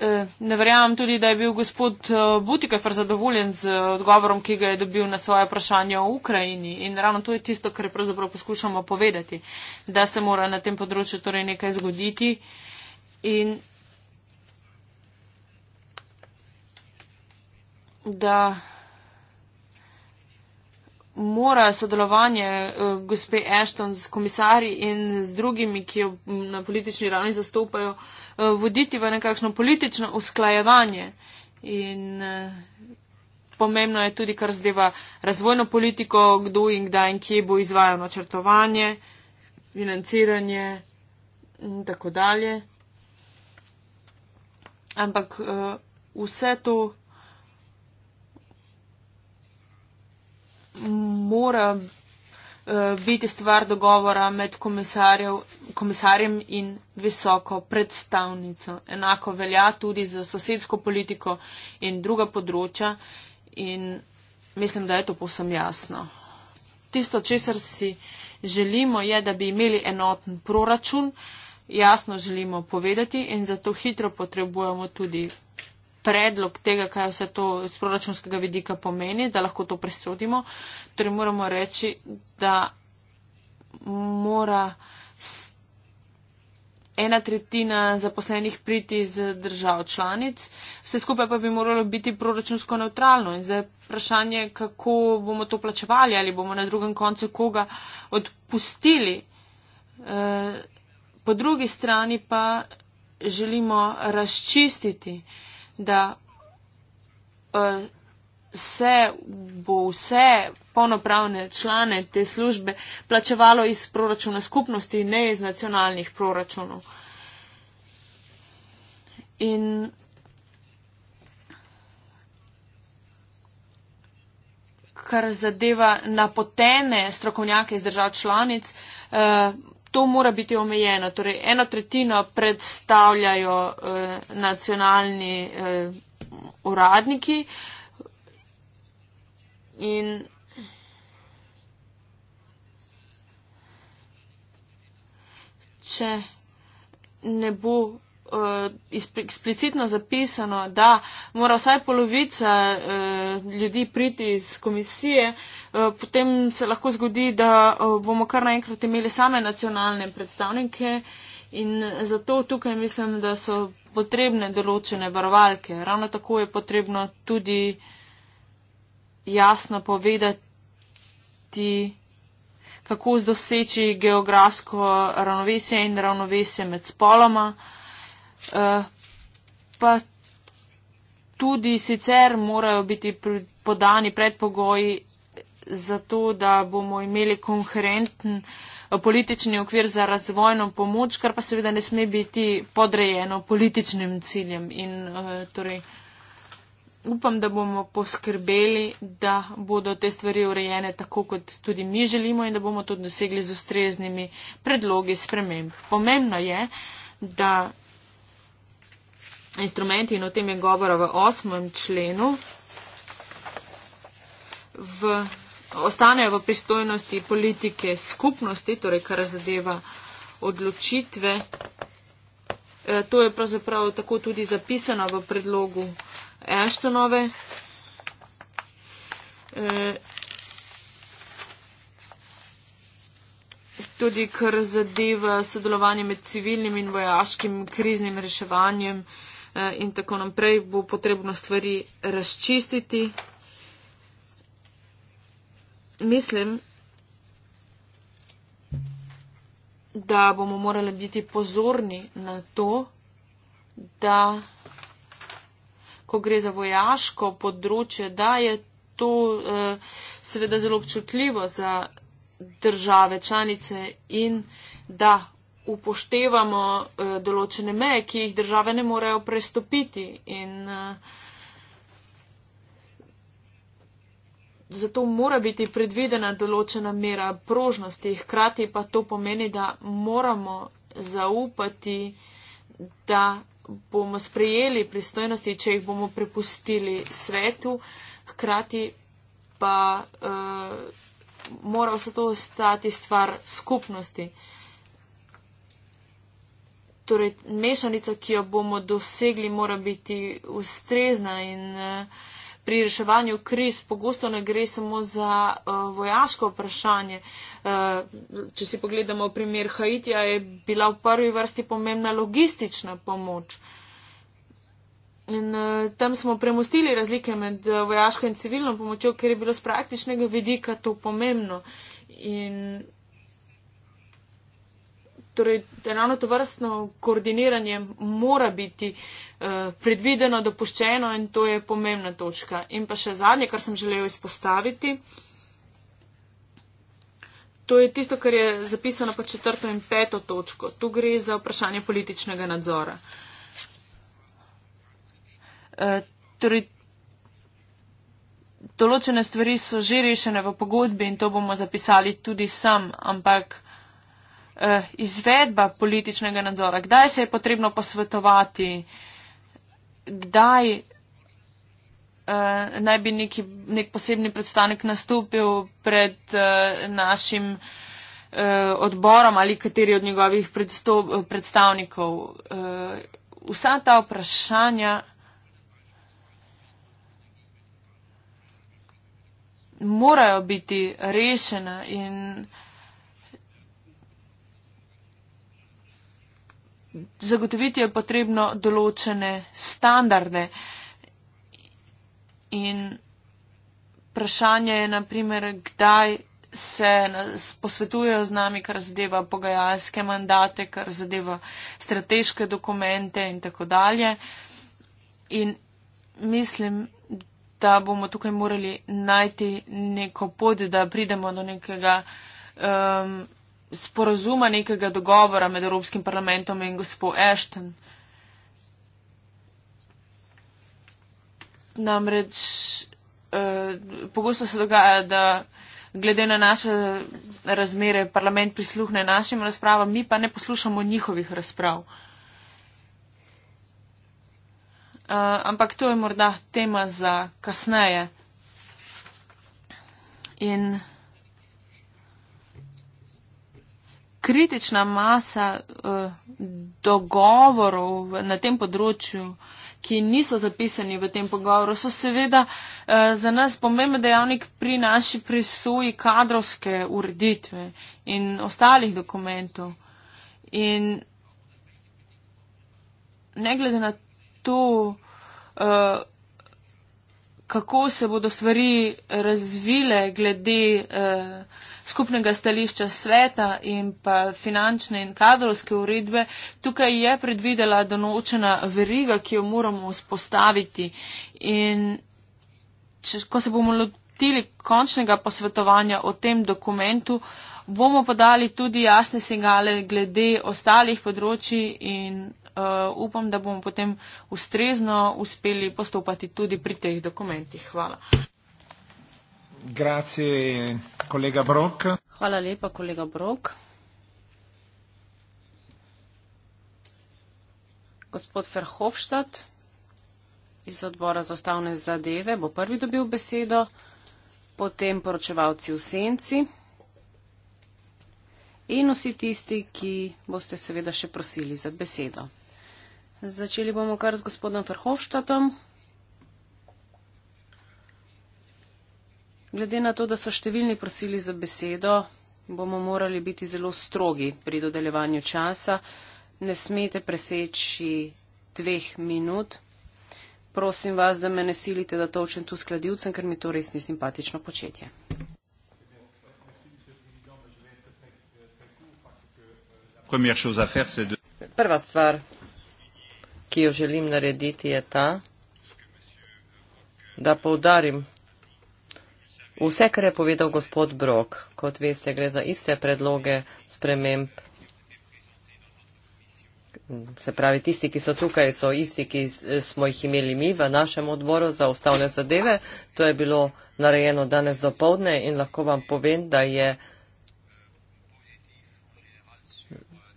Eh, ne verjamem tudi, da je bil gospod eh, Butikefer zadovoljen z eh, odgovorom, ki ga je dobil na svoje vprašanje o Ukrajini. In ravno to je tisto, kar pravzaprav poskušamo povedati, da se mora na tem področju torej nekaj zgoditi. In da mora sodelovanje gospe Ashton s komisarji in z drugimi, ki jo na politični ravni zastopajo, voditi v nekakšno politično usklajevanje. In eh, pomembno je tudi, kar zdeva razvojno politiko, kdo in kdaj in kje bo izvajal načrtovanje, financiranje in tako dalje. Ampak eh, vse to mora Eh, biti stvar dogovora med komisarjem in visoko predstavnico. Enako velja tudi za sosedsko politiko in druga področja in mislim, da je to povsem jasno. Tisto, česar si želimo, je, da bi imeli enoten proračun, jasno želimo povedati in zato hitro potrebujemo tudi predlog tega, kaj vse to z proračunskega vidika pomeni, da lahko to presodimo. Torej moramo reči, da mora ena tretjina zaposlenih priti iz držav članic, vse skupaj pa bi moralo biti proračunsko neutralno. In zdaj vprašanje, kako bomo to plačevali, ali bomo na drugem koncu koga odpustili. Eh, po drugi strani pa želimo razčistiti, da eh, se bo vse polnopravne člane te službe plačevalo iz proračuna skupnosti, ne iz nacionalnih proračunov. In kar zadeva napotene strokovnjake iz držav članic, eh, to mora biti omejeno. Torej, eno tretjino predstavljajo eh, nacionalni eh, uradniki in. Če ne bo Eh, eksplicitno zapisano, da mora vsaj polovica eh, ljudi priti iz komisije, eh, potem se lahko zgodi, da bomo kar naenkrat imeli same nacionalne predstavnike in zato tukaj mislim, da so potrebne določene varovalke. Ravno tako je potrebno tudi jasno povedati, kako zdoseči geografsko ravnovesje in ravnovesje med spoloma. Eh, pa tudi sicer morajo biti podani predpogoji za to, da bomo imeli konkurenten eh, politični okvir za razvojno pomoč, kar pa seveda ne sme biti podrejeno političnim ciljem. In, eh, torej, upam, da bomo poskrbeli, da bodo te stvari urejene tako, kot tudi mi želimo in da bomo to dosegli z ustreznimi predlogi sprememb. Pomembno je, da instrumenti in o tem je govora v osmem členu. V, ostanejo v pristojnosti politike skupnosti, torej kar zadeva odločitve. E, to je pravzaprav tako tudi zapisano v predlogu Enštonove. E, tudi kar zadeva sodelovanje med civilnim in vojaškim kriznim reševanjem. E, Eh, in tako naprej, bo potrebno stvari razčistiti. Mislim, da bomo morali biti pozorni na to, da ko gre za vojaško področje, da je to eh, seveda zelo občutljivo za države članice in da upoštevamo uh, določene meje, ki jih države ne morejo prestopiti. In, uh, zato mora biti predvidena določena mera prožnosti, hkrati pa to pomeni, da moramo zaupati, da bomo sprejeli pristojnosti, če jih bomo prepustili svetu, hkrati pa uh, mora vse to ostati stvar skupnosti. Uh, torej mešanica, ki jo bomo dosegli, mora biti ustrezna in eh, pri reševanju kriz pogosto ne gre samo za eh, vojaško vprašanje. Eh, če si pogledamo primer Haitija, je bila v prvi vrsti pomembna logistična pomoč. In uh, tam smo premustili razlike med uh, vojaško in civilno pomočjo, ker je bilo z praktičnega vidika to pomembno. In Torej, ravno to vrstno koordiniranje mora biti eh, predvideno, dopuščeno in to je pomembna točka. In pa še zadnje, kar sem želel izpostaviti. To je tisto, kar je zapisano pa četrto in peto točko. Tu gre za vprašanje političnega nadzora. Eh, torej, določene stvari so že rešene v pogodbi in to bomo zapisali tudi sam, ampak Eh, izvedba političnega nadzora, kdaj se je potrebno posvetovati, kdaj eh, naj bi neki, nek posebni predstavnik nastopil pred eh, našim eh, odborom ali kateri od njegovih predstavnikov. Eh, vsa ta vprašanja morajo biti rešena in zagotoviti je potrebno določene standarde. In vprašanje je, naprimer, kdaj se posvetujejo z nami, kar zadeva pogajalske mandate, kar zadeva strateške dokumente in tako dalje. In mislim, da bomo tukaj morali najti neko pot, da pridemo do nekega. Um, sporazuma, nekega dogovora med Evropskim parlamentom in gospod Ashton. Namreč eh, pogosto se dogaja, da glede na naše razmere parlament prisluhne našim razpravam, mi pa ne poslušamo njihovih razprav. Uh, ampak to je morda tema za kasneje. In kritična masa uh, dogovorov na tem področju, ki niso zapisani v tem pogovoru, so seveda uh, za nas pomemben dejavnik pri naši prisuji kadrovske ureditve in ostalih dokumentov. In ne glede na to, uh, kako se bodo stvari razvile glede eh, skupnega stališča sveta in pa finančne in kadrovske uredbe, tukaj je predvidela donočena veriga, ki jo moramo vzpostaviti. In če, ko se bomo lotili končnega posvetovanja o tem dokumentu, bomo podali tudi jasne signale glede ostalih področji in uh, upam, da bomo potem ustrezno uspeli postopati tudi pri teh dokumentih. Hvala. Grazie, kolega Brok. Hvala lepa, kolega Brok. Gospod Ferhofštad iz odbora za ostavne zadeve bo prvi dobil besedo, potem poročevalci v senci in vsi tisti, ki boste seveda še prosili za besedo. Začeli bomo kar z gospodom Ferhovštatom. Glede na to, da so številni prosili za besedo, bomo morali biti zelo strogi pri dodeljevanju časa. Ne smete preseči dveh minut. Prosim vas, da me ne silite, da to učim tu skladilcem, ker mi to res ni simpatično početje. Prva stvar ki jo želim narediti, je ta, da povdarim vse, kar je povedal gospod Brok. Kot veste, gre za iste predloge sprememb. Se pravi, tisti, ki so tukaj, so isti, ki smo jih imeli mi v našem odboru za ustavne zadeve. To je bilo narejeno danes do povdne in lahko vam povem, da je.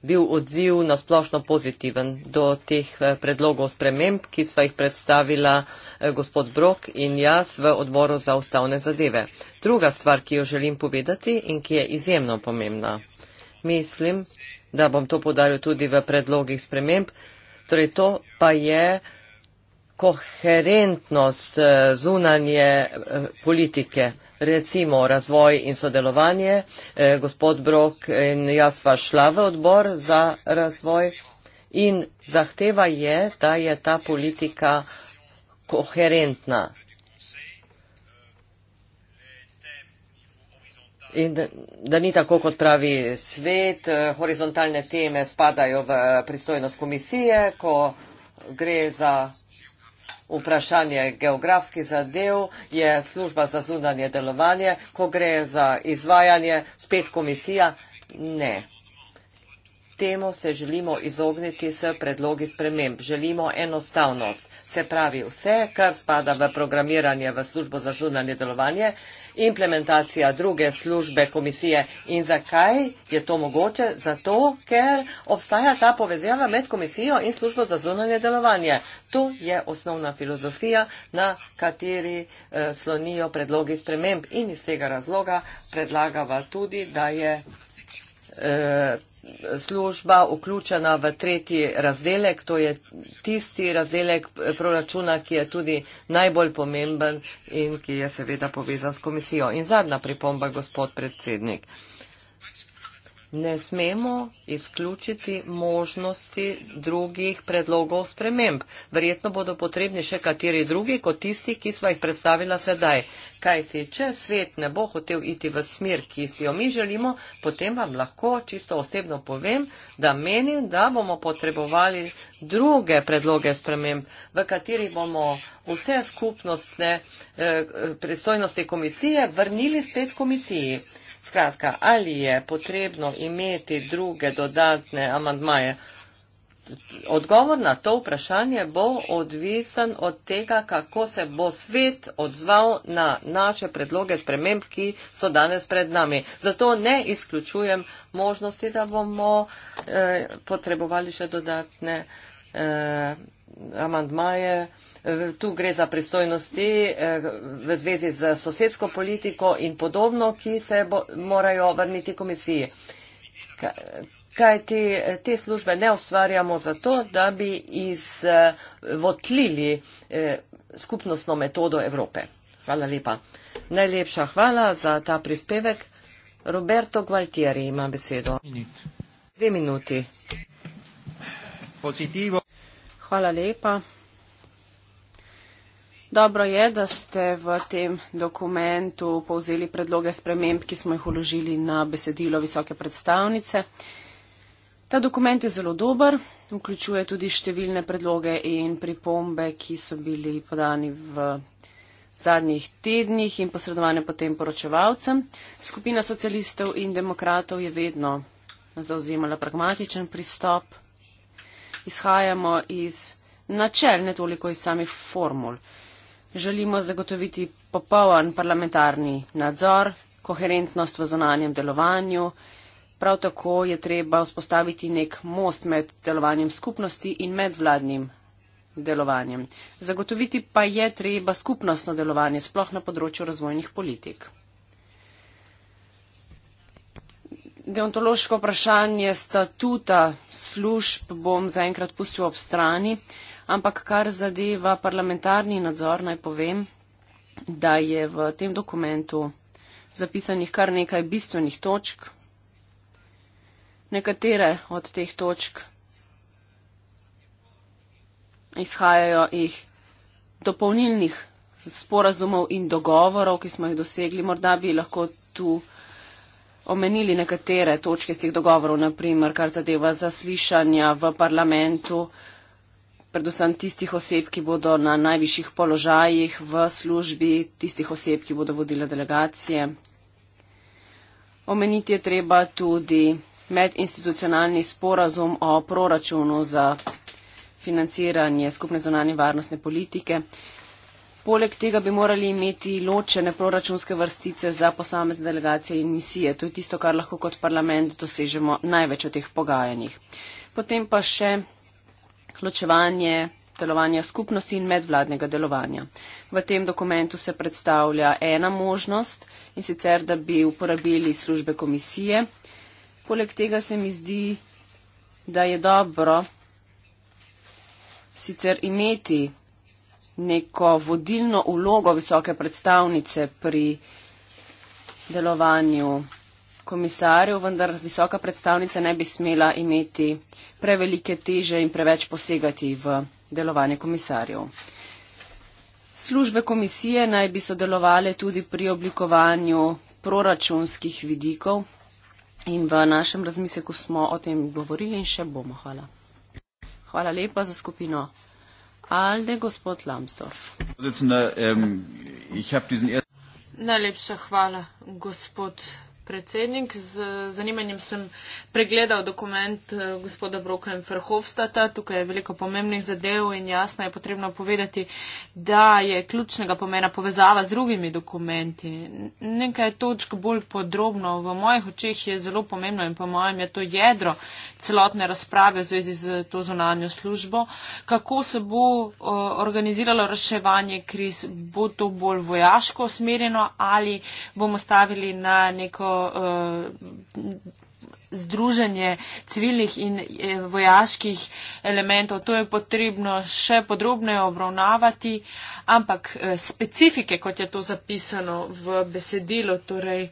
bil odziv nasplošno pozitiven do teh eh, predlogov sprememb, ki sva jih predstavila eh, gospod Brok in jaz v odboru za ustavne zadeve. Druga stvar, ki jo želim povedati in ki je izjemno pomembna, mislim, da bom to podaril tudi v predlogih sprememb, torej to pa je koherentnost eh, zunanje politike, recimo razvoj in sodelovanje. Eh, gospod Brok in jaz sva šla v odbor za razvoj in zahteva je, da je ta politika koherentna. In da ni tako, kot pravi svet, eh, horizontalne teme spadajo v pristojnost komisije, ko gre za vprašanje geografskih zadev, je služba za zunanje delovanje, ko gre za izvajanje, spet komisija. Ne. Temu se želimo izogniti s predlogi sprememb. Želimo enostavnost. Se pravi, vse, kar spada v programiranje v službo za zunanje delovanje, implementacija druge službe komisije. In zakaj je to mogoče? Zato, ker obstaja ta povezava med komisijo in službo za zunanje delovanje. To je osnovna filozofija, na kateri eh, slonijo predlogi sprememb in iz tega razloga predlagava tudi, da je eh, služba vključena v tretji razdelek, to je tisti razdelek proračuna, ki je tudi najbolj pomemben in ki je seveda povezan s komisijo. In zadnja pripomba, gospod predsednik ne smemo izključiti možnosti drugih predlogov sprememb. Verjetno bodo potrebni še kateri drugi kot tisti, ki smo jih predstavila sedaj. Kajti, če svet ne bo hotel iti v smer, ki si jo mi želimo, potem vam lahko čisto osebno povem, da menim, da bomo potrebovali druge predloge sprememb, v kateri bomo vse skupnostne eh, eh predstojnosti komisije vrnili spet komisiji. Skratka, ali je potrebno imeti druge dodatne amandmaje? Odgovor na to vprašanje bo odvisen od tega, kako se bo svet odzval na naše predloge sprememb, ki so danes pred nami. Zato ne izključujem možnosti, da bomo eh, potrebovali še dodatne eh, amandmaje. Eh, tu gre za pristojnosti eh, v zvezi z sosedsko politiko in podobno, ki se morajo vrniti komisiji. Kaj te, eh, te službe ne ustvarjamo zato, da bi izvotlili eh, skupnostno metodo Evrope. Hvala lepa. Najlepša hvala za ta prispevek. Roberto Gualtieri ima besedo. Dve minuti. Pozitivo. Hvala lepa. Dobro je, da ste v tem dokumentu povzeli predloge sprememb, ki smo jih uložili na besedilo visoke predstavnice. Ta dokument je zelo dober, vključuje tudi številne predloge in pripombe, ki so bili podani v zadnjih tednih in posredovane potem poročevalcem. Skupina socialistov in demokratov je vedno zauzemala pragmatičen pristop. Izhajamo iz načel, ne toliko iz samih formul želimo zagotoviti popoln parlamentarni nadzor, koherentnost v zonanjem delovanju. Prav tako je treba vzpostaviti nek most med delovanjem skupnosti in medvladnim delovanjem. Zagotoviti pa je treba skupnostno delovanje, sploh na področju razvojnih politik. Deontološko vprašanje statuta služb bom zaenkrat pustil ob strani ampak kar zadeva parlamentarni nadzor, naj povem, da je v tem dokumentu zapisanih kar nekaj bistvenih točk. Nekatere od teh točk izhajajo iz dopolnilnih sporazumov in dogovorov, ki smo jih dosegli. Morda bi lahko tu omenili nekatere točke z teh dogovorov, naprimer kar zadeva zaslišanja v parlamentu predvsem tistih oseb, ki bodo na najvišjih položajih v službi, tistih oseb, ki bodo vodile delegacije. Omeniti je treba tudi medinstitucionalni sporazum o proračunu za financiranje skupne zonalne varnostne politike. Poleg tega bi morali imeti ločene proračunske vrstice za posamezne delegacije in misije. To je tisto, kar lahko kot parlament dosežemo največ v teh pogajanjih. Potem pa še ločevanje delovanja skupnosti in medvladnega delovanja. V tem dokumentu se predstavlja ena možnost in sicer, da bi uporabili službe komisije. Poleg tega se mi zdi, da je dobro sicer imeti neko vodilno ulogo visoke predstavnice pri delovanju komisarju, vendar visoka predstavnica ne bi smela imeti prevelike teže in preveč posegati v delovanje komisarjev. Službe komisije naj bi sodelovali tudi pri oblikovanju proračunskih vidikov in v našem razmisleku smo o tem govorili in še bomo. Hvala. Hvala lepa za skupino. Alde, gospod Lambsdorff. Ähm, Najlepša hvala, gospod predsednik. Z zanimanjem sem pregledal dokument eh, gospoda Broka in Ferhofstata. Tukaj je veliko pomembnih zadev in jasno je potrebno povedati, da je ključnega pomena povezava z drugimi dokumenti. Nekaj točk bolj podrobno. V mojih očeh je zelo pomembno in po mojem je to jedro celotne razprave v zvezi z to zunanjo službo. Kako se bo eh, organiziralo reševanje kriz? Bo to bolj vojaško usmerjeno ali bomo stavili na neko Eh, združenje civilnih in eh, vojaških elementov. To je potrebno še podrobneje obravnavati, ampak eh, specifike, kot je to zapisano v besedilu, torej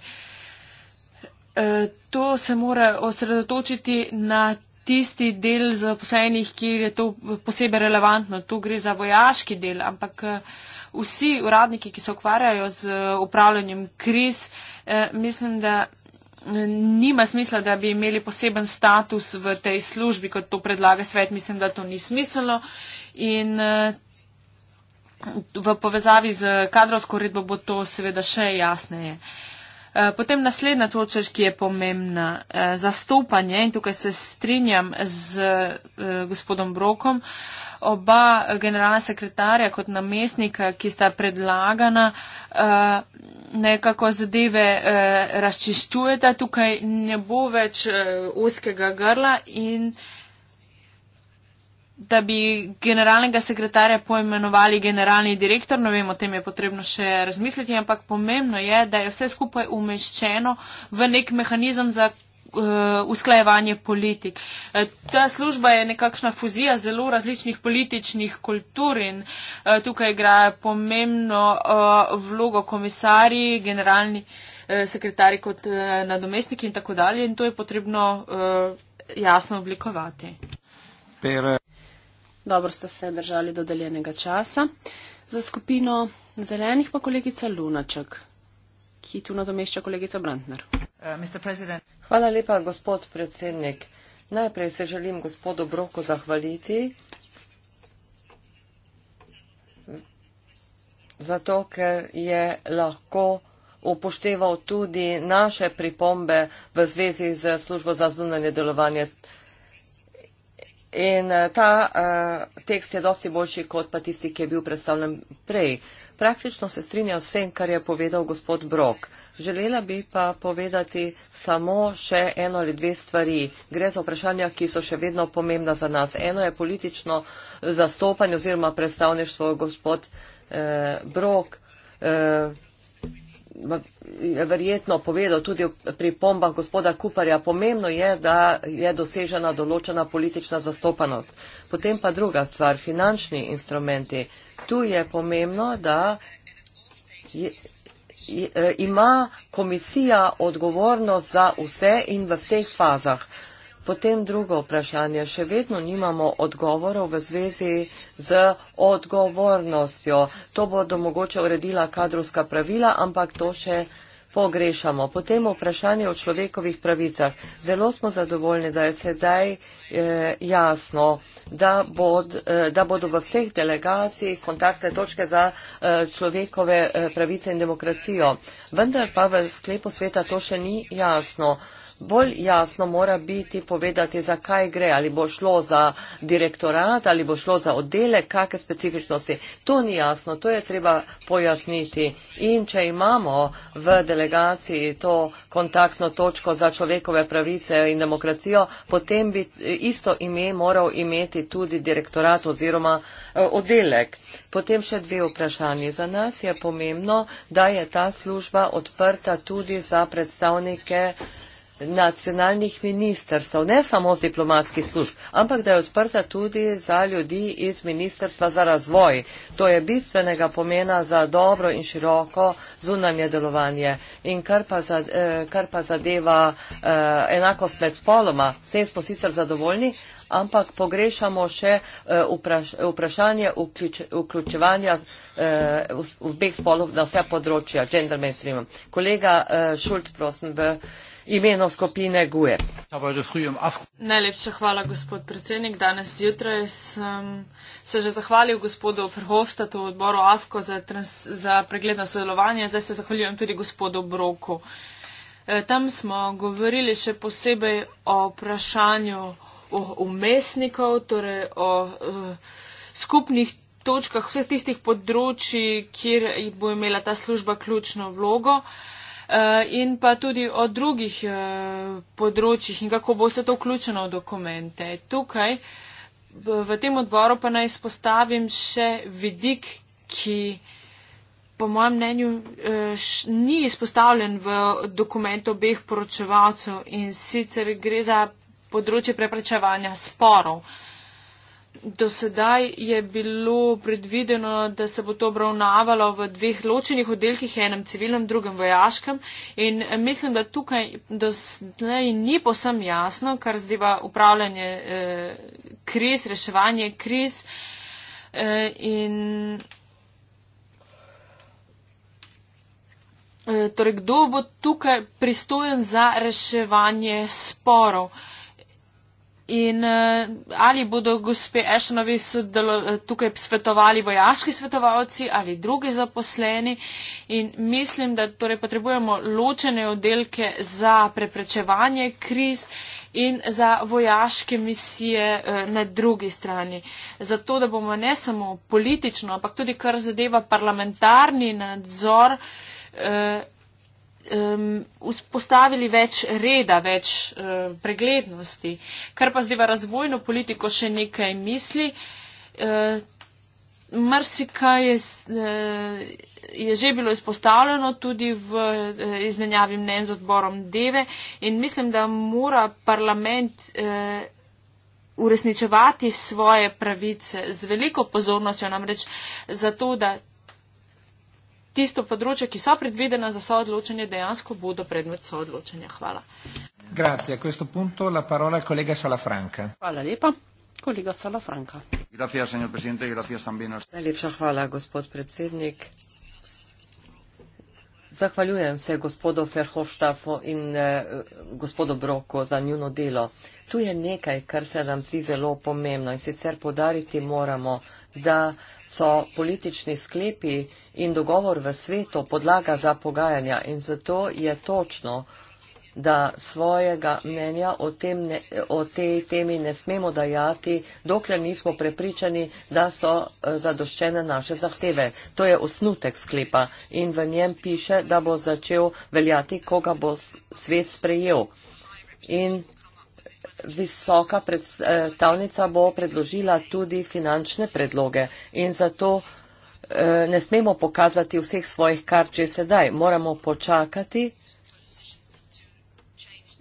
to se mora osredotočiti na tisti del zaposlenih, ki je to posebej relevantno. Tu gre za vojaški del, ampak vsi uradniki, ki se ukvarjajo z upravljanjem kriz, E, mislim, da nima smisla, da bi imeli poseben status v tej službi, kot to predlaga svet. Mislim, da to ni smiselno. In e, v povezavi z kadrovsko redbo bo to seveda še jasneje. Eh, potem naslednja točka, ki je pomembna, eh, zastopanje in tukaj se strinjam z eh, gospodom Brokom. Oba generalna sekretarja kot namestnika, ki sta predlagana, nekako zadeve razčiščujeta, tukaj ne bo več oskega grla in da bi generalnega sekretarja poimenovali generalni direktor, ne vem, o tem je potrebno še razmisliti, ampak pomembno je, da je vse skupaj umeščeno v nek mehanizem za eh, usklajevanje politik. Eh, ta služba je nekakšna fuzija zelo različnih političnih kultur in eh, tukaj igra pomembno vlogo komisarji, generalni sekretari kot nadomestniki in tako dalje in to je potrebno jasno oblikovati. Pero. Dobro ste se držali dodeljenega časa. Za skupino zelenih pa kolegica Lunaček, ki tu nadomešča kolegico Brantner. Uh, Hvala lepa, gospod predsednik. Najprej se želim gospodu Broku zahvaliti, zato ker je lahko upošteval tudi naše pripombe v zvezi z službo za zunanje delovanje. In eh, ta uh, tekst je dosti boljši kot pa tisti, ki je bil predstavljen prej. Praktično se strinja vsem, kar je povedal gospod Brok. Želela bi pa povedati samo še eno ali dve stvari. Gre za vprašanja, ki so še vedno pomembna za nas. Eno je politično zastopanje oziroma predstavništvo gospod eh, Brok. Eh, je verjetno povedal tudi pri pombah gospoda Kuparja, pomembno je, da je dosežena določena politična zastopanost. Potem pa druga stvar, finančni instrumenti. Tu je pomembno, da je, eh, ima komisija odgovornost za vse in v vseh fazah. Potem drugo vprašanje. Še vedno nimamo odgovorov v zvezi z odgovornostjo. To bodo mogoče uredila kadrovska pravila, ampak to še pogrešamo. Potem vprašanje o človekovih pravicah. Zelo smo zadovoljni, da je sedaj eh, jasno, da, bod, eh, da bodo v vseh delegacijah kontaktne točke za eh, človekove eh, pravice in demokracijo. Vendar pa v sklepu sveta to še ni jasno bolj jasno mora biti povedati, zakaj gre, ali bo šlo za direktorat, ali bo šlo za oddele, kakšne specifičnosti. To ni jasno, to je treba pojasniti. In če imamo v delegaciji to kontaktno točko za človekove pravice in demokracijo, potem bi eh, isto ime moral imeti tudi direktorat oziroma eh, oddelek. Potem še dve vprašanje. Za nas je pomembno, da je ta služba odprta tudi za predstavnike nacionalnih ministrstv, ne samo z diplomatskih služb, ampak da je odprta tudi za ljudi iz Ministrstva za razvoj. To je bistvenega pomena za dobro in široko zunanje delovanje. In kar pa, za, eh, kar pa zadeva eh, enakost med spoloma, s tem smo sicer zadovoljni, ampak pogrešamo še eh, vprašanje vključ, vključevanja v obeh spolov na vse področja, gender mainstream. Kolega Šult, prosim, v imeno skupine GUE. Najlepša hvala, gospod predsednik. Danes zjutraj sem se že zahvalil gospodu Ferhovstatu, odboru AFKO za, trans, za pregledno sodelovanje. Zdaj se zahvaljujem tudi gospodu Broku. E, tam smo govorili še posebej o vprašanju o umestnikov, torej o e, skupnih točkah vseh tistih področji, kjer bo imela ta služba ključno vlogo. E, Eh, in pa tudi o drugih eh, področjih in kako bo vse to vključeno v dokumente. Tukaj v tem odboru pa naj izpostavim še vidik, ki po mojem mnenju eh, ni izpostavljen v dokumentu obeh poročevalcev in sicer gre za področje preprečevanja sporov. Uh, Do sedaj je bilo predvideno, da se bo to obravnavalo v dveh ločenih oddelkih, enem civilnem, drugem vojaškem. In mislim, da tukaj do sedaj ni posem jasno, kar zdiva upravljanje eh, kriz, reševanje kriz. Eh, in, eh, torej, kdo bo tukaj pristojen za reševanje sporov? Eh, In uh, ali bodo gospe Ešanovi tukaj svetovali vojaški svetovalci ali drugi zaposleni. In mislim, da torej potrebujemo ločene oddelke za preprečevanje kriz in za vojaške misije uh, na drugi strani. Zato, da bomo ne samo politično, ampak tudi kar zadeva parlamentarni nadzor. Uh, um, vzpostavili več reda, več uh, preglednosti. Kar pa zdaj razvojno politiko še nekaj misli, uh, mrsikaj je, uh, je že bilo izpostavljeno tudi v uh, izmenjavi mnen z odborom Deve in mislim, da mora parlament. Uh, uresničevati svoje pravice z veliko pozornostjo, namreč zato, da tisto področje, ki so predvidena za soodločanje, dejansko bodo predmet soodločanja. Hvala. Grazie. Questo punto la parola al collega Salafranca. Hvala lepa. Kolega Salafranca. Grazie, signor Presidente. Grazie, Stambino. Najlepša hvala, gospod predsednik. Zahvaljujem se gospodu Ferhofštafu in eh, gospodu Broku za njuno delo. Tu je nekaj, kar se nam zdi zelo pomembno in sicer podariti moramo, da so politični sklepi in dogovor v svetu podlaga za pogajanja in zato je točno, da svojega mnenja o, tem ne, o tej temi ne smemo dajati, dokler nismo prepričani, da so eh, zadoščene naše zahteve. To je osnutek sklepa in v njem piše, da bo začel veljati, koga bo svet sprejel. In visoka predstavnica bo predložila tudi finančne predloge in zato eh, ne smemo pokazati vseh svojih kar, če sedaj moramo počakati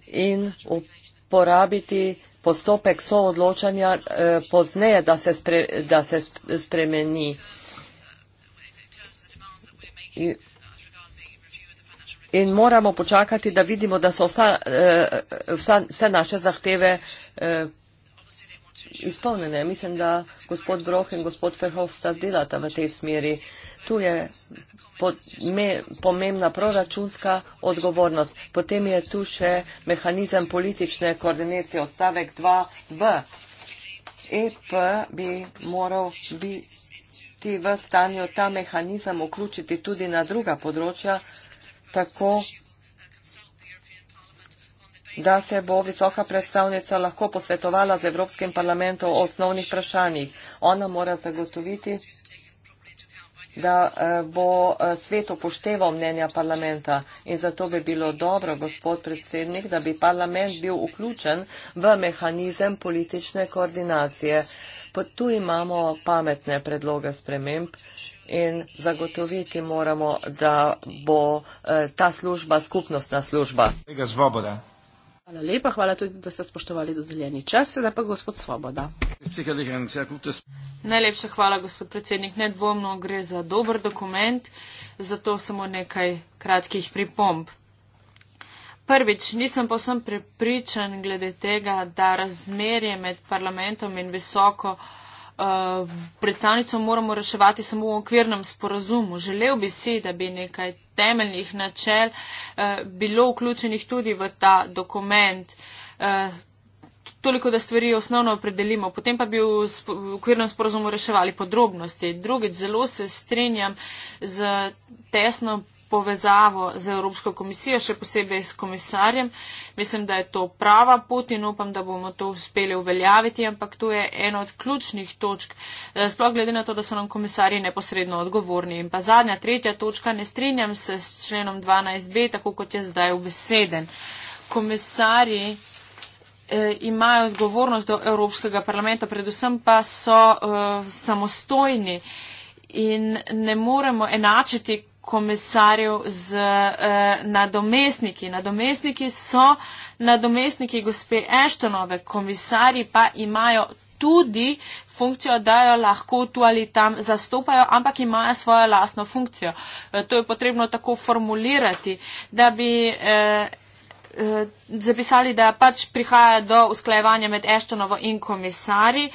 in uporabiti postopek soodločanja eh, pozneje, da se spremeni in moramo počakati, da vidimo, da so vsa, eh, vsa, vse naše zahteve eh, izpolnjene. Mislim, da gospod Broh in gospod Ferhovsta delata v tej smeri. Tu je pomembna proračunska odgovornost. Potem je tu še mehanizem politične koordinacije odstavek 2b. EP bi moral biti v stanju ta mehanizem vključiti tudi na druga področja, tako, da se bo visoka predstavnica lahko posvetovala z Evropskim parlamentom o osnovnih vprašanjih. Ona mora zagotoviti, da eh, bo eh, svet upošteval mnenja parlamenta in zato bi bilo dobro, gospod predsednik, da bi parlament bil vključen v mehanizem politične koordinacije tu imamo pametne predloge sprememb in zagotoviti moramo, da bo eh, ta služba skupnostna služba. Hvala lepa, hvala tudi, da ste spoštovali dodeljeni čas, sedaj pa gospod Svoboda. Najlepša hvala, gospod predsednik. Nedvomno gre za dober dokument, zato samo nekaj kratkih pripomb prvič nisem posem prepričan glede tega, da razmerje med parlamentom in visoko uh, predstavnico moramo reševati samo v okvirnem sporazumu. Želel bi si, da bi nekaj temeljnih načel uh, bilo vključenih tudi v ta dokument. Uh, Toliko, da stvari osnovno opredelimo, potem pa bi v, v okvirnem sporozumu reševali podrobnosti. Drugič, zelo se strinjam z tesno povezavo z Evropsko komisijo, še posebej s komisarjem. Mislim, da je to prava pot in upam, da bomo to uspeli uveljaviti, ampak to je ena od ključnih točk, eh, sploh glede na to, da so nam komisarji neposredno odgovorni. In pa zadnja, tretja točka, ne strinjam se s členom 12b, tako kot je zdaj obeseden. Komisarji eh, imajo odgovornost do Evropskega parlamenta, predvsem pa so uh, samostojni in ne moremo enačiti komisarjev z uh, nadomestniki. Nadomestniki so nadomestniki gospe Eštonove, komisari pa imajo tudi funkcijo, da jo lahko tu ali tam zastopajo, ampak imajo svojo lastno funkcijo. Uh, to je potrebno tako formulirati, da bi. Uh, eh, zapisali, da pač prihaja do usklajevanja med Eštonovo in komisari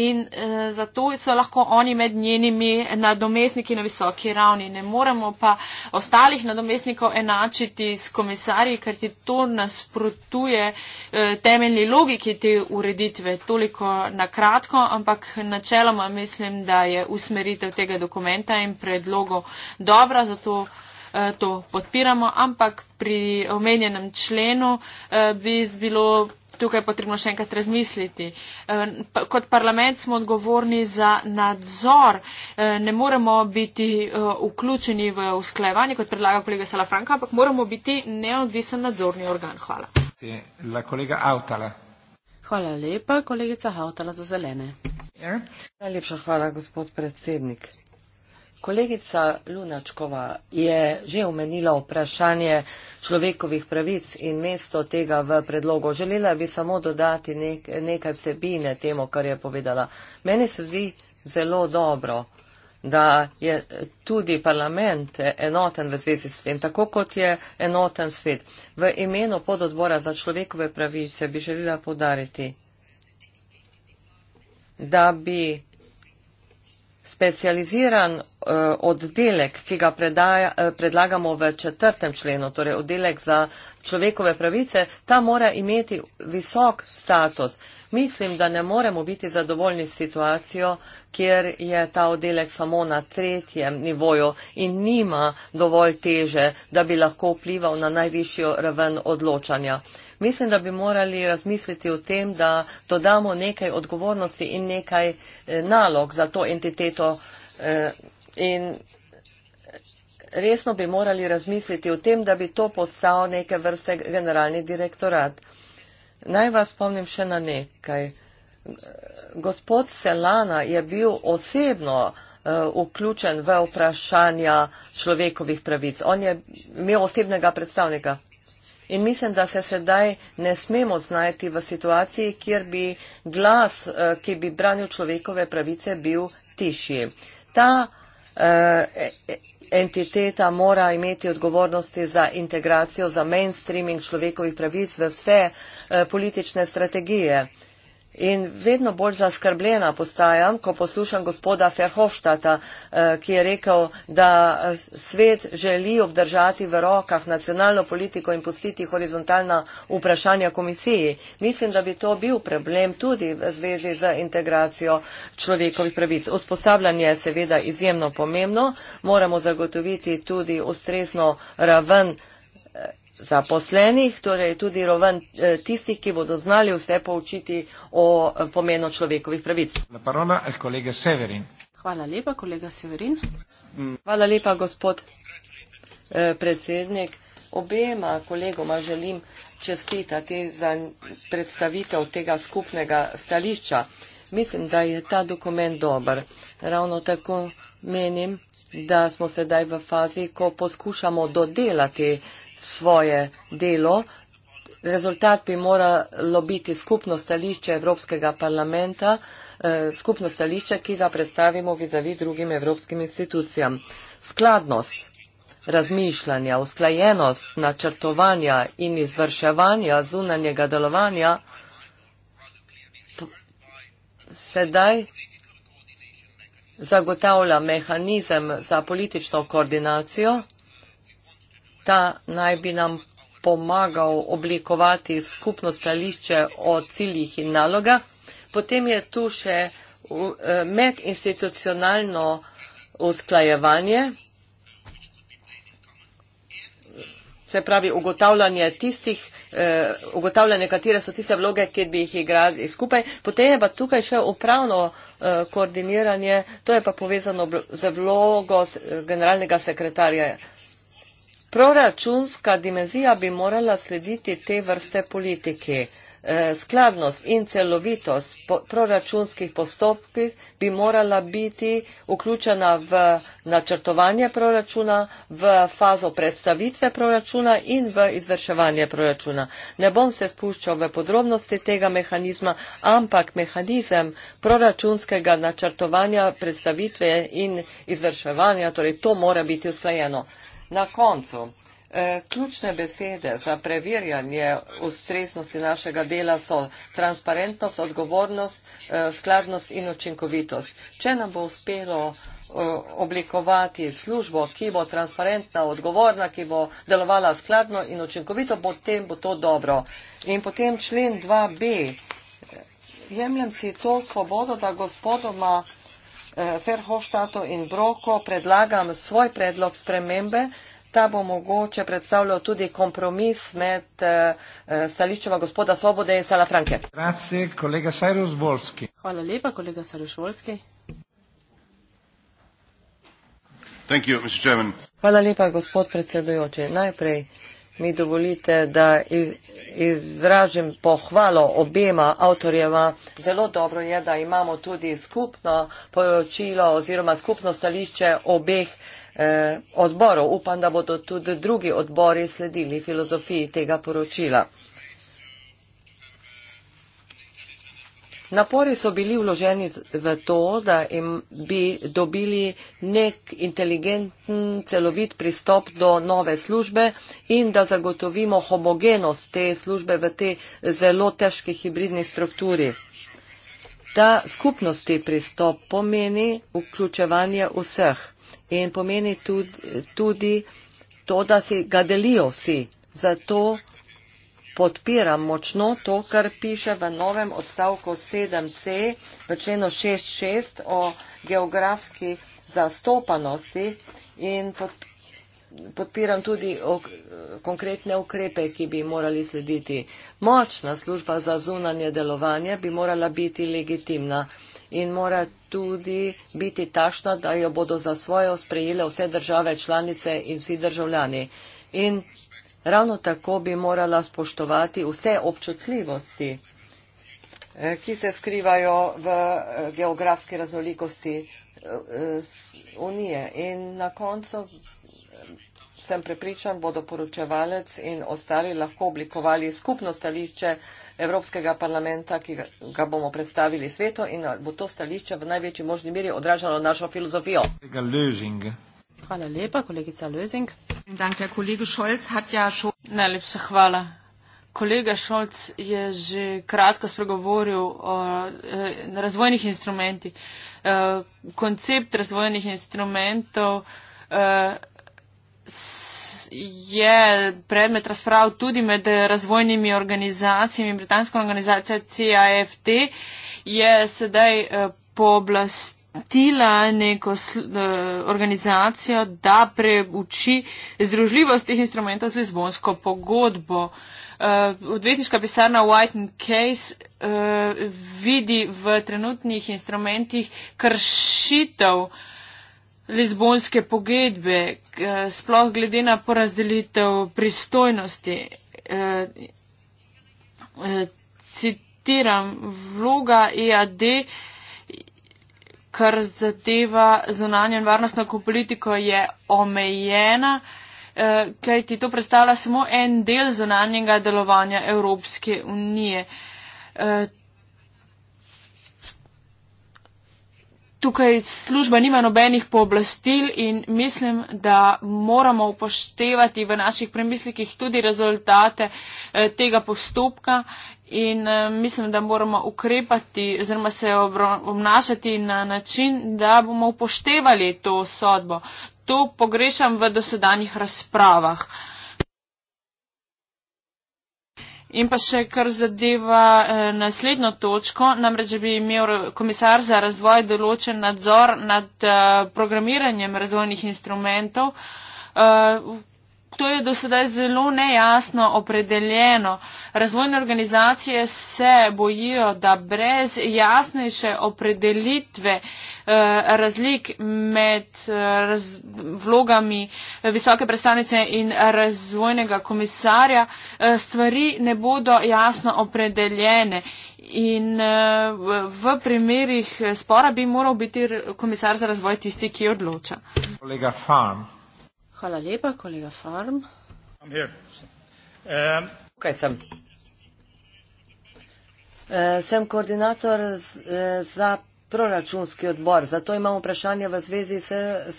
in eh, zato so lahko oni med njenimi nadomestniki na visoki ravni. Ne moremo pa ostalih nadomestnikov enačiti s komisari, ker ti to nasprotuje eh, temeljni logiki te ureditve. Toliko na kratko, ampak načeloma mislim, da je usmeritev tega dokumenta in predlogov dobra. Zato, eh, Eh, to podpiramo, ampak pri omenjenem členu eh, bi bilo tukaj potrebno še enkrat razmisliti. Eh, kot parlament smo odgovorni za nadzor, ne moremo biti vključeni v usklajevanje, kot predlaga kolega Salafranka, ampak moramo biti neodvisen nadzorni organ. Hvala. La kolega Avtala. Hvala lepa, kolegica Avtala za zelene. Ja. Najlepša hvala, gospod predsednik. Kolegica Lunačkova je že omenila vprašanje človekovih pravic in mesto tega v predlogu. Želela bi samo dodati nek, nekaj vsebine temu, kar je povedala. Meni se zdi zelo dobro, da je tudi parlament enoten v zvezi s tem, tako kot je enoten svet. V imenu pododbora za človekove pravice bi želela podariti, da bi specializiran uh, oddelek, ki ga predaja, uh, predlagamo v četrtem členu, torej oddelek za človekove pravice, ta mora imeti visok status. Mislim, da ne moremo biti zadovoljni s situacijo, kjer je ta oddelek samo na tretjem nivoju in nima dovolj teže, da bi lahko vplival na najvišjo raven odločanja. Uh, Mislim, da bi morali razmisliti o tem, da dodamo nekaj odgovornosti in nekaj eh, nalog za to entiteto. Eh, in resno bi morali razmisliti o tem, da bi to postal neke vrste generalni direktorat. Naj vas spomnim še na nekaj. Gospod Selana je bil osebno eh, vključen v vprašanja človekovih pravic. On je imel osebnega predstavnika in mislim, da se sedaj ne smemo znajti v situaciji, kjer bi glas, eh, ki bi branil človekove pravice, bil tišji. Ta eh, e, e, entiteta mora imeti odgovornosti za integracijo, za mainstreaming človekovih pravic v vse eh, politične strategije. In vedno bolj zaskrbljena postajam, ko poslušam gospoda Ferhofštata, eh, ki je rekel, da eh, svet želi obdržati v rokah nacionalno politiko in pustiti horizontalna vprašanja komisiji. Mislim, da bi to bil problem tudi v zvezi z integracijo človekovih pravic. Usposabljanje je seveda izjemno pomembno. Moramo zagotoviti tudi ustrezno raven zaposlenih, torej tudi roven eh, tistih, ki bodo znali vse poučiti o eh, pomenu človekovih pravic. Hvala lepa, kolega Severin. Mm. Hvala lepa, gospod eh, predsednik. Obema kolegoma želim čestitati za predstavitev tega skupnega stališča. Mislim, da je ta dokument dober. Ravno tako menim, da smo sedaj v fazi, ko poskušamo dodelati eh, svoje delo. Rezultat bi moralo biti skupno stališče Evropskega parlamenta, eh, skupno stališče, ki ga predstavimo vizavi drugim evropskim institucijam. Skladnost razmišljanja, usklajenost načrtovanja in izvrševanja zunanjega delovanja sedaj zagotavlja mehanizem za politično koordinacijo. Ta naj bi nam pomagal oblikovati skupno stališče o ciljih in naloga. Potem je tu še e, medinstitucionalno usklajevanje, se pravi ugotavljanje tistih, e, ugotavljanje, katere so tiste vloge, ki bi jih igrali skupaj. Potem je pa tukaj še upravno e, koordiniranje, to je pa povezano z vlogo generalnega sekretarja Proračunska dimenzija bi morala slediti te vrste politiki. Eh, skladnost in celovitost proračunskih postopkih bi morala biti vključena v načrtovanje proračuna, v fazo predstavitve proračuna in v izvrševanje proračuna. Ne bom se spuščal v podrobnosti tega mehanizma, ampak mehanizem proračunskega načrtovanja predstavitve in izvrševanja, torej to mora biti usklajeno. Na koncu, eh, ključne besede za preverjanje ustreznosti našega dela so transparentnost, odgovornost, eh, skladnost in učinkovitost. Če nam bo uspelo eh, oblikovati službo, ki bo transparentna, odgovorna, ki bo delovala skladno in učinkovito, potem bo to dobro. In potem člen 2b. Jemljem si to svobodo, da gospodoma Eh, Ferhoštato in Broko predlagam svoj predlog spremembe. Ta bo mogoče predstavljal tudi kompromis med eh, eh, stališčema gospoda Svobode in Sala Franke. Hvala lepa, kolega Sarušvolski. Hvala lepa, gospod predsedujoči. Najprej mi dovolite, da izražim pohvalo obema avtorjeva. Zelo dobro je, da imamo tudi skupno poročilo oziroma skupno stališče obeh eh, odborov. Upam, da bodo tudi drugi odbori sledili filozofiji tega poročila. Napori so bili vloženi v to, da im bi dobili nek inteligenten, celovit pristop do nove službe in da zagotovimo homogenost te službe v te zelo težke hibridne strukturi. Ta skupnosti pristop pomeni vključevanje vseh in pomeni tudi, tudi to, da si ga delijo vsi. Zato podpiram močno to, kar piše v novem odstavku 7c v členu 6.6 o geografski zastopanosti in podpiram tudi konkretne ukrepe, ki bi morali slediti. Močna služba za zunanje delovanje bi morala biti legitimna in mora tudi biti takšna, da jo bodo za svojo sprejele vse države članice in vsi državljani. In Ravno tako bi morala spoštovati vse občutljivosti, eh, ki se skrivajo v eh, geografski raznolikosti eh, Unije. In na koncu sem prepričan, bodo poročevalec in ostali lahko oblikovali skupno stališče Evropskega parlamenta, ki ga bomo predstavili svetu in bo to stališče v največji možni miri odražalo našo filozofijo. Hvala lepa, kolegica Lözing. Ja Najlepša hvala. Kolega Šolc je že kratko spregovoril o eh, razvojnih instrumentih. Eh, koncept razvojnih instrumentov eh, je predmet razprav tudi med razvojnimi organizacijami. Britanska organizacija CAFT je sedaj po oblasti pustila neko eh, organizacijo, da preuči združljivost teh instrumentov z Lizbonsko pogodbo. Eh, odvetniška pisarna White and Case eh, vidi v trenutnih instrumentih kršitev Lizbonske pogodbe, sploh glede na porazdelitev pristojnosti. Citiram, vloga EAD kar zadeva zunanje in varnostno politiko, je omejena, eh, kaj ti to predstavlja samo en del zunanjega delovanja Evropske unije. Eh, tukaj služba nima nobenih pooblastil in mislim, da moramo upoštevati v naših premislikih tudi rezultate eh, tega postopka In uh, mislim, da moramo ukrepati oziroma se obnašati na način, da bomo upoštevali to sodbo. To pogrešam v dosedanjih razpravah. In pa še kar zadeva eh, naslednjo točko, namreč bi imel komisar za razvoj določen nadzor nad eh, programiranjem razvojnih instrumentov. Eh, to je do sedaj zelo nejasno opredeljeno. Razvojne organizacije se bojijo, da brez jasnejše opredelitve eh, razlik med eh, raz, vlogami eh, visoke predstavnice in razvojnega komisarja stvari ne bodo jasno opredeljene. In v primerih spora bi moral biti komisar za razvoj tisti, ki odloča. Kolega Farm. Hvala lepa, kolega Farm. Um, Kaj sem? Uh, sem koordinator z, uh, za proračunski odbor, zato imam vprašanje v zvezi s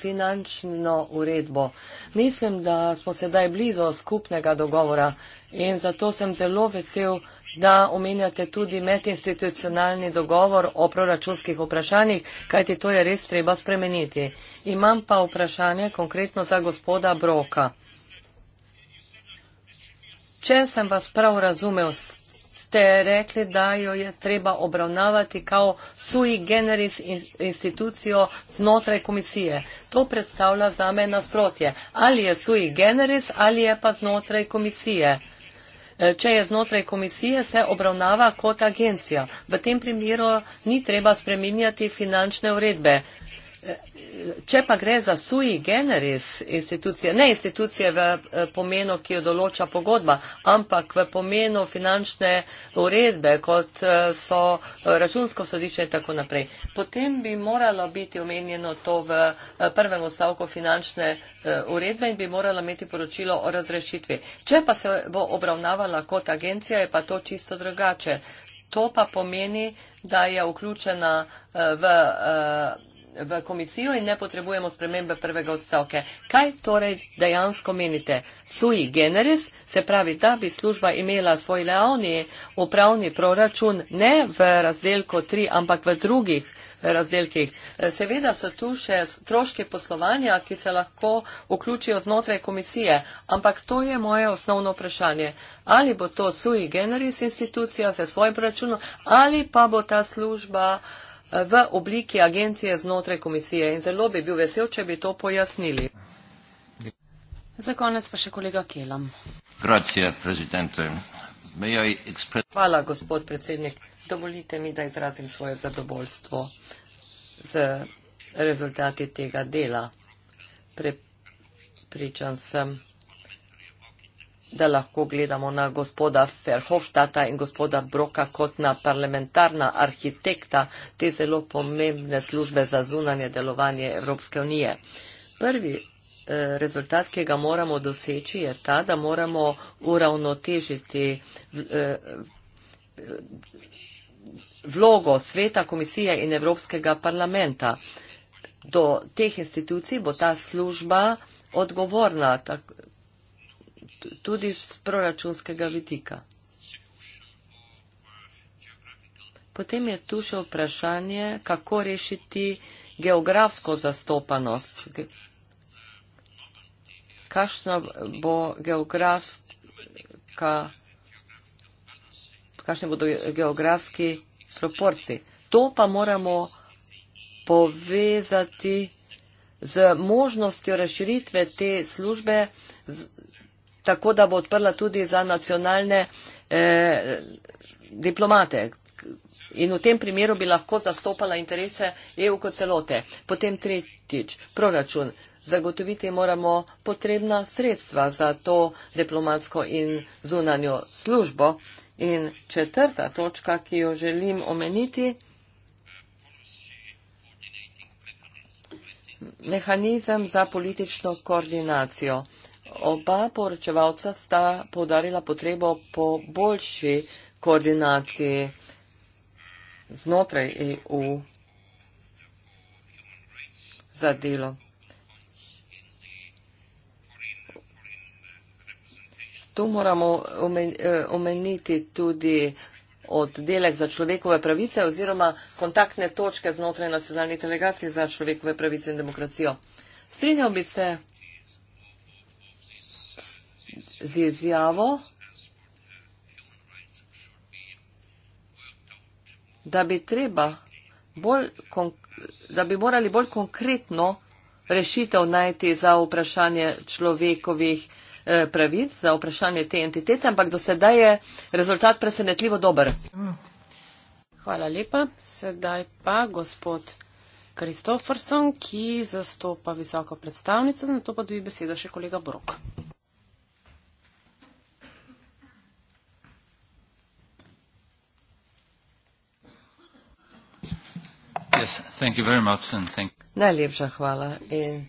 finančno uredbo. Mislim, da smo sedaj blizu skupnega dogovora in zato sem zelo vesel, da omenjate tudi medinstitucionalni dogovor o proračunskih vprašanjih, kajti to je res treba spremeniti. Imam pa vprašanje konkretno za gospoda Broka. Če sem vas prav razumel, ste rekli, da jo je treba obravnavati kao sui generis institucijo znotraj komisije. To predstavlja za me nasprotje. Ali je sui generis ali je pa znotraj komisije? Eh, če je znotraj komisije, se obravnava kot agencija. V tem primeru ni treba spreminjati finančne uredbe če pa gre za sui generis institucije, ne institucije v eh, pomenu, ki jo določa pogodba, ampak v pomenu finančne uredbe, kot eh, so eh, računsko sodiče in tako naprej, potem bi moralo biti omenjeno to v prvem ostavku finančne uredbe in bi morala imeti poročilo o razrešitvi. Če pa se bo obravnavala kot agencija, je pa to čisto drugače. To pa pomeni, da je vključena v v komisijo in ne potrebujemo spremembe prvega odstavka. Kaj torej dejansko menite? Sui generis, se pravi, da bi služba imela svoj leavni upravni proračun ne v razdelku 3, ampak v drugih razdelkih. E, seveda so tu še stroške poslovanja, ki se lahko vključijo znotraj komisije, ampak to je moje osnovno vprašanje. Ali bo to sui generis institucija za svoj proračun ali pa bo ta služba v obliki agencije znotraj komisije in zelo bi bil vesel, če bi to pojasnili. Za konec pa še kolega Kelam. Hvala, gospod predsednik. Dovolite mi, da izrazim svoje zadovoljstvo z rezultati tega dela. Prepričan sem da lahko gledamo na gospoda Ferhofstata in gospoda Broka kot na parlamentarna arhitekta te zelo pomembne službe za zunanje delovanje Evropske unije. Prvi eh, Rezultat, ki ga moramo doseči, je ta, da moramo uravnotežiti eh, vlogo sveta komisije in Evropskega parlamenta. Do teh institucij bo ta služba odgovorna, tako tudi z proračunskega vidika. Potem je tu še vprašanje, kako rešiti geografsko zastopanost. Kakšna bo geografska, kakšne bodo geografski proporci. To pa moramo povezati z možnostjo razširitve te službe tako da bo odprla tudi za nacionalne eh, diplomate. In v tem primeru bi lahko zastopala interese EU kot celote. Potem tretjič, proračun. Zagotoviti moramo potrebna sredstva za to diplomatsko in zunanjo službo. In četrta točka, ki jo želim omeniti, mehanizem za politično koordinacijo. Oba poročevalca sta povdarila potrebo po boljši koordinaciji znotraj EU za delo. Tu moramo eh, omeniti tudi oddelek za človekove pravice oziroma kontaktne točke znotraj nacionalnih delegacij za človekove pravice in demokracijo. Strinjal bi se z izjavo, da bi treba bolj, da bi morali bolj konkretno rešitev najti za vprašanje človekovih eh, pravic, za vprašanje te entitete, ampak do sedaj je rezultat presenetljivo dober. Hvala lepa. Sedaj pa gospod Kristoferson, ki zastopa visoko predstavnico, na to pa dobi besedo še kolega Brok. Yes, thank you very much and thank najlepša hvala in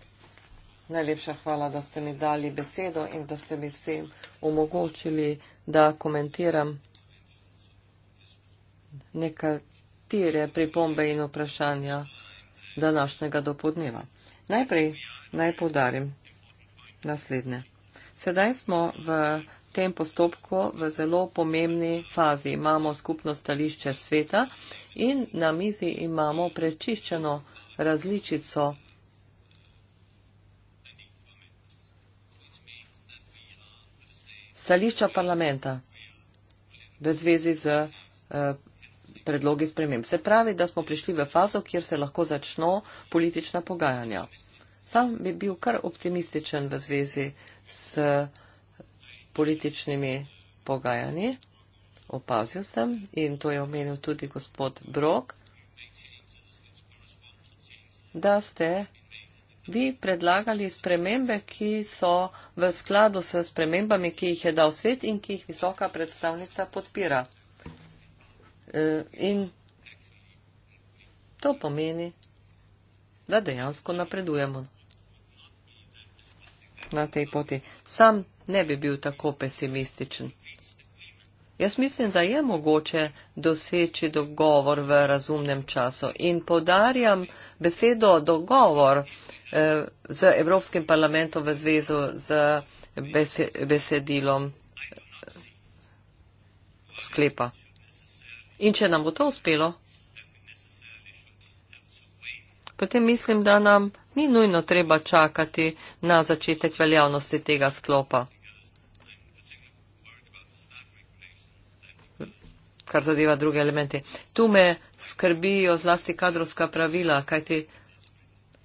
najlepša hvala, da ste mi dali besedo in da ste mi s tem omogočili, da komentiram nekatere pripombe in vprašanja današnjega dopodneva. Najprej naj podarim naslednje. Sedaj smo v tem postopku v zelo pomembni fazi. Imamo skupno stališče sveta in na mizi imamo prečiščeno različico. Stališča parlamenta v zvezi z eh, predlogi sprememb. Se pravi, da smo prišli v fazo, kjer se lahko začno politična pogajanja. Sam bi bil kar optimističen v zvezi s eh, političnimi pogajanji. Opazil sem in to je omenil tudi gospod Brok, da ste vi predlagali spremembe, ki so v skladu s spremembami, ki jih je dal svet in ki jih visoka predstavnica podpira. E, in to pomeni, da dejansko napredujemo na tej poti. Sam ne bi bil tako pesimističen. Jaz mislim, da je mogoče doseči dogovor v razumnem času in podarjam besedo dogovor eh, z Evropskim parlamentom v zvezu z besedilom eh, sklepa. In če nam bo to uspelo, potem mislim, da nam ni nujno treba čakati na začetek veljavnosti tega sklopa. kar zadeva druge elemente. Tu me skrbijo zlasti kadrovska pravila, kajti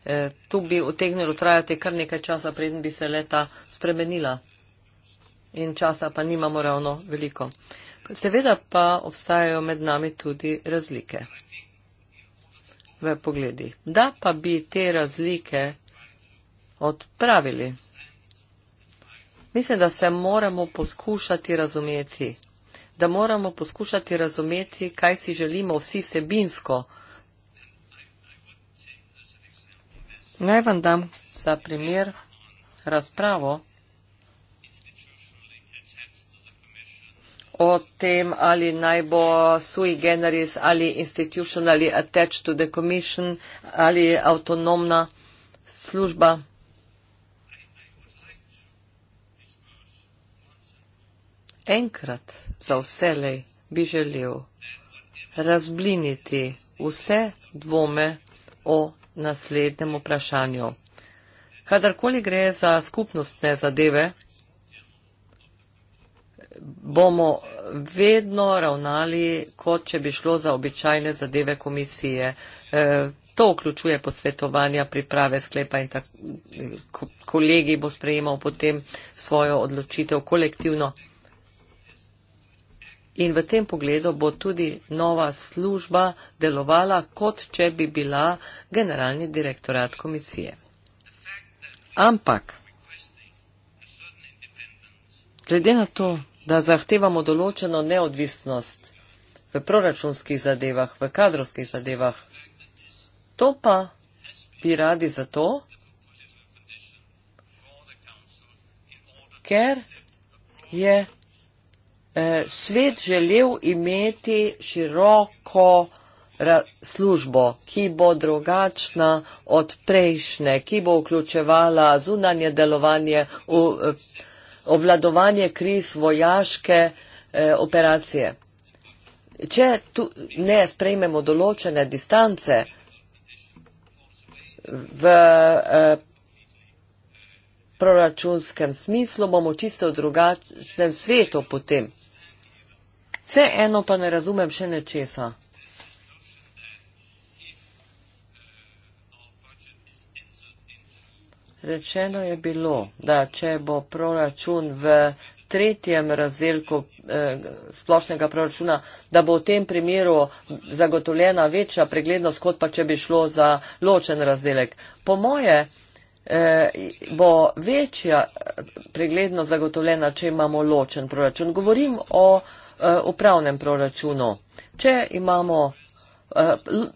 eh, tu bi otegnilo trajati kar nekaj časa, preden bi se leta spremenila. In časa pa nimamo ravno veliko. Seveda pa obstajajo med nami tudi razlike v pogledih. Da pa bi te razlike odpravili. Mislim, da se moramo poskušati razumeti da moramo poskušati razumeti, kaj si želimo vsi sebinsko. Naj vam dam za primer razpravo o tem, ali naj bo sui generis ali institutionally attached to the commission ali avtonomna služba. enkrat za vselej bi želel razbliniti vse dvome o naslednjem vprašanju. Kadarkoli gre za skupnostne zadeve, bomo vedno ravnali, kot če bi šlo za običajne zadeve komisije. E, to vključuje posvetovanja, priprave sklepa in tako kolegi bo sprejemal potem svojo odločitev kolektivno. In v tem pogledu bo tudi nova služba delovala, kot če bi bila generalni direktorat komisije. Ampak, glede na to, da zahtevamo določeno neodvisnost v proračunskih zadevah, v kadrovskih zadevah, to pa bi radi zato, ker je Eh, svet želel imeti široko službo, ki bo drugačna od prejšnje, ki bo vključevala zunanje delovanje, eh, obvladovanje kriz vojaške eh, operacije. Če tu ne sprejmemo določene distance v proračunskem smislu, bomo čisto v drugačnem svetu potem. Vse eno pa ne razumem še nečesa. Rečeno je bilo, da če bo proračun v tretjem razdelku eh, splošnega proračuna, da bo v tem primeru zagotovljena večja preglednost, kot pa če bi šlo za ločen razdelek. Po moje eh, bo večja preglednost zagotovljena, če imamo ločen proračun. Govorim o eh, Eh, upravnem proračunu. Če imamo eh,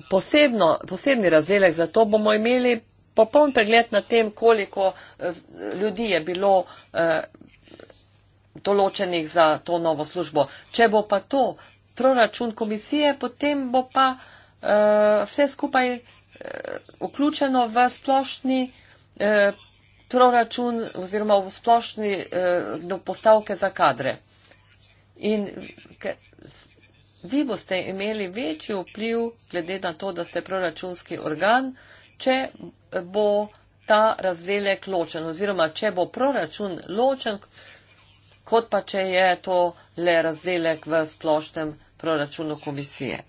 posebno, posebni razdelek za to, bomo imeli popoln pregled na tem, koliko eh, ljudi je bilo določenih za to novo službo. Če bo pa to proračun komisije, potem bo pa vse skupaj vključeno v splošni proračun oziroma v splošni postavke za kadre. In vi boste imeli večji vpliv glede na to, da ste proračunski organ, če bo ta razdelek ločen oziroma če bo proračun ločen, kot pa če je to le razdelek v splošnem proračunu komisije.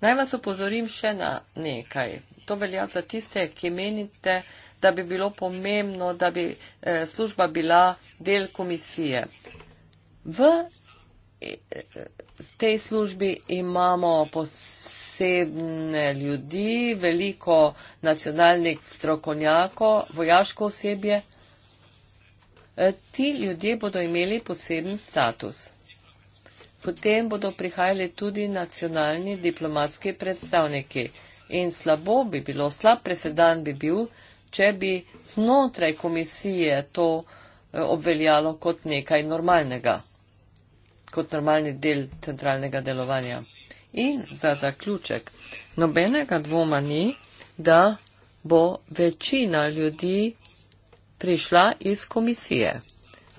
Naj vas upozorim še na nekaj. To velja za tiste, ki menite, da bi bilo pomembno, da bi eh, služba bila del komisije. V v tej službi imamo posebne ljudi, veliko nacionalnih strokovnjakov, vojaško osebje. E, ti ljudje bodo imeli poseben status. Potem bodo prihajali tudi nacionalni diplomatski predstavniki. In slabo bi bilo, slab presedan bi bil, če bi znotraj komisije to e, obveljalo kot nekaj normalnega kot normalni del centralnega delovanja. In za zaključek, nobenega dvoma ni, da bo večina ljudi prišla iz komisije.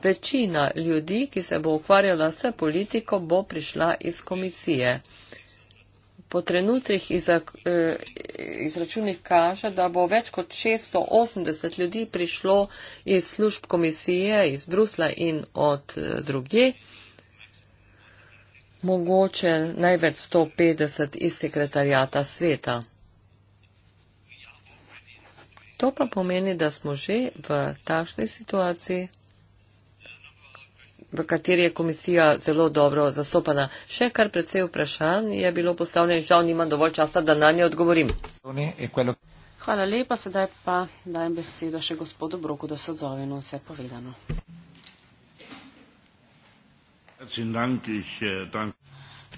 Večina ljudi, ki se bo ukvarjala s politiko, bo prišla iz komisije. Po trenutnih eh, izračunih kaže, da bo več kot 680 ljudi prišlo iz služb komisije, iz Brusla in od eh, drugih mogoče največ 150 iz sekretarjata sveta. To pa pomeni, da smo že v takšni situaciji, v kateri je komisija zelo dobro zastopana. Še kar precej vprašanj je bilo postavljeno, žal nimam dovolj časa, da na nje odgovorim. Hvala lepa, sedaj pa dajem besedo še gospodu Broku, da se odzove na vse povedano. Herzlichen Dank. Ich, äh, danke.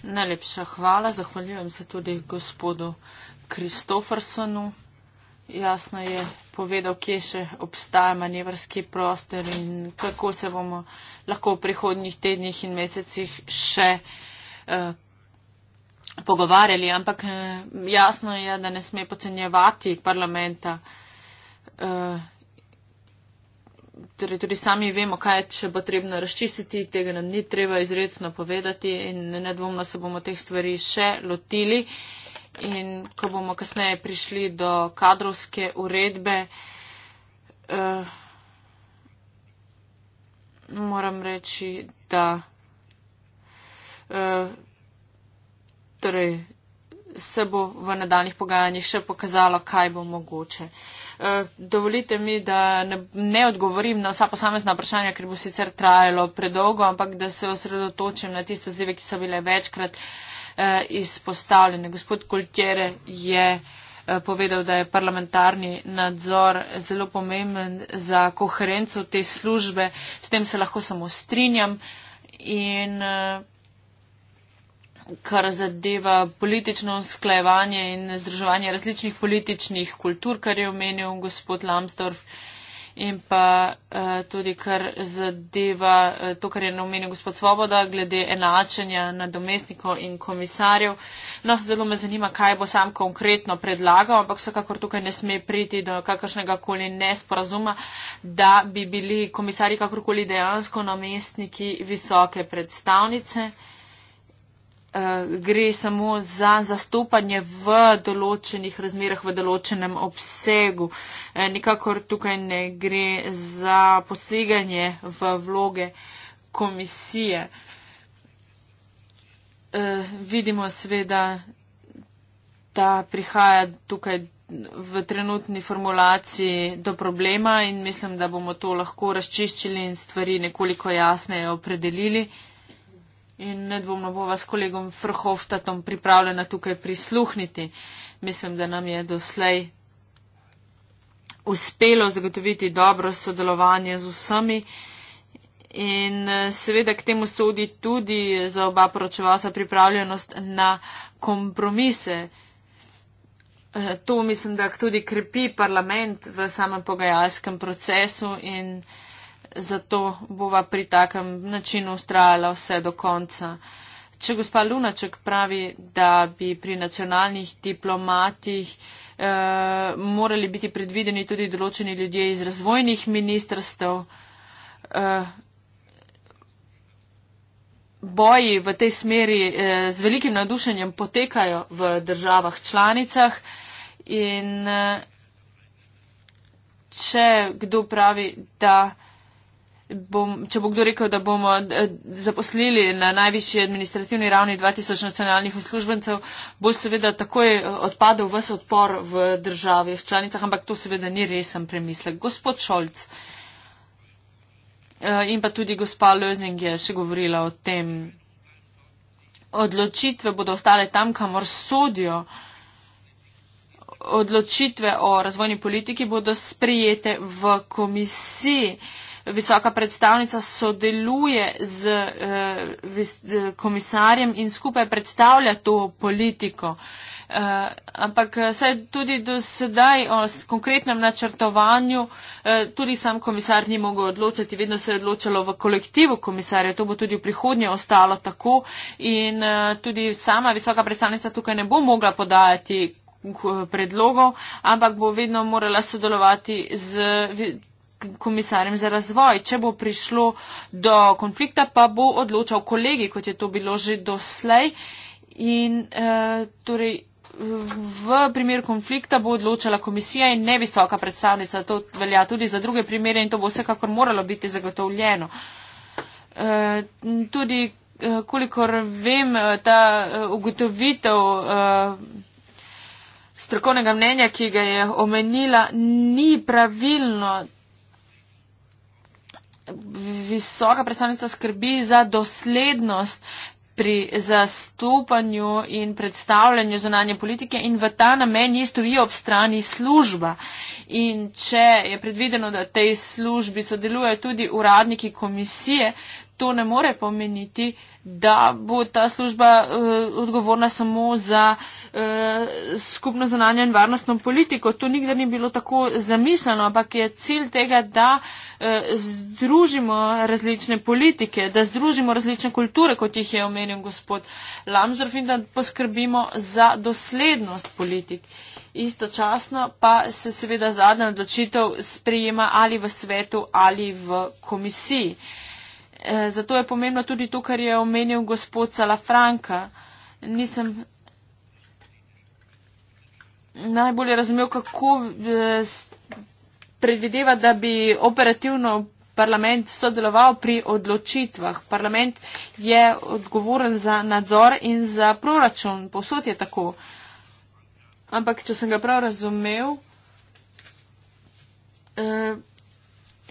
Najlepša hvala. Zahvaljujem se tudi gospodu Kristofersonu. Jasno je povedal, kje še obstaja manevrski prostor in kako se bomo lahko v prihodnjih tednih in mesecih še eh, pogovarjali. Ampak eh, jasno je, da ne sme pocenjevati parlamenta. Eh, torej tudi sami vemo, kaj če bo trebno razčistiti, tega nam ni treba izredno povedati in nedvomno se bomo teh stvari še lotili. In ko bomo kasneje prišli do kadrovske uredbe, uh, moram reči, da. Uh, torej, se bo v nadaljnih pogajanjih še pokazalo, kaj bo mogoče. Uh, Eh, dovolite mi, da ne, ne odgovorim na vsa posamezna vprašanja, ker bo sicer trajalo predolgo, ampak da se osredotočim na tiste zadeve, ki so bile večkrat eh, izpostavljene. Gospod Koltjere je eh, povedal, da je parlamentarni nadzor zelo pomemben za koherenco te službe. S tem se lahko samo strinjam. In, kar zadeva politično sklevanje in združevanje različnih političnih kultur, kar je omenil gospod Lambsdorff in pa uh, tudi kar zadeva uh, to, kar je omenil gospod Svoboda, glede enačenja nadomestnikov in komisarjev. No, zelo me zanima, kaj bo sam konkretno predlagal, ampak vsekakor tukaj ne sme priti do kakršnega koli nesporazuma, da bi bili komisari kakorkoli dejansko namestniki visoke predstavnice. Uh, Eh, gre samo za zastopanje v določenih razmerah, v določenem obsegu. Eh, nikakor tukaj ne gre za poseganje v vloge komisije. Eh, vidimo seveda, da prihaja tukaj v trenutni formulaciji do problema in mislim, da bomo to lahko razčistili in stvari nekoliko jasneje opredelili in nedvomno bova s kolegom Frhoftatom pripravljena tukaj prisluhniti. Mislim, da nam je doslej uspelo zagotoviti dobro sodelovanje z vsemi. In eh, seveda k temu sodi tudi za oba poročevalca pripravljenost na kompromise. Eh, to mislim, da tudi krepi parlament v samem pogajalskem procesu in zato bova pri takem načinu ustrajala vse do konca. Če gospa Lunaček pravi, da bi pri nacionalnih diplomatih eh, morali biti predvideni tudi določeni ljudje iz razvojnih ministrstv, eh, boji v tej smeri eh, z velikim nadušenjem potekajo v državah članicah in eh, če kdo pravi, da. Bom, če bo kdo rekel, da bomo eh, zaposlili na najvišji administrativni ravni 2000 nacionalnih uslužbencev, bo seveda takoj eh, odpadel vse odpor v državi, v članicah, ampak to seveda ni resen premislek. Gospod Šolc eh, in pa tudi gospa Lözing je še govorila o tem. Odločitve bodo ostale tam, kamor sodijo. Odločitve o razvojni politiki bodo sprijete v komisiji visoka predstavnica sodeluje z uh, vis, eh, komisarjem in skupaj predstavlja to politiko. Uh, ampak saj tudi do sedaj o konkretnem načrtovanju uh, tudi sam komisar ni mogel odločati, vedno se je odločalo v kolektivu komisarja, to bo tudi v prihodnje ostalo tako in uh, tudi sama visoka predstavnica tukaj ne bo mogla podajati predlogov, ampak bo vedno morala sodelovati z komisarjem za razvoj. Če bo prišlo do konflikta, pa bo odločal kolegi, kot je to bilo že doslej. In eh, torej v primeru konflikta bo odločala komisija in ne visoka predstavnica. To velja tudi za druge primere in to bo vsekakor moralo biti zagotovljeno. Eh, tudi, eh, kolikor vem, eh, ta ugotovitev strokovnega mnenja, ki ga je omenila, ni pravilno visoka predstavnica skrbi za doslednost pri zastopanju in predstavljanju zunanje politike in v ta namen ji stoji ob strani služba. In če je predvideno, da tej službi sodelujejo tudi uradniki komisije, to ne more pomeniti, da bo ta služba uh, odgovorna samo za uh, skupno zunanje in varnostno politiko. To nikdar ni bilo tako zamišljeno, ampak je cilj tega, da uh, združimo različne politike, da združimo različne kulture, kot jih je omenil gospod Lamzorf in da poskrbimo za doslednost politik. Istočasno pa se seveda zadnja odločitev sprejema ali v svetu ali v komisiji. Eh, zato je pomembno tudi to, kar je omenil gospod Salafranka. Nisem najbolje razumel, kako eh, predvideva, da bi operativno parlament sodeloval pri odločitvah. Parlament je odgovoren za nadzor in za proračun. Posod je tako. Ampak, če sem ga prav razumel, eh,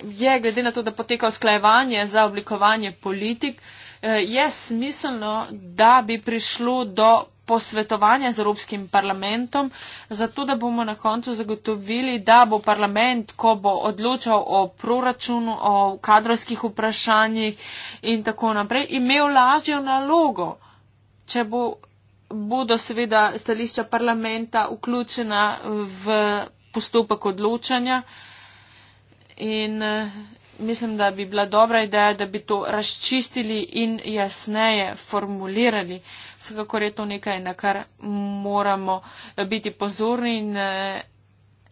je, glede na to, da poteka usklajevanje za oblikovanje politik, eh, je smiselno, da bi prišlo do posvetovanja z Evropskim parlamentom, zato da bomo na koncu zagotovili, da bo parlament, ko bo odločal o proračunu, o kadrovskih vprašanjih in tako naprej, imel lažjo nalogo, če bo, bodo seveda stališča parlamenta vključena v postopek odločanja. Uh, In eh, mislim, da bi bila dobra ideja, da bi to razčistili in jasneje formulirali. Vsekakor je to nekaj, na kar moramo eh, biti pozorni in eh,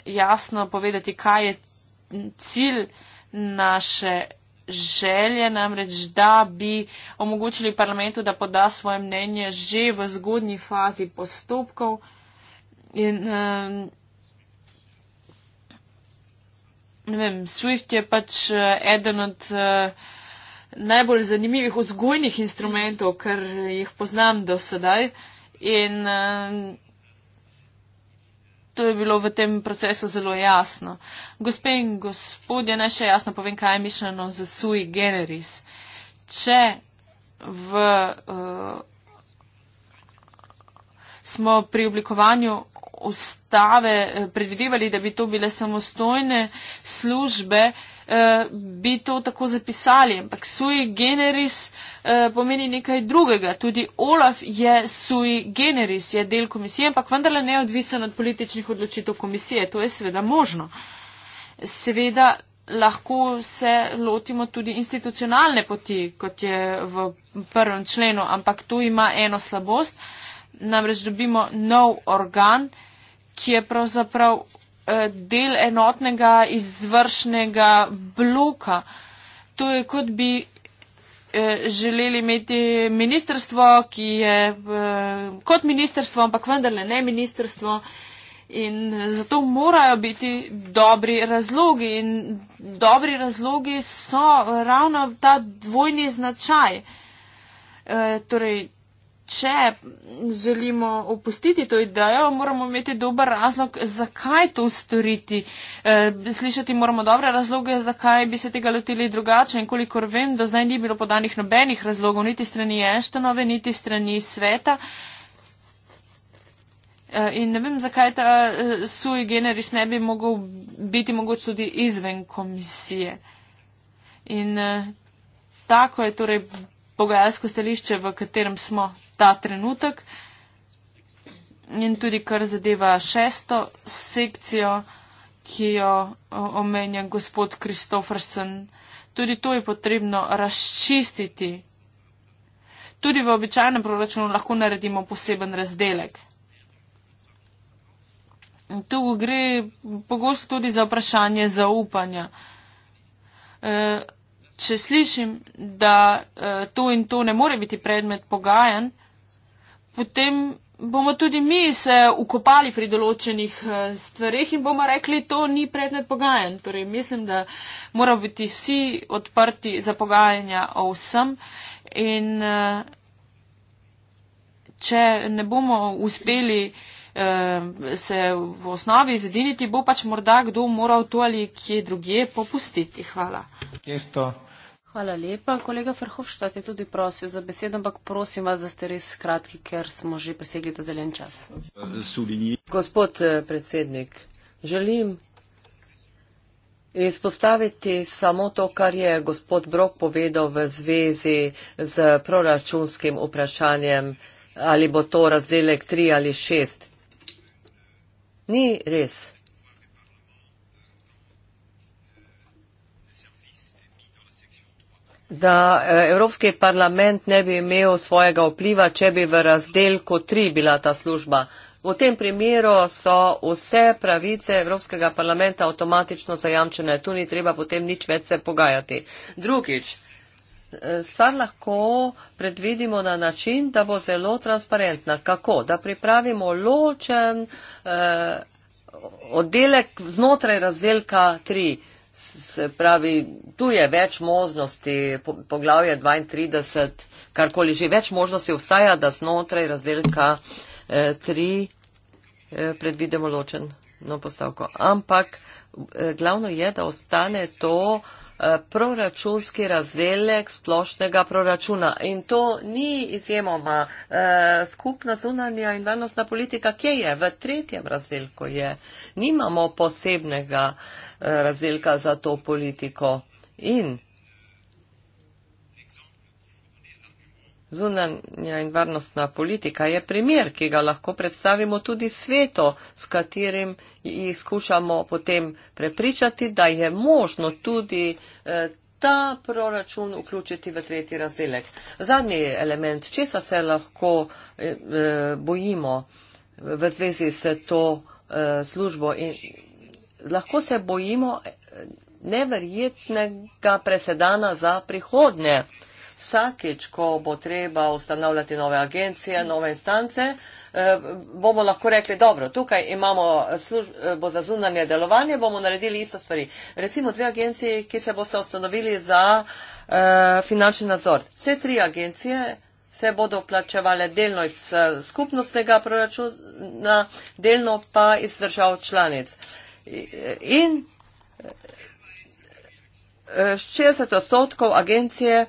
jasno povedati, kaj je cilj naše želje, namreč, da bi omogočili parlamentu, da poda svoje mnenje že v zgodnji fazi postopkov. In, um, ne vem, Swift je pač eh, eden od eh, najbolj zanimivih vzgojnih instrumentov, kar jih poznam do sedaj. In eh, to je bilo v tem procesu zelo jasno. Gospe in gospodje, naj še jasno povem, kaj je mišljeno za sui generis. Če v, uh, smo pri oblikovanju ustave eh, predvidevali, da bi to bile samostojne službe, eh, bi to tako zapisali. Ampak sui generis eh, pomeni nekaj drugega. Tudi Olaf je sui generis, je del komisije, ampak vendarle neodvisen od političnih odločitev komisije. To je seveda možno. Seveda lahko se lotimo tudi institucionalne poti, kot je v prvem členu, ampak to ima eno slabost. Namreč dobimo nov organ, ki je pravzaprav eh, del enotnega izvršnega bloka. To je kot bi eh, želeli imeti ministrstvo, ki je eh, kot ministrstvo, ampak vendarle ne ministrstvo. In zato morajo biti dobri razlogi in dobri razlogi so ravno ta dvojni značaj. E, torej, če želimo opustiti to idejo, moramo imeti dober razlog, zakaj to storiti. E, slišati moramo dobre razloge, zakaj bi se tega lotili drugače. In kolikor vem, do zdaj ni bilo podanih nobenih razlogov, niti strani Eštonove, niti strani sveta. E, in ne vem, zakaj ta e, sui generis ne bi mogel biti mogoč tudi izven komisije. In tako je torej pogajalsko stališče, v katerem smo ta trenutek. In tudi kar zadeva šesto sekcijo, ki jo omenja gospod Kristofersen, tudi to je potrebno razčistiti. Tudi v običajnem proračunu lahko naredimo poseben razdelek. Tu gre pogosto tudi za vprašanje zaupanja. E, če slišim, da uh, to in to ne more biti predmet pogajanj, potem bomo tudi mi se ukopali pri določenih uh, eh, stvarih in bomo rekli, to ni predmet pogajanj. Torej, mislim, da moramo biti vsi odprti za pogajanja o vsem in uh, če ne bomo uspeli se v osnovi zediniti, bo pač morda kdo moral to ali kje drugje popustiti. Hvala. Isto. Hvala lepa. Kolega Ferhofštat je tudi prosil za besedo, ampak prosim vas, da ste res kratki, ker smo že presegli dodeljen čas. Gospod eh, predsednik, želim izpostaviti samo to, kar je gospod Brok povedal v zvezi z proračunskim vprašanjem, ali bo to razdelek tri ali šest. Ni res. da eh, Evropski parlament ne bi imel svojega vpliva, če bi v razdelku 3 bila ta služba. V tem primeru so vse pravice Evropskega parlamenta avtomatično zajamčene, tu ni treba potem nič več se pogajati. Drugič, eh, stvar lahko predvidimo na način, da bo zelo transparentna. Kako? Da pripravimo ločen eh, oddelek znotraj razdelka 3. Se pravi, tu je več možnosti, poglavje 32, karkoli že, več možnosti obstaja, da znotraj razdelka 3 eh, eh, predvidemo ločen postavko. Ampak eh, glavno je, da ostane to Eh, proračunski razdelek splošnega proračuna. In to ni izjemoma eh, skupna zunanja in varnostna politika, kje je? V tretjem razdelku je. Nimamo posebnega eh, razdelka za to politiko. In Zunanja in varnostna politika je primer, ki ga lahko predstavimo tudi svetu, s katerim jih skušamo potem prepričati, da je možno tudi eh, ta proračun vključiti v tretji razdelek. Zadnji element, česa se lahko eh, eh, bojimo v zvezi s to službo. In lahko se bojimo neverjetnega presedana za prihodnje vsakeč, ko bo treba ustanavljati nove agencije, nove instance, eh, bomo lahko rekli, dobro, tukaj imamo službo eh, za zunanje delovanje, bomo naredili isto stvari. Recimo dve agencije, ki se boste ustanovili za eh, finančni nadzor. Vse tri agencije se bodo plačevale delno iz skupnostnega proračuna, delno pa iz držav članic. In 60 odstotkov agencije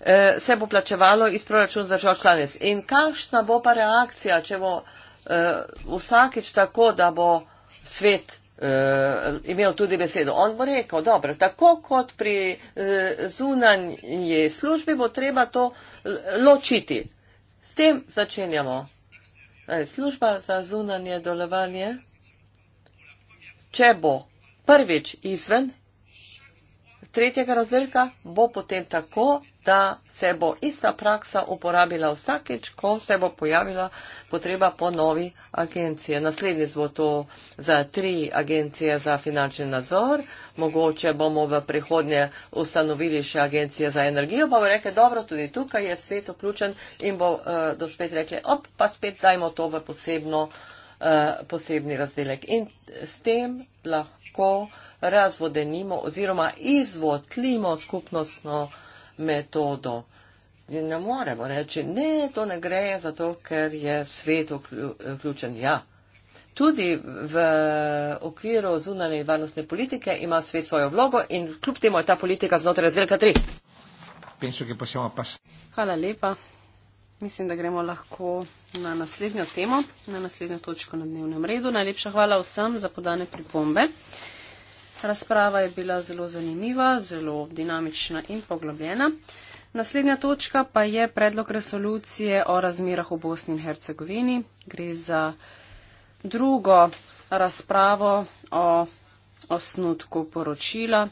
eh, se bo plačevalo iz proračuna držav članic. In kakšna bo pa reakcija, če bo eh, vsakeč tako, da bo svet eh, imel tudi besedo. On bo rekel, dobro, tako kot pri eh, zunanji službi bo treba to eh, ločiti. S tem začenjamo. Eh, služba za zunanje dolevanje. Če bo prvič izven tretjega razdelka, bo potem tako, da se bo ista praksa uporabila vsakeč, ko se bo pojavila potreba po novi agenciji. Naslednjič bo to za tri agencije za finančni nadzor, mogoče bomo v prihodnje ustanovili še agencije za energijo, pa bo rekel, dobro, tudi tukaj je svet vključen in bo uh, do spet rekli, op, pa spet dajmo to v posebno, uh, posebni razdelek. In s tem lahko razvodenimo oziroma izvotlimo skupnostno. No, metodo. In ne moremo reči, ne, to ne gre, zato ker je svet vključen. Ja, tudi v okviru zunanje varnostne politike ima svet svojo vlogo in kljub temu je ta politika znotraj razdelka tri. Hvala lepa. Mislim, da gremo lahko na naslednjo temo, na naslednjo točko na dnevnem redu. Najlepša hvala vsem za podane pripombe. Razprava je bila zelo zanimiva, zelo dinamična in poglobljena. Naslednja točka pa je predlog resolucije o razmerah v Bosni in Hercegovini. Gre za drugo razpravo o osnutku poročila.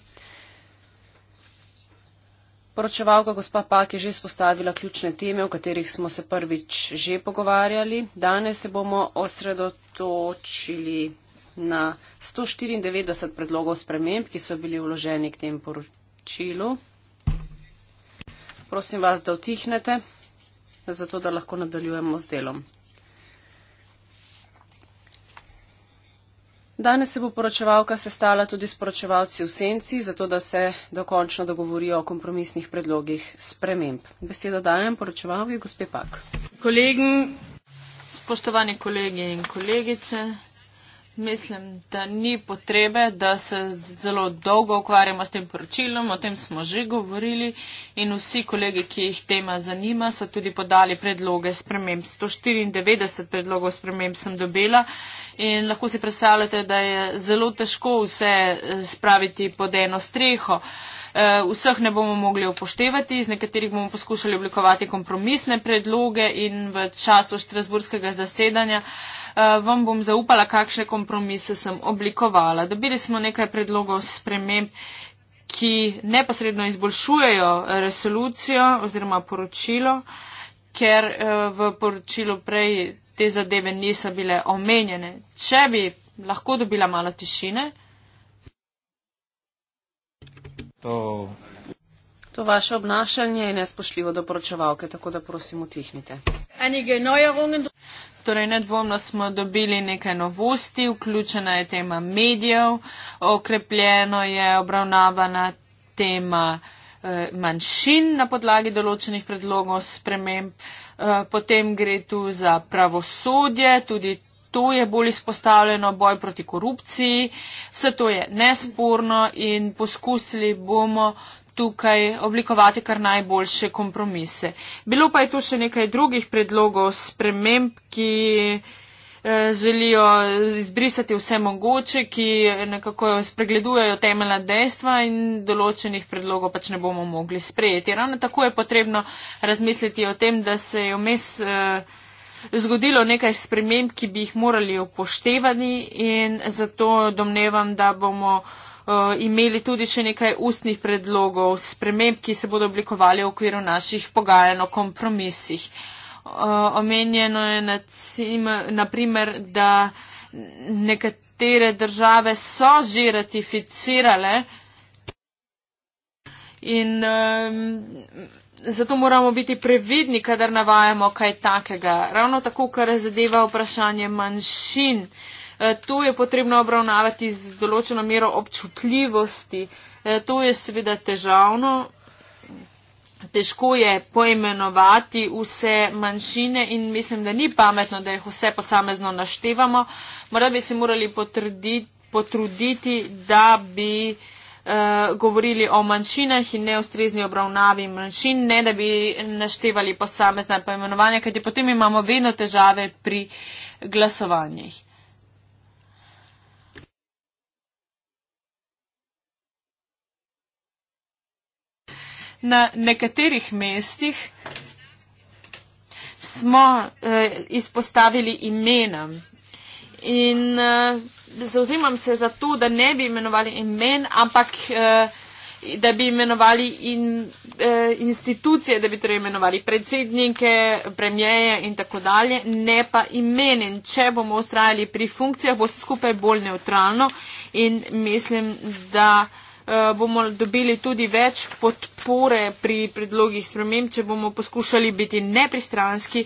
Poročevalka gospa Pak je že spostavila ključne teme, o katerih smo se prvič že pogovarjali. Danes se bomo osredotočili na 194 predlogov sprememb, ki so bili vloženi k tem poročilu. Prosim vas, da vtihnete, zato da lahko nadaljujemo z delom. Danes se bo poročevalka sestala tudi s poročevalci v senci, zato da se dokončno dogovorijo o kompromisnih predlogih sprememb. Besedo dajem poročevalki, gospe Pak. Kolegi, spoštovani kolegi in kolegice, Mislim, da ni potrebe, da se zelo dolgo ukvarjamo s tem poročilom, o tem smo že govorili in vsi kolegi, ki jih tema zanima, so tudi podali predloge sprememb. 194 predlogov sprememb sem dobila in lahko si predstavljate, da je zelo težko vse eh, spraviti pod eno streho. Eh, vseh ne bomo mogli upoštevati, iz nekaterih bomo poskušali oblikovati kompromisne predloge in v času Štrasburskega zasedanja. Eh, vam bom zaupala, kakšne kompromise sem oblikovala. Dobili smo nekaj predlogov sprememb, ki neposredno izboljšujejo resolucijo oziroma poročilo, ker eh, v poročilu prej te zadeve niso bile omenjene. Če bi lahko dobila malo tišine. To. To vaše obnašanje je nespošljivo do poročevalke, tako da prosim, utihnite. Torej, nedvomno smo dobili nekaj novosti, vključena je tema medijev, okrepljeno je obravnavana tema eh, manjšin na podlagi določenih predlogov sprememb, eh, potem gre tu za pravosodje, tudi tu je bolj izpostavljeno boj proti korupciji, vse to je nesporno in poskusili bomo tukaj oblikovati kar najboljše kompromise. Bilo pa je tu še nekaj drugih predlogov sprememb, ki eh, želijo izbrisati vse mogoče, ki nekako spregledujejo temeljna dejstva in določenih predlogov pač ne bomo mogli sprejeti. Ravno tako je potrebno razmisliti o tem, da se je vmes eh, zgodilo nekaj sprememb, ki bi jih morali upoštevati in zato domnevam, da bomo Eh, imeli tudi še nekaj ustnih predlogov, sprememb, ki se bodo oblikovali v okviru naših pogajanj o kompromisih. Eh, omenjeno je na primer, da nekatere države so že ratificirale in ehm, zato moramo biti previdni, kadar navajamo kaj takega. Ravno tako, kar zadeva vprašanje manjšin. Eh, to je potrebno obravnavati z določeno mero občutljivosti. Eh, to je seveda težavno. Težko je poimenovati vse manjšine in mislim, da ni pametno, da jih vse posamezno naštevamo. Morda bi se morali potrditi, potruditi, da bi eh, govorili o manjšinah in neustrezni obravnavi manjšin, ne da bi naštevali posamezna poimenovanja, kajti potem imamo vedno težave pri glasovanjih. na nekaterih mestih smo eh, izpostavili imena. In eh, zauzimam se za to, da ne bi imenovali imen, ampak eh, da bi imenovali in, eh, institucije, da bi torej imenovali predsednike, premjeje in tako dalje, ne pa imen. In če bomo ustrajali pri funkcijah, bo se skupaj bolj neutralno in mislim, da. Eh, bomo dobili tudi več podpore pri predlogih sprememb, če bomo poskušali biti nepristranski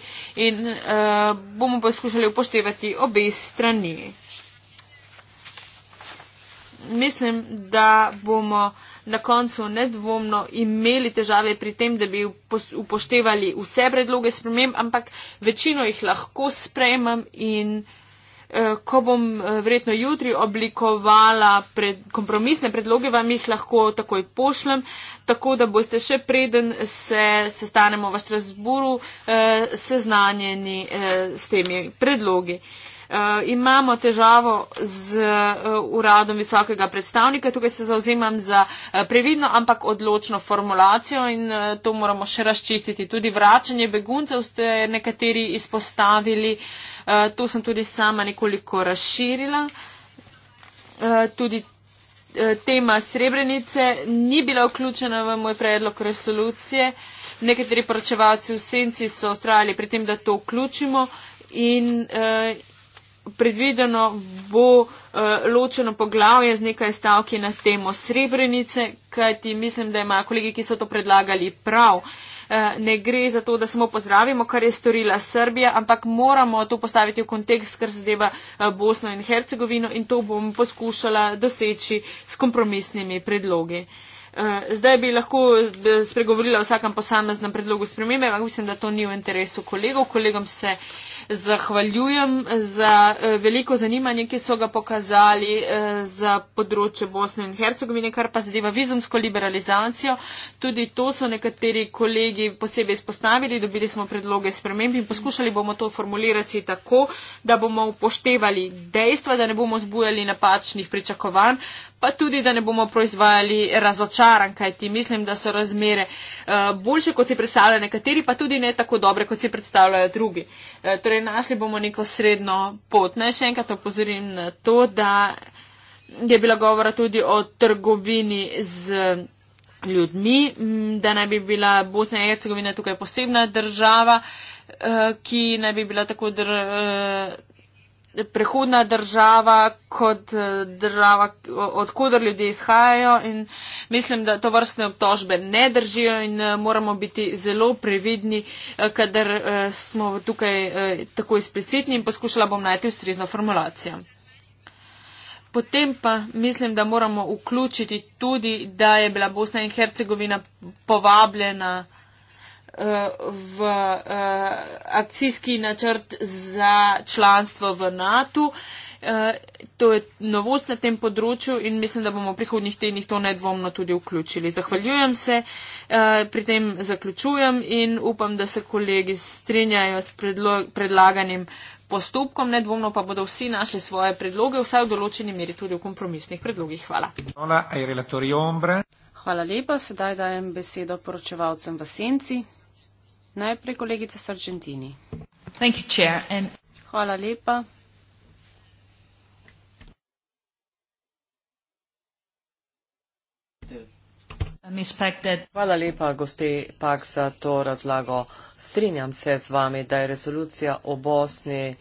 in eh, bomo poskušali upoštevati obe strani. Mislim, da bomo na koncu nedvomno imeli težave pri tem, da bi upoštevali vse predloge sprememb, ampak večino jih lahko sprejemam in. Eh, ko bom eh, verjetno jutri oblikovala pred, kompromisne predloge, vam jih lahko takoj pošlem, tako da boste še preden se sestanemo v Štrasburu eh, seznanjeni s temi predlogi. Uh, imamo težavo z uh, uradom visokega predstavnika, tukaj se zauzemam za uh, previdno, ampak odločno formulacijo in uh, to moramo še razčistiti. Tudi vračanje beguncev ste nekateri izpostavili. Uh, Eh, to sem tudi sama nekoliko razširila. Eh, tudi eh, tema srebrenice ni bila vključena v moj predlog resolucije. Nekateri poročevalci v senci so ustrajali pri tem, da to vključimo in predvideno bo ločeno poglavje z nekaj stavki na temo srebrenice, kajti mislim, da imajo kolegi, ki so to predlagali, prav. Eh, ne gre za to, da samo pozdravimo, kar je storila Srbija, ampak moramo to postaviti v kontekst, kar zadeva eh, Bosno in Hercegovino in to bom poskušala doseči s kompromisnimi predlogi. Eh, zdaj bi lahko spregovorila o vsakem posameznem predlogu spremembe, ampak mislim, da to ni v interesu kolegov. Kolegom se uh, zahvaljujem za eh, veliko zanimanje, ki so ga pokazali eh, za področje Bosne in Hercegovine, kar pa zadeva vizumsko liberalizacijo. Tudi to so nekateri kolegi posebej izpostavili, dobili smo predloge sprememb in poskušali bomo to formulirati tako, da bomo upoštevali dejstva, da ne bomo zbujali napačnih pričakovanj, pa tudi, da ne bomo proizvajali razočaran, kaj ti mislim, da so razmere eh, boljše, kot si predstavljajo nekateri, pa tudi ne tako dobre, kot si predstavljajo drugi. Eh, torej, našli bomo neko sredno pot. Naj še enkrat opozorim na to, da je bila govora tudi o trgovini z ljudmi, da naj bi bila Bosna in Hercegovina tukaj posebna država, eh, ki naj bi bila tako. Dr prehodna država kot eh, država, odkudar ljudje izhajajo in mislim, da to vrstne obtožbe ne držijo in eh, moramo biti zelo previdni, eh, kadar smo tukaj tako izplicitni in poskušala bom najti ustrezno formulacijo. Potem pa mislim, da moramo vključiti tudi, da je bila Bosna in Hercegovina povabljena v eh, akcijski načrt za članstvo v NATO. Eh, to je novost na tem področju in mislim, da bomo v prihodnjih tednih to nedvomno tudi vključili. Zahvaljujem se, eh, pri tem zaključujem in upam, da se kolegi strinjajo s predlaganim postopkom, nedvomno pa bodo vsi našli svoje predloge, vsaj v določeni meri tudi v kompromisnih predlogih. Hvala. Hvala lepa, sedaj dajem besedo poročevalcem v Senci. Najprej kolegica Sargentini. Thank you, chair. And... Hvala lepa. Hvala lepa, gospe Pak, za to razlago. Strinjam se z vami, da je rezolucija o Bosni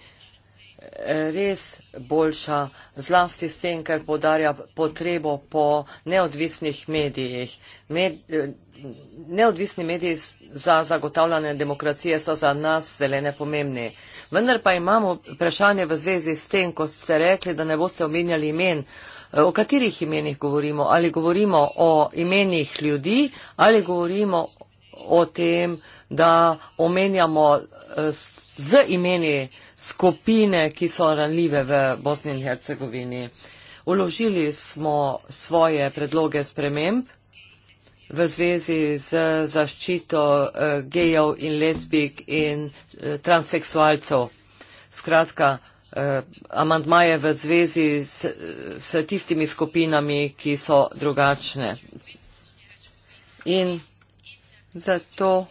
eh, res boljša, zlasti s tem, ker podarja potrebo po neodvisnih medijih. Med, eh, neodvisni mediji za zagotavljanje demokracije so za nas zelene pomembni. Vendar pa imamo vprašanje v zvezi s tem, ko ste rekli, da ne boste omenjali imen. E, o katerih imenih govorimo? Ali govorimo o imenih ljudi ali govorimo o tem, da omenjamo e, z imeni skupine, ki so ranljive v Bosni in Hercegovini. Uložili smo svoje predloge sprememb v zvezi z zaščito eh, gejev in lesbik in eh, transseksualcev. Skratka, eh, amantmaje v zvezi s, s tistimi skupinami, ki so drugačne. In zato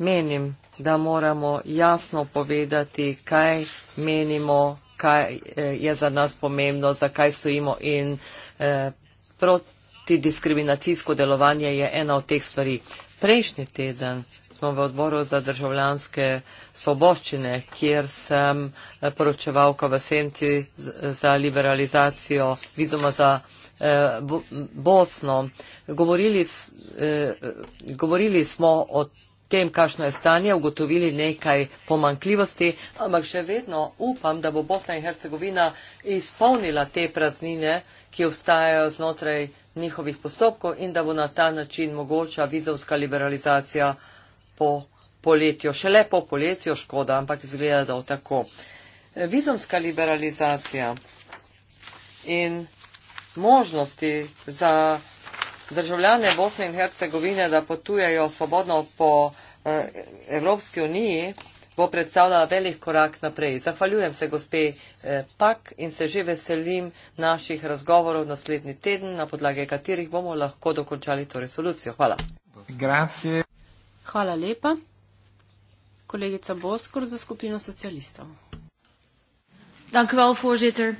menim, da moramo jasno povedati, kaj menimo, kaj je za nas pomembno, zakaj stojimo in eh, protidiskriminacijsko delovanje je ena od teh stvari. Prejšnji teden smo v odboru za državljanske svoboščine, kjer sem poročevalka v senci za liberalizacijo vizuma za eh, Bosno. Govorili, eh, govorili smo o tem, kakšno je stanje, ugotovili nekaj pomankljivosti, ampak še vedno upam, da bo Bosna in Hercegovina izpolnila te praznine, ki obstajajo znotraj njihovih postopkov in da bo na ta način mogoča vizovska liberalizacija po poletju. Šele po poletju škoda, ampak izgleda, da bo tako. Vizumska liberalizacija in možnosti za državljane Bosne in Hercegovine, da potujejo svobodno po eh, Evropski uniji, bo predstavljala velik korak naprej. Zahvaljujem se gospe eh, Pak in se že veselim naših razgovorov naslednji teden, na podlage katerih bomo lahko dokončali to resolucijo. Hvala. Grazie. Hvala lepa. Kolegica Boskor za skupino socialistov. Dank u wel, voorzitter.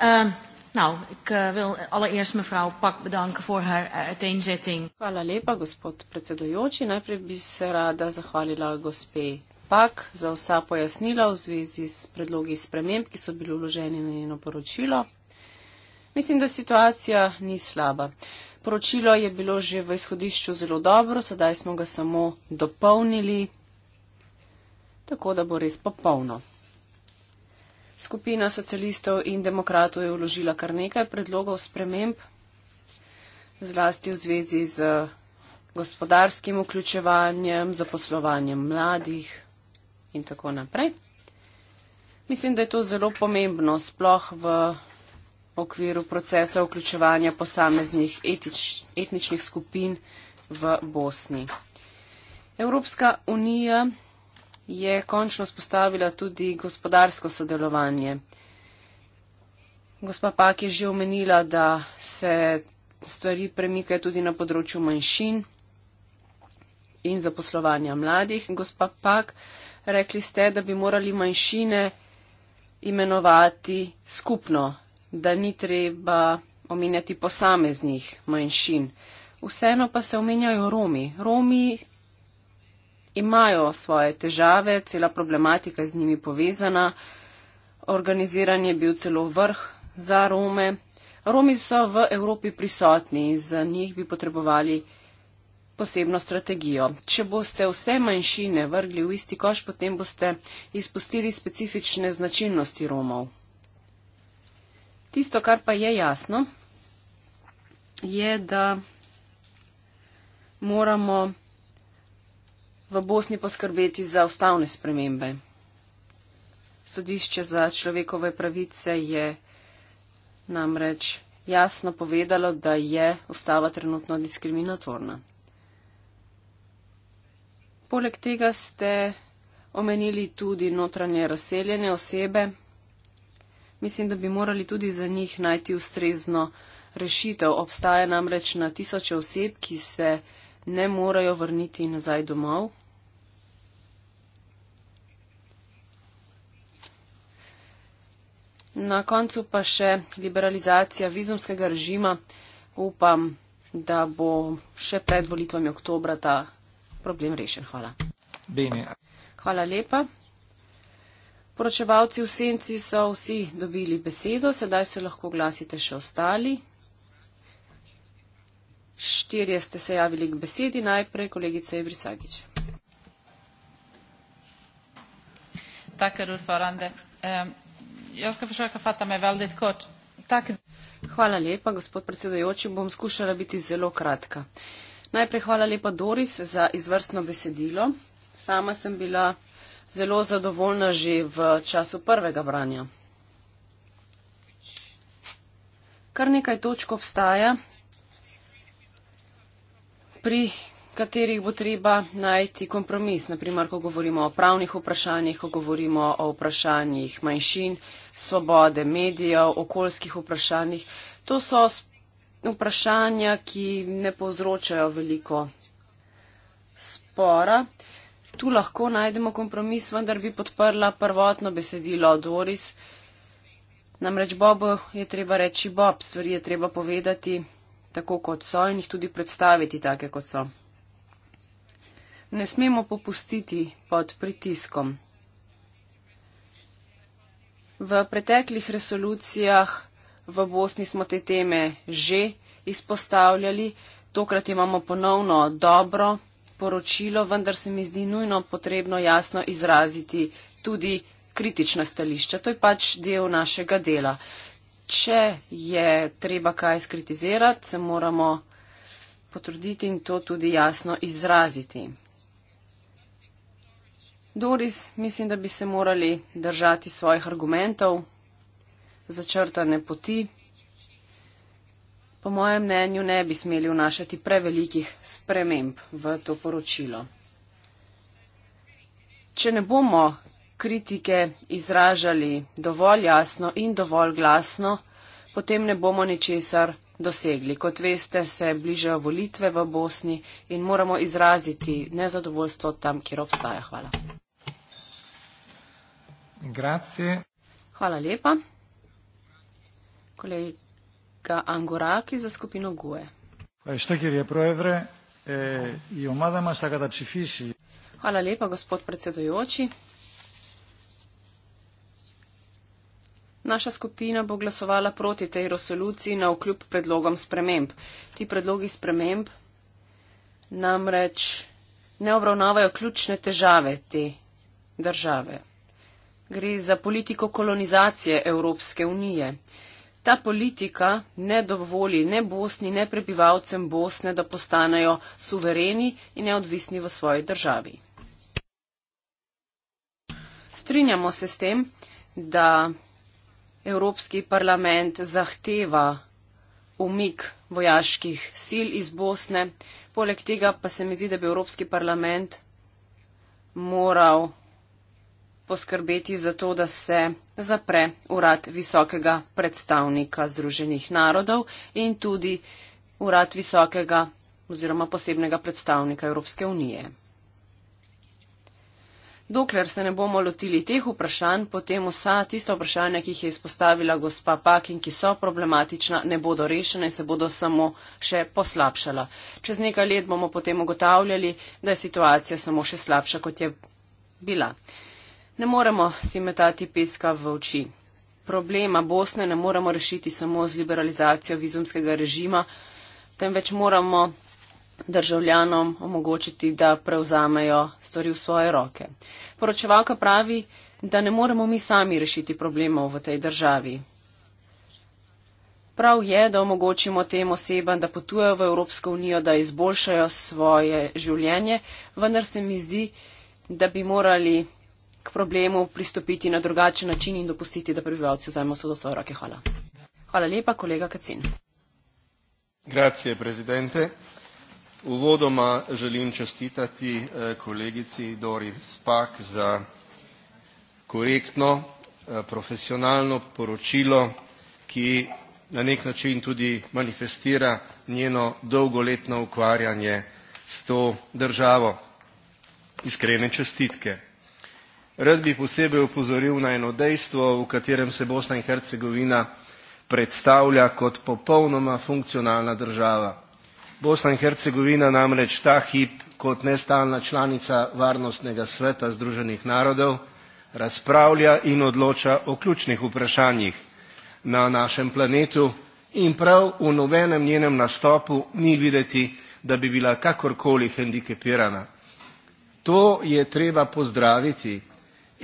Uh, Nou, ik uh, wil allereerst mevrouw Pak bedanken voor haar uh, uiteenzetting. Hvala lepa, gospod predsedujoči. Najprej bi se rada zahvalila gospe Pak za vsa pojasnila v zvezi s predlogi sprememb, ki so bili vloženi na njeno poročilo. Mislim, da situacija ni slaba. Poročilo je bilo že v izhodišču zelo dobro, sedaj smo ga samo dopolnili, tako da bo res popolno. Skupina socialistov in demokratov je vložila kar nekaj predlogov sprememb, zlasti v zvezi z gospodarskim vključevanjem, zaposlovanjem mladih in tako naprej. Mislim, da je to zelo pomembno, sploh v okviru procesa vključevanja posameznih etič, etničnih skupin v Bosni. Evropska unija je končno spostavila tudi gospodarsko sodelovanje. Gospa Pak je že omenila, da se stvari premikajo tudi na področju manjšin in zaposlovanja mladih. Gospa Pak, rekli ste, da bi morali manjšine imenovati skupno, da ni treba omenjati posameznih manjšin. Vseeno pa se omenjajo Romi. Romi imajo svoje težave, cela problematika je z njimi povezana. Organiziran je bil celo vrh za Rome. Romi so v Evropi prisotni, za njih bi potrebovali posebno strategijo. Če boste vse manjšine vrgli v isti koš, potem boste izpustili specifične značilnosti Romov. Tisto, kar pa je jasno, je, da moramo v Bosni poskrbeti za ustavne spremembe. Sodišče za človekove pravice je namreč jasno povedalo, da je ustava trenutno diskriminatorna. Poleg tega ste omenili tudi notranje razseljene osebe. Mislim, da bi morali tudi za njih najti ustrezno rešitev. Obstaja namreč na tisoče oseb, ki se ne morejo vrniti nazaj domov. Na koncu pa še liberalizacija vizumskega režima. Upam, da bo še pred volitvami oktobra ta problem rešen. Hvala. Bene. Hvala lepa. Poročevalci v senci so vsi dobili besedo, sedaj se lahko glasite še ostali. Štirje ste se javili k besedi, najprej kolegica Ibrisagič. Tako, Rurfa Rande. Ehm, jaz ga försöka fatta mig väldigt kort. Tack. Hvala lepa, gospod predsedujoči, bom skušala biti zelo kratka. Najprej hvala lepa Doris za izvrstno besedilo. Sama sem bila zelo zadovoljna že v času prvega branja. Kar nekaj točk obstaja pri katerih bo treba najti kompromis, naprimer, ko govorimo o pravnih vprašanjih, ko govorimo o vprašanjih manjšin, svobode medijev, okoljskih vprašanjih. To so vprašanja, ki ne povzročajo veliko spora. Tu lahko najdemo kompromis, vendar bi podprla prvotno besedilo Doris. Namreč Bobu je treba reči Bob, stvari je treba povedati tako, kot so in jih tudi predstaviti take, kot so ne smemo popustiti pod pritiskom. V preteklih resolucijah v Bosni smo te teme že izpostavljali, tokrat imamo ponovno dobro poročilo, vendar se mi zdi nujno potrebno jasno izraziti tudi kritična stališča. To je pač del našega dela. Če je treba kaj skritizirati, se moramo potruditi in to tudi jasno izraziti. Doris, mislim, da bi se morali držati svojih argumentov, začrtane poti. Po mojem mnenju ne bi smeli vnašati prevelikih sprememb v to poročilo. Če ne bomo kritike izražali dovolj jasno in dovolj glasno, potem ne bomo ničesar dosegli. Kot veste, se bližajo volitve v Bosni in moramo izraziti nezadovoljstvo tam, kjer obstaja. Hvala. Grazie. Hvala lepa. Kolega Angoraki za skupino GUE. Hvala lepa, gospod predsedujoči. Naša skupina bo glasovala proti tej resoluciji na okljub predlogom sprememb. Ti predlogi sprememb namreč ne obravnavajo ključne težave te države. Gre za politiko kolonizacije Evropske unije. Ta politika ne dovoli ne Bosni, ne prebivalcem Bosne, da postanejo suvereni in neodvisni v svoji državi. Strinjamo se s tem, da Evropski parlament zahteva umik vojaških sil iz Bosne. Poleg tega pa se mi zdi, da bi Evropski parlament moral poskrbeti za to, da se zapre urad visokega predstavnika Združenih narodov in tudi urad visokega oziroma posebnega predstavnika Evropske unije. Dokler se ne bomo lotili teh vprašanj, potem vsa tista vprašanja, ki jih je izpostavila gospa Pakin, ki so problematična, ne bodo rešene in se bodo samo še poslabšala. Čez nekaj let bomo potem ugotavljali, da je situacija samo še slabša, kot je bila. Ne moremo si metati peska v oči. Problema Bosne ne moremo rešiti samo z liberalizacijo vizumskega režima, temveč moramo državljanom omogočiti, da prevzamejo stvari v svoje roke. Poročevalka pravi, da ne moremo mi sami rešiti problemov v tej državi. Prav je, da omogočimo tem osebam, da potujejo v Evropsko unijo, da izboljšajo svoje življenje, vendar se mi zdi, da bi morali k problemu pristopiti na drugačen način in dopustiti, da prebivalci vzajmo sodo svoje roke. Hvala. Hvala lepa, kolega Kacin. Grazie, prezidente. Uvodoma želim čestitati eh, kolegici Dori Spak za korektno, eh, profesionalno poročilo, ki na nek način tudi manifestira njeno dolgoletno ukvarjanje s to državo. Iskrene čestitke. Rad bi posebej upozoril na eno dejstvo, v katerem se Bosna in Hercegovina predstavlja kot popolnoma funkcionalna država. Bosna in Hercegovina namreč ta hip kot nestalna članica Varnostnega sveta Združenih narodov razpravlja in odloča o ključnih vprašanjih na našem planetu in prav v nobenem njenem nastopu ni videti, da bi bila kakorkoli hendikepirana. To je treba pozdraviti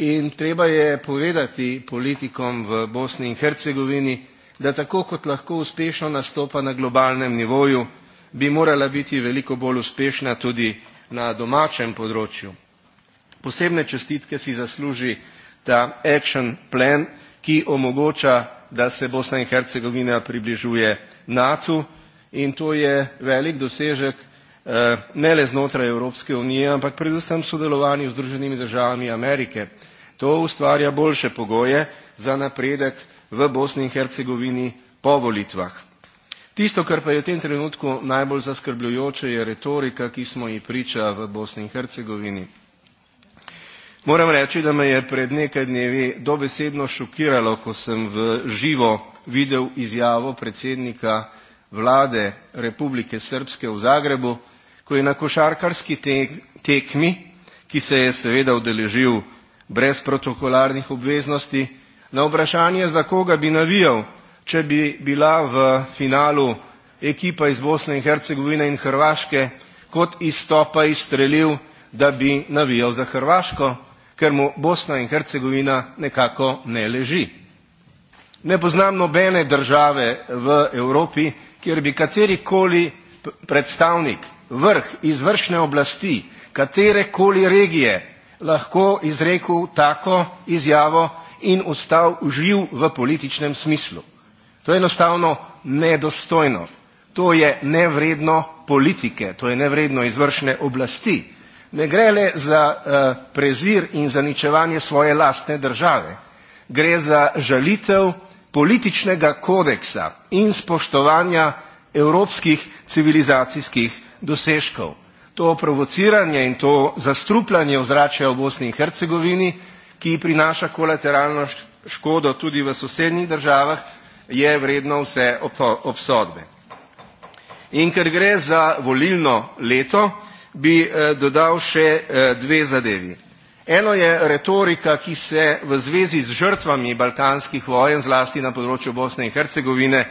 In treba je povedati politikom v Bosni in Hercegovini, da tako kot lahko uspešno nastopa na globalnem nivoju, bi morala biti veliko bolj uspešna tudi na domačem področju. Posebne čestitke si zasluži ta action plan, ki omogoča, da se Bosna in Hercegovina približuje NATO in to je velik dosežek eh, ne le znotraj Evropske unije, ampak predvsem sodelovanju z Združenimi državami Amerike. To ustvarja boljše pogoje za napredek v Bosni in Hercegovini po volitvah. Tisto, kar pa je v tem trenutku najbolj zaskrbljujoče, je retorika, ki smo ji priča v Bosni in Hercegovini. Moram reči, da me je pred nekaj dnevi dobesedno šokiralo, ko sem v živo videl izjavo predsednika vlade Republike Srpske v Zagrebu, ko je na košarkarski tekmi, ki se je seveda udeležil brez protokolarnih obveznosti. Na vprašanje, za koga bi navijal, če bi bila v finalu ekipa iz Bosne in Hercegovine in Hrvaške kot izstopa izstrelil, da bi navijal za Hrvaško, ker mu Bosna in Hercegovina nekako ne leži. Ne poznam nobene države v Evropi, kjer bi katerikoli predstavnik, vrh izvršne oblasti, katerekoli regije lahko izrekel tako izjavo in ostal živ v političnem smislu. To je enostavno nedostojno. To je nevredno politike, to je nevredno izvršne oblasti. Ne gre le za uh, prezir in zaničevanje svoje lastne države, gre za žalitev političnega kodeksa in spoštovanja evropskih civilizacijskih dosežkov to provociranje in to zastrupljanje ozračja v Bosni in Hercegovini, ki prinaša kolateralno škodo tudi v sosednjih državah, je vredno vse obsodbe. In ker gre za volilno leto, bi eh, dodal še eh, dve zadevi. Eno je retorika, ki se v zvezi z žrtvami balkanskih vojen, zlasti na področju Bosne in Hercegovine,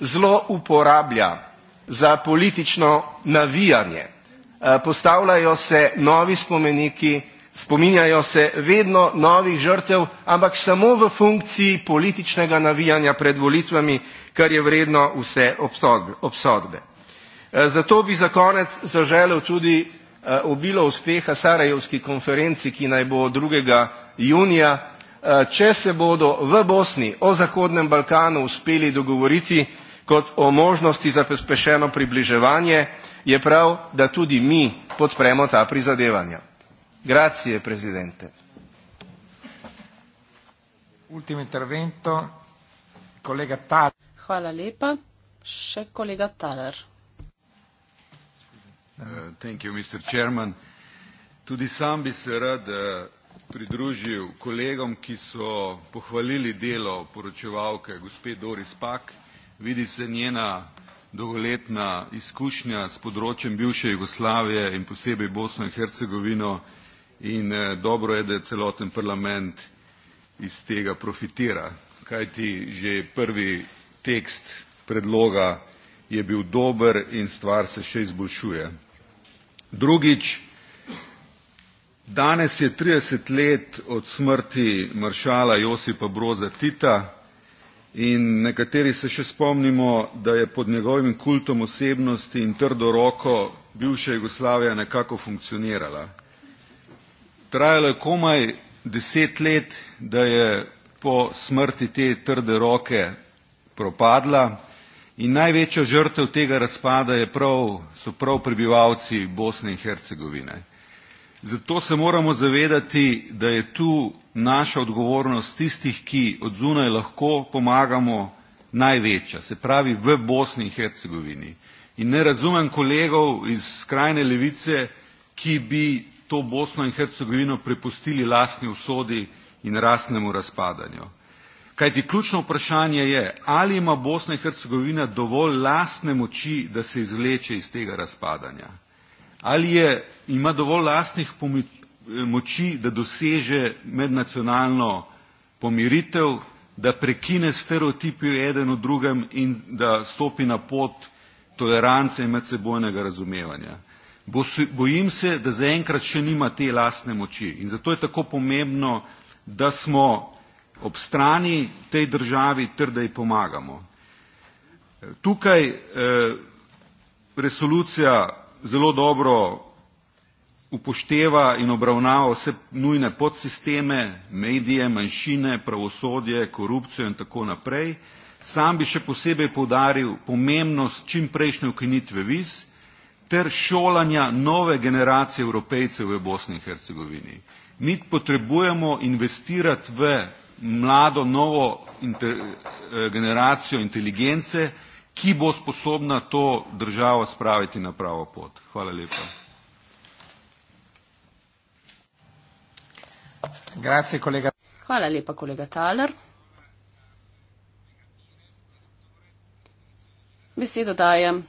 zelo uporablja za politično navijanje. Eh, postavljajo se novi spomeniki, spominjajo se vedno novih žrtev, ampak samo v funkciji političnega navijanja pred volitvami, kar je vredno vse obsodbe. Eh, zato bi za konec zaželel tudi eh, obilo uspeha Sarajevski konferenci, ki naj bo 2. junija. Če se bodo v Bosni o Zahodnem Balkanu uspeli dogovoriti kot o možnosti za pospešeno približevanje, je prav, da tudi mi podpremo ta prizadevanja. Grazie, prezidente. Ultimo intervento, kolega Tadar. Hvala lepa. Še kolega Tadar. Uh, thank you, Mr. Chairman. Tudi sam bi se rad uh, pridružil kolegom, ki so pohvalili delo poročevalke gospe Doris Pak. Vidi se njena dolgoletna izkušnja s področjem bivše Jugoslavije in posebej Bosno in Hercegovino in eh, dobro je, da je celoten parlament iz tega profitira. Kajti že prvi tekst predloga je bil dober in stvar se še izboljšuje. Drugič, danes je 30 let od smrti maršala Josipa Broza Tita, In nekateri se še spomnimo, da je pod njegovim kultom osebnosti in trdo roko bivša Jugoslavija nekako funkcionirala. Trajalo je komaj deset let, da je po smrti te trde roke propadla in največja žrtev tega razpada je prav, so prav prebivalci Bosne in Hercegovine. Zato se moramo zavedati, da je tu naša odgovornost tistih, ki od zunaj lahko pomagamo, največja, se pravi v Bosni in Hercegovini. In ne razumem kolegov iz skrajne levice, ki bi to Bosno in Hercegovino prepustili lastni usodi in rastnemu razpadanju. Kajti ključno vprašanje je, ali ima Bosna in Hercegovina dovolj lastne moči, da se izvleče iz tega razpadanja ali je, ima dovolj lastnih moči, da doseže mednacionalno pomiritev, da prekine stereotipi eden v drugem in da stopi na pot tolerance in medsebojnega razumevanja. Bojim se, da zaenkrat še nima te lastne moči in zato je tako pomembno, da smo ob strani tej državi trdej pomagamo. Tukaj eh, resolucija zelo dobro upošteva in obravnava vse nujne podsisteme, medije, manjšine, pravosodje, korupcijo in tako naprej. Sam bi še posebej poudaril pomembnost čim prejšnje ukinitve viz ter šolanja nove generacije evropejcev v Bosni in Hercegovini. Mi potrebujemo investirati v mlado, novo inter, eh, generacijo inteligence, ki bo sposobna to državo spraviti na pravo pot. Hvala lepa. Grazie, kolega. Hvala lepa, kolega Taler. Besedo dajem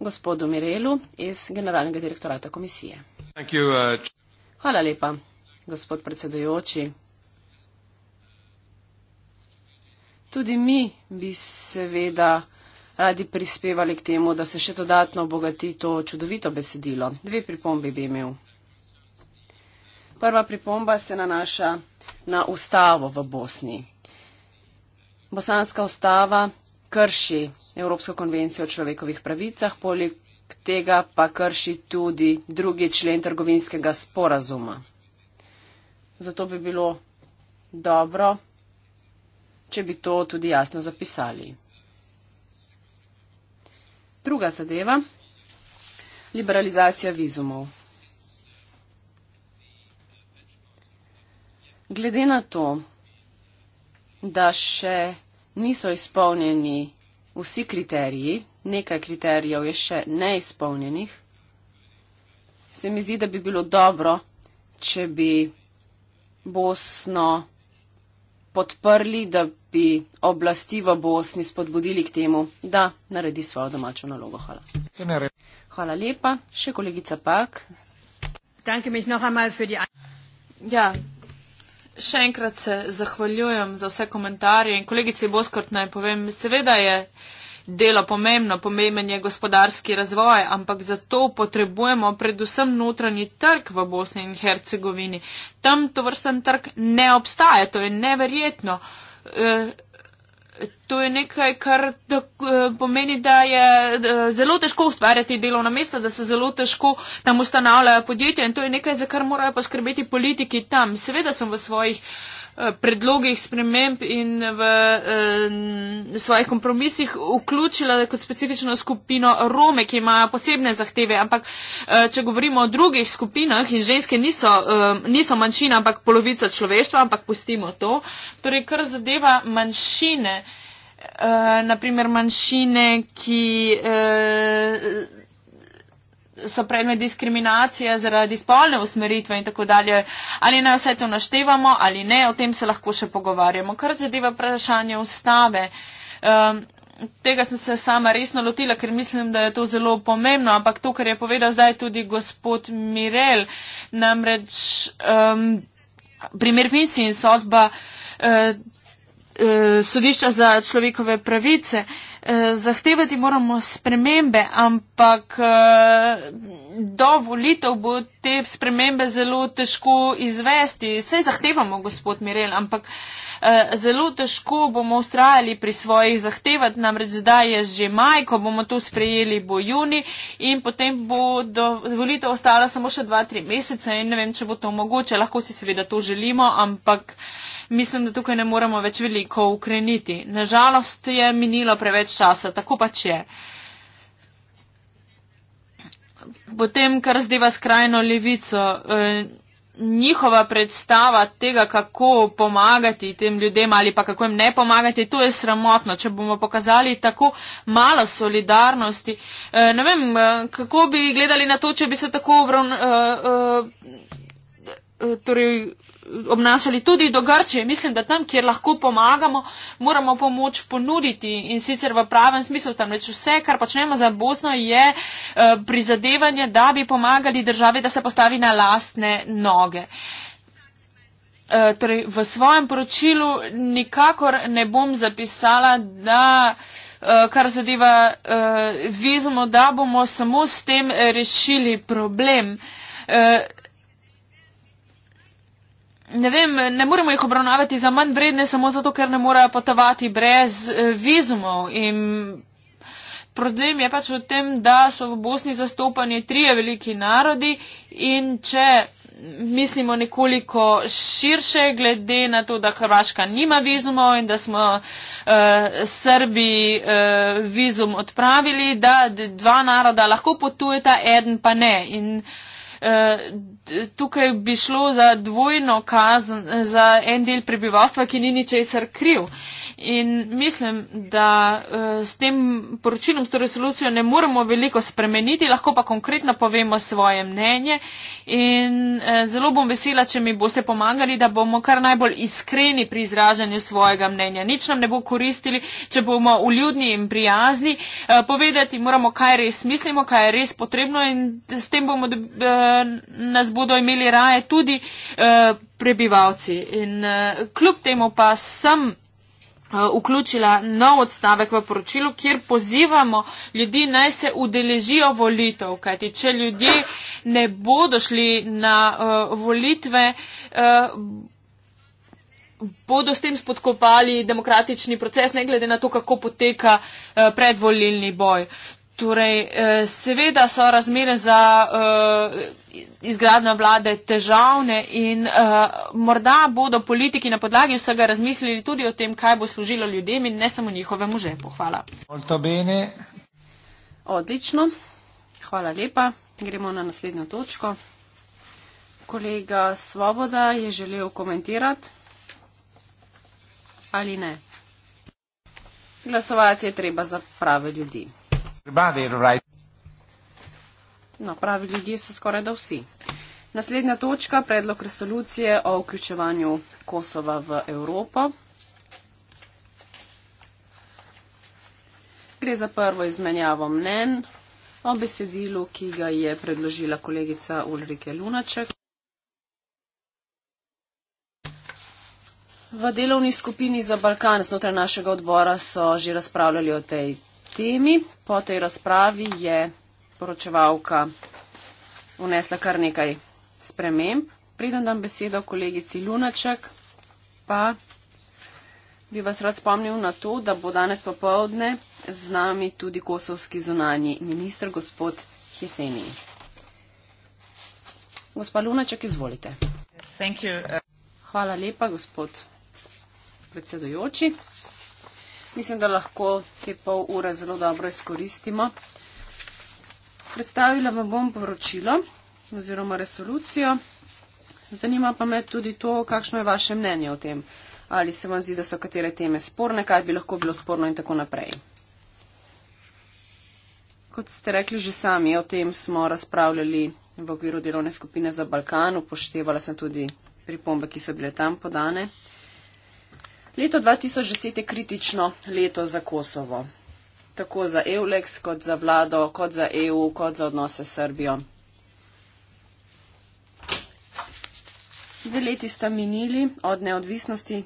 gospodu Mirelu iz Generalnega direktorata komisije. You, uh... Hvala lepa, gospod predsedujoči. Tudi mi bi seveda radi prispevali k temu, da se še dodatno obogati to čudovito besedilo. Dve pripombi bi imel. Prva pripomba se nanaša na ustavo v Bosni. Bosanska ustava krši Evropsko konvencijo o človekovih pravicah, poleg tega pa krši tudi drugi člen trgovinskega sporazuma. Zato bi bilo dobro, če bi to tudi jasno zapisali. Druga zadeva, liberalizacija vizumov. Glede na to, da še niso izpolnjeni vsi kriteriji, nekaj kriterijev je še neizpolnjenih, se mi zdi, da bi bilo dobro, če bi Bosno podprli, da bi oblasti v Bosni spodbudili k temu, da naredi svojo domačo nalogo. Hvala. Hvala lepa. Še kolegica Pak. Ja, še enkrat se zahvaljujem za vse komentarje in kolegici Boskort naj povem, seveda je delo pomembno, pomemben je gospodarski razvoj, ampak zato potrebujemo predvsem notranji trg v Bosni in Hercegovini. Tam to vrsten trg ne obstaja, to je neverjetno. Eh, to je nekaj, kar da, eh, pomeni, da je da, zelo težko ustvarjati delovna mesta, da se zelo težko tam ustanavljajo podjetja in to je nekaj, za kar morajo poskrbeti politiki tam. Seveda sem v svojih uh, Eh, predlogih sprememb in v eh, svojih kompromisih vključila kot specifično skupino Rome, ki imajo posebne zahteve. Ampak, eh, če govorimo o drugih skupinah in ženske niso, eh, niso manjšina, ampak polovica človeštva, ampak pustimo to. Torej, kar zadeva manjšine, eh, naprimer manjšine, ki. Eh, so predmet diskriminacije zaradi spolne usmeritve in tako dalje. Ali naj vse to naštevamo ali ne, o tem se lahko še pogovarjamo. Kar zadeva vprašanje ustave. Um, Tega sem se sama resno lotila, ker mislim, da je to zelo pomembno, ampak to, kar je povedal zdaj tudi gospod Mirel, namreč um, primer Finci in sodba uh, Eh, sodišča za človekove pravice. Eh, zahtevati moramo spremembe, ampak eh, do volitev bo te spremembe zelo težko izvesti. Vse zahtevamo, gospod Mirel, ampak zelo težko bomo ustrajali pri svojih zahtevah, namreč zdaj je že maj, ko bomo to sprejeli, bo juni in potem bo do volitev ostalo samo še dva, tri mesece in ne vem, če bo to mogoče. Lahko si seveda to želimo, ampak mislim, da tukaj ne moremo več veliko ukreniti. Nažalost je minilo preveč časa, tako pač je. Potem, kar zdiva skrajno levico, eh, njihova predstava tega, kako pomagati tem ljudem ali pa kako jim ne pomagati, to je sramotno. Če bomo pokazali tako malo solidarnosti, eh, ne vem, eh, kako bi gledali na to, če bi se tako obravnavali. Eh, torej, obnašali tudi do Grčije. Mislim, da tam, kjer lahko pomagamo, moramo pomoč ponuditi in sicer v pravem smislu tam reči vse, kar počnemo za Bosno, je eh, prizadevanje, da bi pomagali državi, da se postavi na lastne noge. Eh, torej, v svojem poročilu nikakor ne bom zapisala, da kar zadeva vizumo, da bomo samo s tem rešili problem ne vem, ne moremo jih obravnavati za manj vredne samo zato, ker ne morejo potovati brez eh, vizumov. In problem je pač v tem, da so v Bosni zastopani trije veliki narodi in če mislimo nekoliko širše glede na to, da Hrvaška nima vizumov in da smo eh, Srbi eh, vizum odpravili, da dva naroda lahko potujeta, eden pa ne. In, eh, Eh, tukaj bi šlo za dvojno kazen za en del prebivalstva, ki ni ničesar kriv. In mislim, da eh, s tem poročilom, s to resolucijo ne moremo veliko spremeniti, lahko pa konkretno povemo svoje mnenje. In eh, zelo bom vesela, če mi boste pomagali, da bomo kar najbolj iskreni pri izražanju svojega mnenja. Nič nam ne bo koristili, če bomo uljudni in prijazni. Povedati moramo, kaj res mislimo, kaj je res potrebno in s tem bomo. Dobi, Eh, nas bodo imeli raje tudi eh, prebivalci. In eh, kljub temu pa sem vključila nov odstavek v poročilu, kjer pozivamo ljudi naj se udeležijo volitev, kajti če ljudje ne bodo šli na volitve, bodo s tem spodkopali demokratični proces, ne glede na to, kako poteka predvolilni boj. Torej, eh, seveda so razmere za eh, izgradnjo vlade težavne in eh, morda bodo politiki na podlagi vsega razmislili tudi o tem, kaj bo služilo ljudem in ne samo njihovemu žepu. Hvala. Odlično. Hvala lepa. Gremo na naslednjo točko. Kolega Svoboda je želel komentirati ali ne. Glasovati je treba za prave ljudi. No, pravi ljudje so skoraj da vsi. Naslednja točka, predlog resolucije o vključevanju Kosova v Evropo. Gre za prvo izmenjavo mnen o besedilu, ki ga je predložila kolegica Ulrike Lunaček. V delovni skupini za Balkan znotraj našega odbora so že razpravljali o tej temi. Po tej razpravi je poročevalka vnesla kar nekaj sprememb. Preden dam besedo kolegici Lunaček, pa bi vas rad spomnil na to, da bo danes popovdne z nami tudi kosovski zunani minister, gospod Hiseni. Gospa Lunaček, izvolite. Hvala lepa, gospod predsedujoči mislim, da lahko te pol ure zelo dobro izkoristimo. Predstavila vam bom poročilo oziroma resolucijo. Zanima pa me tudi to, kakšno je vaše mnenje o tem. Ali se vam zdi, da so katere teme sporne, kaj bi lahko bilo sporno in tako naprej. Kot ste rekli že sami, o tem smo razpravljali v okviru delovne skupine za Balkan, upoštevala sem tudi pripombe, ki so bile tam podane. Leto 2010 je kritično leto za Kosovo. Tako za Eulex, kot za vlado, kot za EU, kot za odnose s Srbijo. Dve leti sta minili od neodvisnosti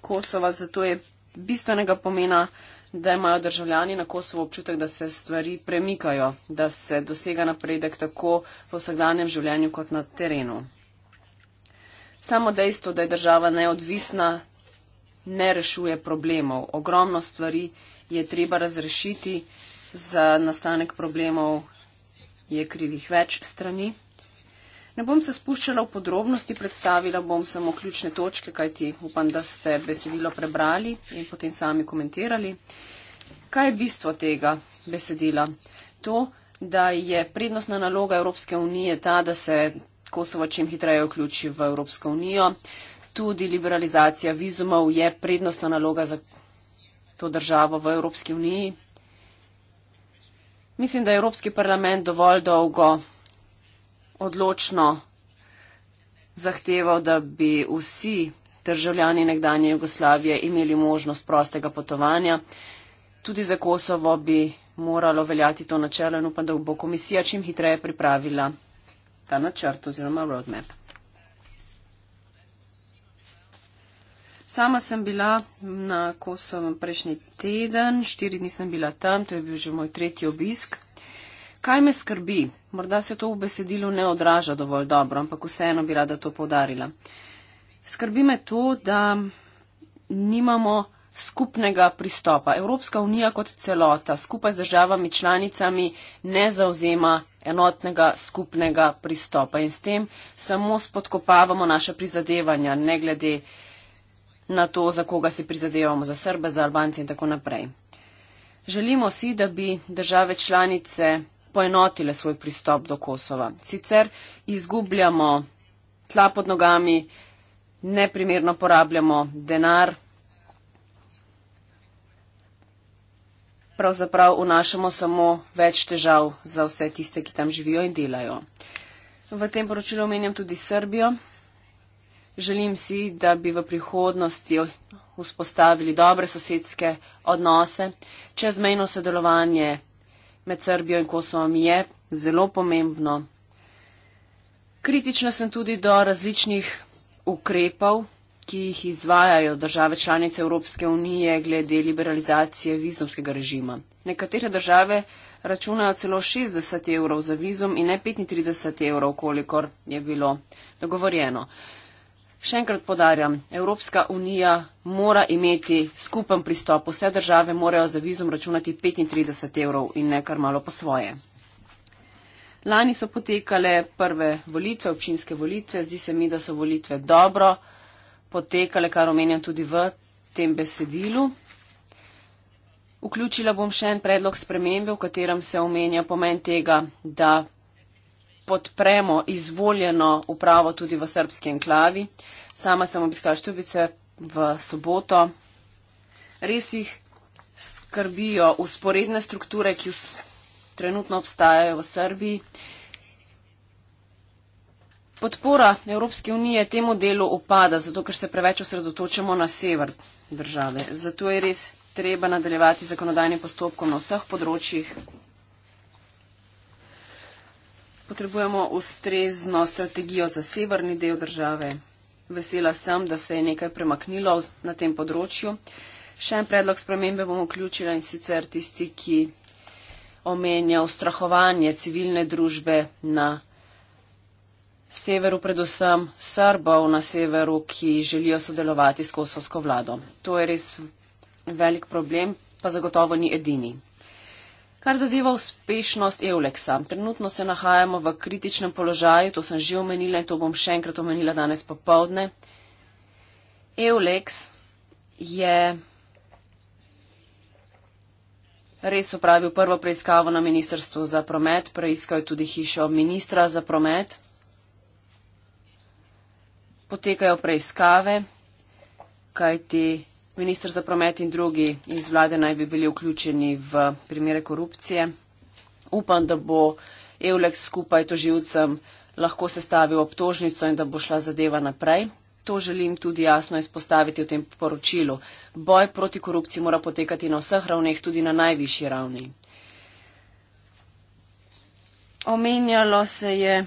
Kosova, zato je bistvenega pomena, da imajo državljani na Kosovo občutek, da se stvari premikajo, da se dosega napredek tako v vsakdanjem življenju kot na terenu. Samo dejstvo, da je država neodvisna, ne rešuje problemov. Ogromno stvari je treba razrešiti, za nastanek problemov je krivih več strani. Ne bom se spuščala v podrobnosti, predstavila bom samo ključne točke, kajti upam, da ste besedilo prebrali in potem sami komentirali. Kaj je bistvo tega besedila? To, da je prednostna naloga Evropske unije ta, da se Kosovo čim hitreje vključi v Evropsko unijo, tudi liberalizacija vizumov je prednostna naloga za to državo v Evropski uniji. Mislim, da je Evropski parlament dovolj dolgo odločno zahteval, da bi vsi državljani nekdanje Jugoslavije imeli možnost prostega potovanja. Tudi za Kosovo bi moralo veljati to načelo in upam, da bo komisija čim hitreje pripravila ta načrt oziroma roadmap. Sama sem bila na Kosovo prejšnji teden, štiri dni sem bila tam, to je bil že moj tretji obisk. Kaj me skrbi? Morda se to v besedilu ne odraža dovolj dobro, ampak vseeno bi rada to podarila. Skrbi me to, da nimamo skupnega pristopa. Evropska unija kot celota skupaj z državami članicami ne zauzema enotnega skupnega pristopa in s tem samo spodkopavamo naše prizadevanja, ne glede na to, za koga si prizadevamo, za Srbe, za Albance in tako naprej. Želimo si, da bi države članice poenotile svoj pristop do Kosova. Sicer izgubljamo tla pod nogami, neprimerno porabljamo denar, pravzaprav vnašamo samo več težav za vse tiste, ki tam živijo in delajo. V tem poročilu omenjam tudi Srbijo. Želim si, da bi v prihodnosti vzpostavili dobre sosedske odnose. Čezmejno sodelovanje med Srbijo in Kosovom je zelo pomembno. Kritična sem tudi do različnih ukrepov, ki jih izvajajo države članice Evropske unije glede liberalizacije vizumskega režima. Nekatere države računajo celo 60 evrov za vizum in ne 35 evrov, kolikor je bilo dogovorjeno. Še enkrat podarjam, Evropska unija mora imeti skupen pristop. Vse države morajo za vizum računati 35 evrov in ne kar malo po svoje. Lani so potekale prve volitve, občinske volitve. Zdi se mi, da so volitve dobro potekale, kar omenjam tudi v tem besedilu. Vključila bom še en predlog spremembe, v katerem se omenja pomen tega, da podpremo izvoljeno upravo tudi v srpski enklavi. Sama sem obiskala Štubice v soboto. Res jih skrbijo usporedne strukture, ki trenutno obstajajo v Srbiji. Podpora Evropske unije temu delu upada, zato ker se preveč osredotočamo na sever države. Zato je res treba nadaljevati zakonodajni postopkom na vseh področjih potrebujemo ustrezno strategijo za severni del države. Vesela sem, da se je nekaj premaknilo na tem področju. Še en predlog spremembe bom vključila in sicer tisti, ki omenja ustrahovanje civilne družbe na severu, predvsem Srbov na severu, ki želijo sodelovati s kosovsko vlado. To je res velik problem, pa zagotovo ni edini. Kar zadeva uspešnost Euleksa. Trenutno se nahajamo v kritičnem položaju, to sem že omenila in to bom še enkrat omenila danes popovdne. Euleks je res opravil prvo preiskavo na Ministrstvu za promet, preiskal je tudi hišo ministra za promet. Potekajo preiskave, kajti Ministr za promet in drugi iz vlade naj bi bili vključeni v primere korupcije. Upam, da bo Eulex skupaj toživcem lahko sestavil obtožnico in da bo šla zadeva naprej. To želim tudi jasno izpostaviti v tem poročilu. Boj proti korupciji mora potekati na vseh ravneh, tudi na najvišji ravni. Omenjalo se je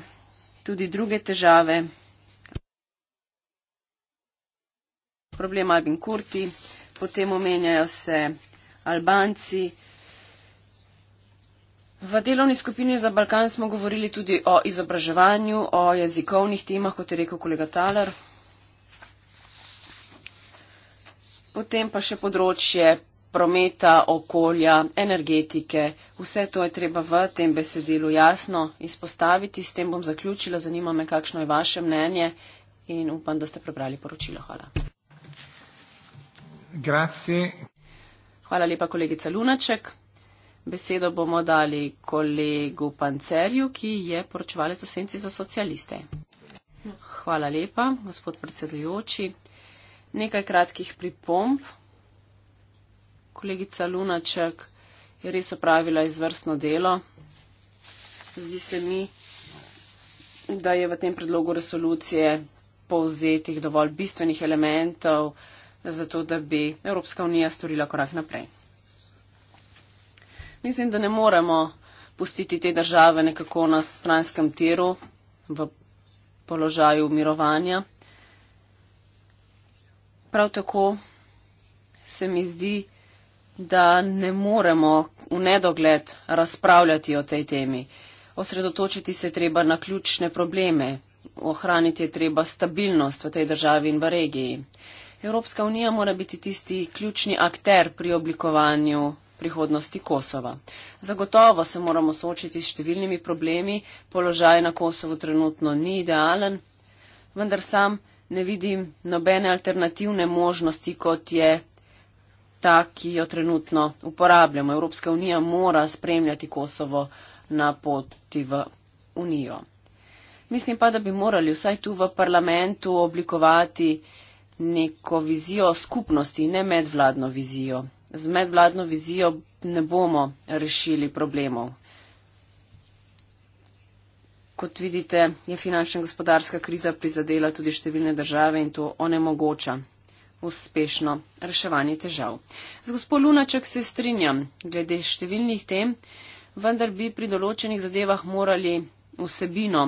tudi druge težave, problem Albin Kurti, potem omenjajo se Albanci. V delovni skupini za Balkan smo govorili tudi o izobraževanju, o jezikovnih temah, kot je rekel kolega Talar. Potem pa še področje prometa, okolja, energetike. Vse to je treba v tem besedilu jasno izpostaviti. S tem bom zaključila. Zanima me, kakšno je vaše mnenje in upam, da ste prebrali poročilo. Hvala. Grazie. Hvala lepa, kolegica Lunaček. Besedo bomo dali kolegu Pancerju, ki je poročevalec v senci za socialiste. Hvala lepa, gospod predsedujoči. Nekaj kratkih pripomb. Kolegica Lunaček je res opravila izvrstno delo. Zdi se mi, da je v tem predlogu resolucije povzetih dovolj bistvenih elementov, zato da bi Evropska unija storila korak naprej. Mislim, da ne moremo pustiti te države nekako na stranskem tiru, v položaju mirovanja. Prav tako se mi zdi, da ne moremo v nedogled razpravljati o tej temi. Osredotočiti se treba na ključne probleme, ohraniti je treba stabilnost v tej državi in v regiji. Evropska unija mora biti tisti ključni akter pri oblikovanju prihodnosti Kosova. Zagotovo se moramo soočiti s številnimi problemi, položaj na Kosovo trenutno ni idealen, vendar sam ne vidim nobene alternativne možnosti, kot je ta, ki jo trenutno uporabljamo. Evropska unija mora spremljati Kosovo na poti v Unijo. Mislim pa, da bi morali vsaj tu v parlamentu oblikovati neko vizijo skupnosti, ne medvladno vizijo. Z medvladno vizijo ne bomo rešili problemov. Kot vidite, je finančna gospodarska kriza prizadela tudi številne države in to onemogoča uspešno reševanje težav. Z gospod Lunaček se strinjam glede številnih tem, vendar bi pri določenih zadevah morali vsebino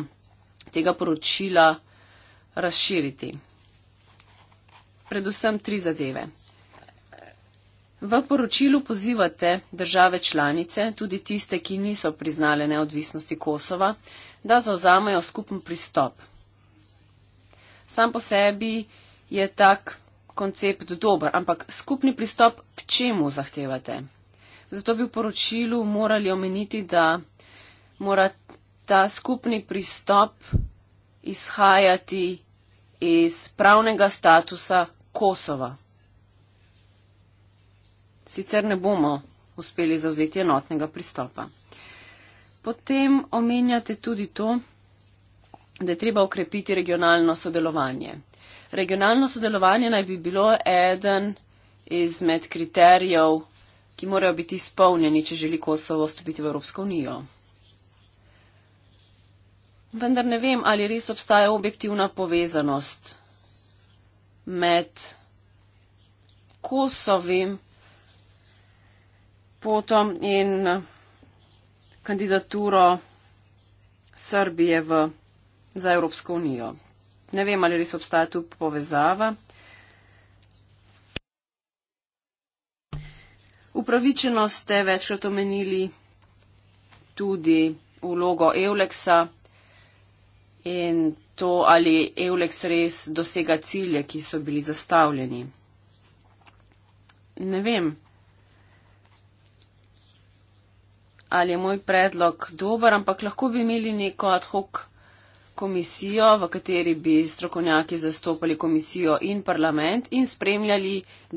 tega poročila razširiti predvsem tri zadeve. V poročilu pozivate države članice, tudi tiste, ki niso priznale neodvisnosti Kosova, da zauzamajo skupen pristop. Sam po sebi je tak koncept dober, ampak skupni pristop k čemu zahtevate? Zato bi v poročilu morali omeniti, da mora ta skupni pristop izhajati iz pravnega statusa Kosova. Sicer ne bomo uspeli zauzeti enotnega pristopa. Potem omenjate tudi to, da je treba ukrepiti regionalno sodelovanje. Regionalno sodelovanje naj bi bilo eden izmed kriterijev, ki morajo biti izpolnjeni, če želi Kosovo vstopiti v Evropsko unijo. Vendar ne vem, ali res obstaja objektivna povezanost med Kosovim potom in kandidaturo Srbije v, za Evropsko unijo. Ne vem, ali res obstaja tu povezava. Upravičeno ste večkrat omenili tudi vlogo Euleksa in to, ali Eulex res dosega cilje, ki so bili zastavljeni. Ne vem, ali je moj predlog dober, ampak lahko bi imeli neko ad hoc komisijo, v kateri bi strokovnjaki zastopali komisijo in parlament in spremljali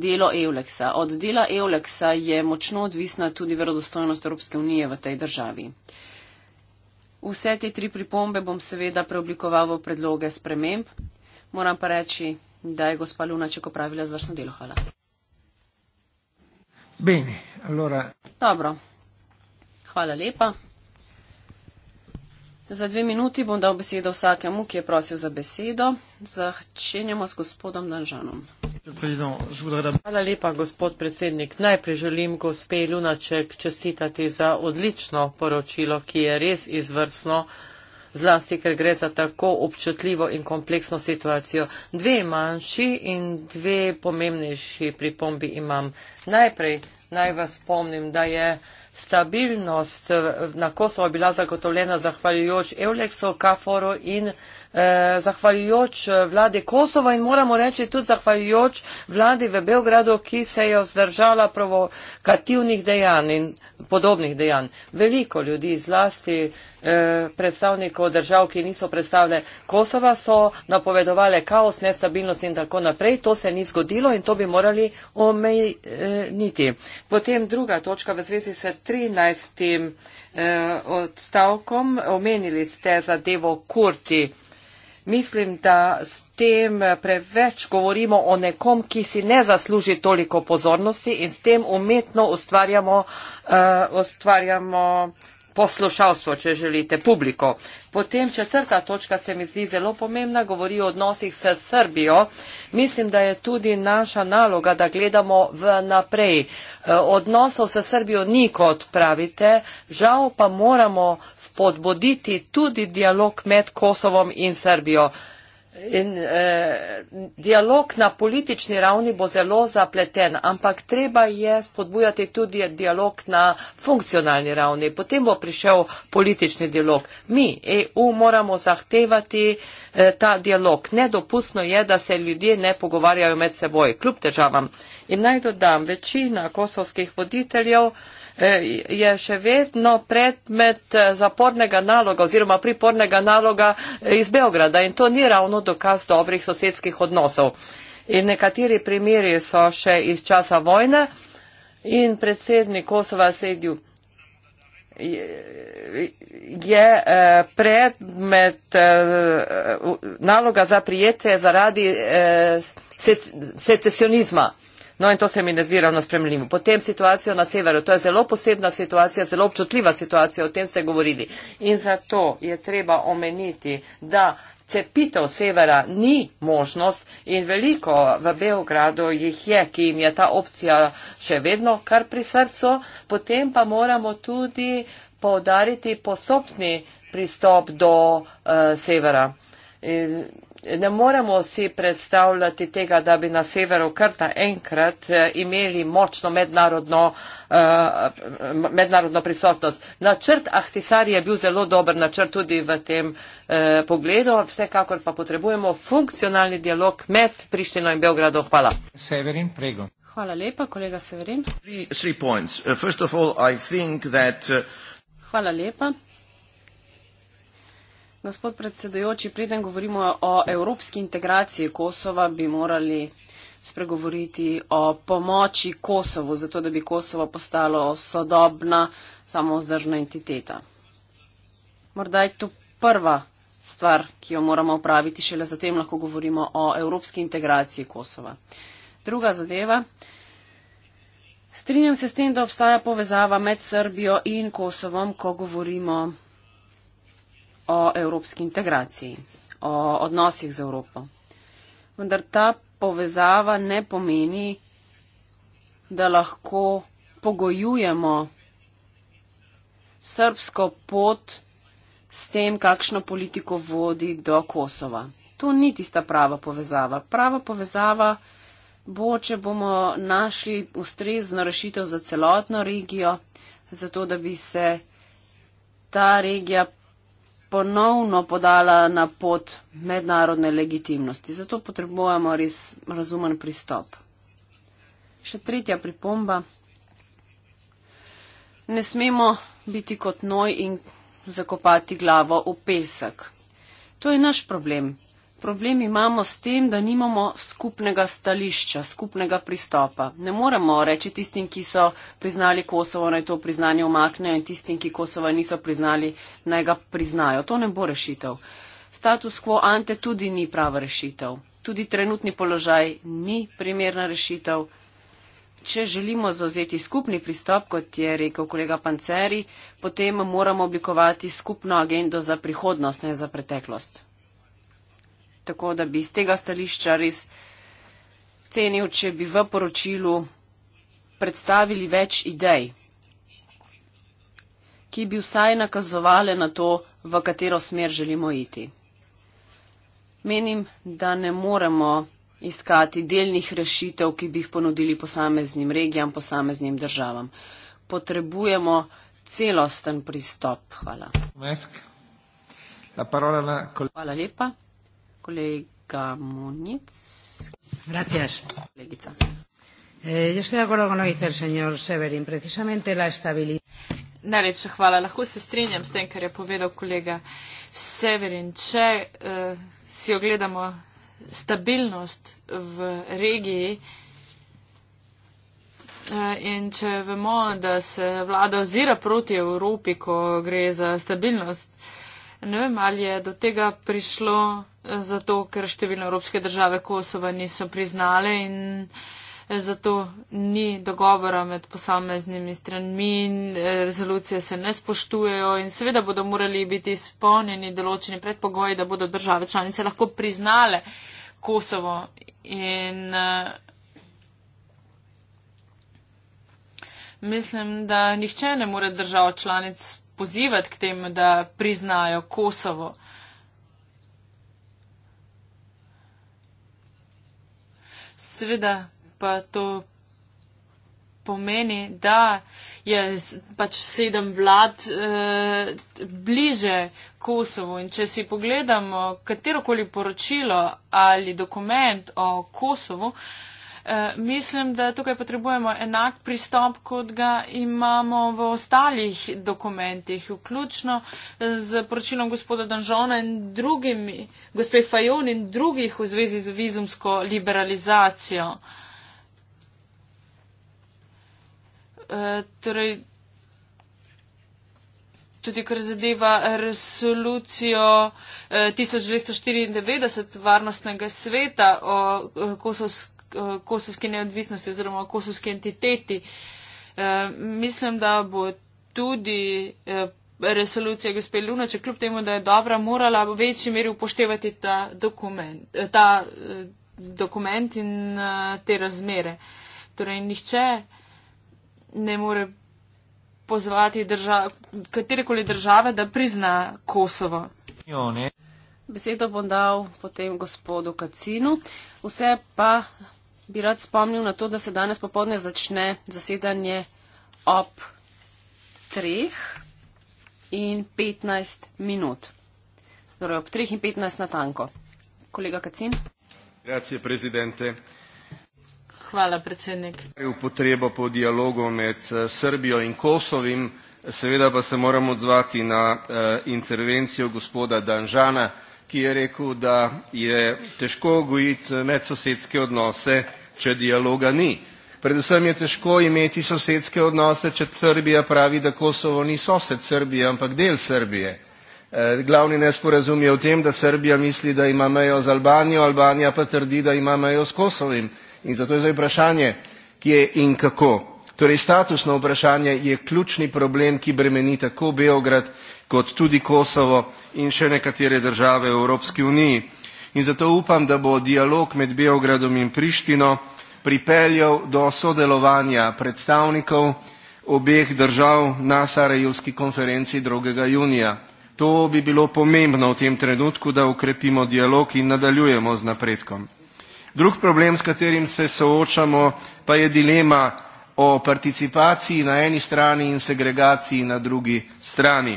delo Eulexa. Od dela Eulexa je močno odvisna tudi verodostojnost Evropske unije v tej državi. Vse te tri pripombe bom seveda preoblikoval v predloge sprememb. Moram pa reči, da je gospa Lunaček opravila zvrstno delo. Hvala. Bene, allora. Dobro. Hvala lepa. Za dve minuti bom dal besedo vsakemu, ki je prosil za besedo. Začenjamo s gospodom Danžanom. Hvala lepa, gospod predsednik. Najprej želim gospe Lunaček čestitati za odlično poročilo, ki je res izvrstno, zlasti, ker gre za tako občutljivo in kompleksno situacijo. Dve manjši in dve pomembnejši pripombi imam. Najprej naj vas spomnim, da je. Stabilnost na Kosovo bila zagotovljena zahvaljujoč Eulexu, Kaforu in eh, zahvaljujoč eh, vladi Kosova in moramo reči tudi zahvaljujoč vladi v Beogradu, ki se je vzdržala provokativnih dejanj in podobnih dejanj. Veliko ljudi zlasti eh, predstavnikov držav, ki niso predstavljene Kosova, so napovedovali kaos, nestabilnost in tako naprej. To se ni zgodilo in to bi morali omejiti. Potem druga točka v zvezi s 13. Eh, odstavkom. Omenili ste zadevo Kurti. Mislim, da s tem preveč govorimo o nekom, ki si ne zasluži toliko pozornosti in s tem umetno ustvarjamo, uh, ustvarjamo uh, poslušalstvo, če želite, publiko. Potem četrta točka se mi zdi zelo pomembna, govori o odnosih s Srbijo. Mislim, da je tudi naša naloga, da gledamo v naprej. E, odnosov s Srbijo ni, kot pravite, žal pa moramo spodbuditi tudi dialog med Kosovom in Srbijo. In eh, dialog na politični ravni bo zelo zapleten, ampak treba je spodbujati tudi dialog na funkcionalni ravni. Potem bo prišel politični dialog. Mi, EU, moramo zahtevati eh, ta dialog. Nedopustno je, da se ljudje ne pogovarjajo med seboj, kljub težavam. In naj dodam, večina kosovskih voditeljev. E, je še vedno predmet e, zapornega naloga oziroma pripornega naloga e, iz Beograda in to ni ravno dokaz dobrih sosedskih odnosov. In nekateri primeri so še iz časa vojne in predsednik Kosova sedil je predmet naloga za prijete zaradi secesionizma. Se No in to se mi ne zdi ravno spremljivo. Potem situacijo na severu, to je zelo posebna situacija, zelo občutljiva situacija, o tem ste govorili. In zato je treba omeniti, da cepitev severa ni možnost in veliko v Beogradu jih je, ki jim je ta opcija še vedno kar pri srcu. Potem pa moramo tudi poudariti postopni pristop do uh, severa. In, ne moremo si predstavljati tega, da bi na severu krta enkrat eh, imeli močno mednarodno, uh, mednarodno prisotnost. Načrt Ahtisar je bil zelo dober načrt tudi v tem uh, pogledu, vsekakor pa potrebujemo funkcionalni dialog med Prištino in Belgrado. Hvala. Severin, prego. Hvala lepa, kolega Severin. Three, three uh, all, think that, uh... Hvala lepa. Gospod predsedujoči, preden govorimo o evropski integraciji Kosova, bi morali spregovoriti o pomoči Kosovu, zato da bi Kosovo postalo sodobna, samozdržna entiteta. Morda je to prva stvar, ki jo moramo upraviti, šele zatem lahko govorimo o evropski integraciji Kosova. Druga zadeva. Strinjam se s tem, da obstaja povezava med Srbijo in Kosovom, ko govorimo o evropski integraciji, o odnosih z Evropo. Vendar ta povezava ne pomeni, da lahko pogojujemo srbsko pot s tem, kakšno politiko vodi do Kosova. To ni tista prava povezava. Prava povezava bo, če bomo našli ustrezno rešitev za celotno regijo, zato da bi se ta regija ponovno podala na pot mednarodne legitimnosti. Zato potrebujemo res razumen pristop. Še tretja pripomba. Ne smemo biti kot noj in zakopati glavo v pesek. To je naš problem problem imamo s tem, da nimamo skupnega stališča, skupnega pristopa. Ne moremo reči tistim, ki so priznali Kosovo, naj to priznanje omaknejo in tistim, ki Kosova niso priznali, naj ga priznajo. To ne bo rešitev. Status quo ante tudi ni prava rešitev. Tudi trenutni položaj ni primerna rešitev. Če želimo zauzeti skupni pristop, kot je rekel kolega Panceri, potem moramo oblikovati skupno agendo za prihodnost, ne za preteklost. Tako da bi iz tega stališča res cenil, če bi v poročilu predstavili več idej, ki bi vsaj nakazovali na to, v katero smer želimo iti. Menim, da ne moremo iskati delnih rešitev, ki bi jih ponudili posameznim regijam, posameznim državam. Potrebujemo celosten pristop. Hvala. Hvala lepa. Colega Muñiz. Gracias. Eh, yo estoy de acuerdo con lo que dice el señor Severin. Precisamente la estabilidad. Najlepša hvala. Lahko se strinjam s tem, kar je povedal kolega Severin. Če uh, si ogledamo stabilnost v regiji uh, in če vemo, da se vlada ozira proti Evropi, ko gre za stabilnost, ne vem, ali je do tega prišlo zato ker številne evropske države Kosova niso priznale in zato ni dogovora med posameznimi stranmi, eh, rezolucije se ne spoštujejo in seveda bodo morali biti izpolnjeni določeni predpogoji, da bodo države članice lahko priznale Kosovo. In, eh, Mislim, da nihče ne more držav članic pozivati k temu, da priznajo Kosovo. seveda pa to pomeni, da je pač sedem vlad eh, bliže Kosovu. In če si pogledamo katerokoli poročilo ali dokument o Kosovu, eh, Eh, mislim, da tukaj potrebujemo enak pristop, kot ga imamo v ostalih dokumentih, vključno z poročilom gospoda Danžona in drugimi, gospe Fajon in drugih v zvezi z vizumsko liberalizacijo. Eh, torej, tudi kar zadeva resolucijo 1294 eh, Varnostnega sveta o kosovskem. Eh, kosovske neodvisnosti oziroma kosovske entiteti. Eh, mislim, da bo tudi eh, resolucija gospe Lunače, kljub temu, da je dobra, morala v večji meri upoštevati ta dokument, ta dokument in te razmere. Torej, nihče ne more pozvati država, katerekoli države, da prizna Kosovo. Besedo bom dal potem gospodu Kacinu. Vse pa bi rad spomnil na to, da se danes popovdne začne zasedanje ob 3 in 15 minut. Torej ob 3 in 15 na tanko. Kolega Kacin. Grazie, prezidente. Hvala, predsednik. Potrebo po dialogu med eh, Srbijo in Kosovim, seveda pa se moram odzvati na eh, intervencijo gospoda Danžana ki je rekel, da je težko gojiti eh, medsosedske odnose, če dialoga ni. Predvsem je težko imeti sosedske odnose, če Srbija pravi, da Kosovo ni sosed Srbije, ampak del Srbije. Eh, glavni nesporazum je v tem, da Srbija misli, da ima mejo z Albanijo, Albanija pa trdi, da ima mejo s Kosovim. In zato je zdaj vprašanje, kje in kako. Torej, statusno vprašanje je ključni problem, ki bremeni tako Beograd kot tudi Kosovo in še nekatere države v Evropski uniji. In zato upam, da bo dialog med Beogradom in Prištino pripeljal do sodelovanja predstavnikov obeh držav na Sarajevski konferenci 2. junija. To bi bilo pomembno v tem trenutku, da ukrepimo dialog in nadaljujemo z napredkom. Drug problem, s katerim se soočamo, pa je dilema o participaciji na eni strani in segregaciji na drugi strani.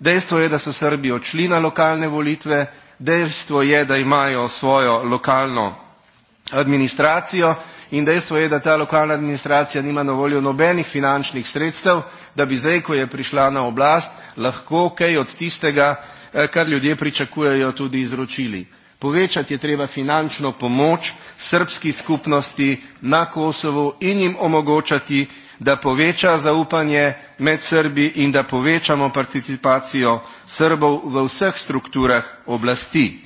Dejstvo je, da so Srbi odšli na lokalne volitve, dejstvo je, da imajo svojo lokalno administracijo in dejstvo je, da ta lokalna administracija nima na voljo nobenih finančnih sredstev, da bi zdaj, ko je prišla na oblast, lahko kaj od tistega, eh, kar ljudje pričakujejo, tudi izročili. Povečati je treba finančno pomoč srpski skupnosti na Kosovu in jim omogočati, da poveča zaupanje med Srbi in da povečamo participacijo Srbov v vseh strukturah oblasti.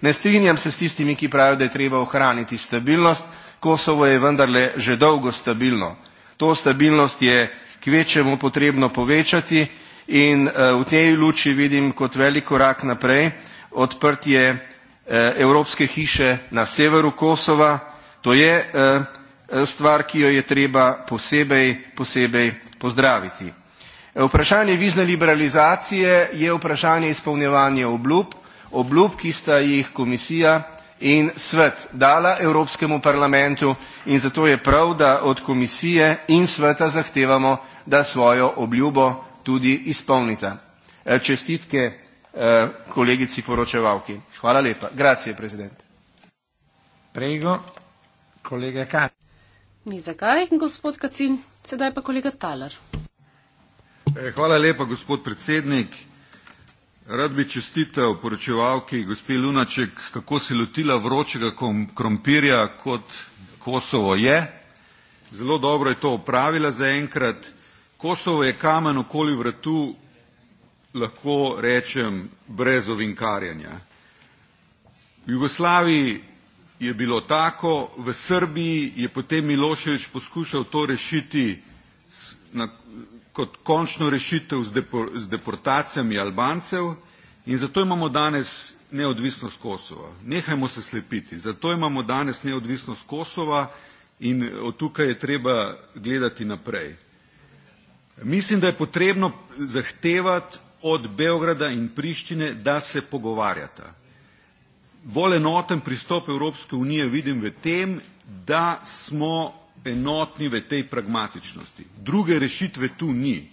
Ne strinjam se s tistimi, ki pravijo, da je treba ohraniti stabilnost, Kosovo je vendarle že dolgo stabilno. To stabilnost je k večjemu potrebno povečati in eh, v tej luči vidim kot velik korak naprej odprtje eh, Evropske hiše na severu Kosova. To je eh, stvar, ki jo je treba posebej, posebej pozdraviti. Vprašanje vizne liberalizacije je vprašanje izpolnjevanja obljub, obljub, ki sta jih komisija in svet dala Evropskemu parlamentu in zato je prav, da od komisije in sveta zahtevamo, da svojo obljubo tudi izpolnita. Eh, čestitke eh, kolegici poročevalki. Hvala lepa. Gracije, prezident. Prego, kolega Kati. Ni zakaj, gospod Kacin, sedaj pa kolega Talar. Eh, hvala lepa, gospod predsednik. Rad bi čestitev poročevalki gospe Lunaček, kako se lotila vročega krompirja, kot Kosovo je. Zelo dobro je to upravila zaenkrat. Kosovo je kamen okoli vratu, lahko rečem, brez ovinkarjanja. V Jugoslaviji je bilo tako, v Srbiji je potem Milošević poskušal to rešiti s, na, kot končno rešitev s, depo, s deportacijami Albancev in zato imamo danes neodvisnost Kosova. Nehajmo se slepiti, zato imamo danes neodvisnost Kosova in od tukaj je treba gledati naprej. Mislim, da je potrebno zahtevati od Beograda in Prištine, da se pogovarjata bolj enoten pristop Evropske unije vidim v tem, da smo enotni v tej pragmatičnosti. Druge rešitve tu ni.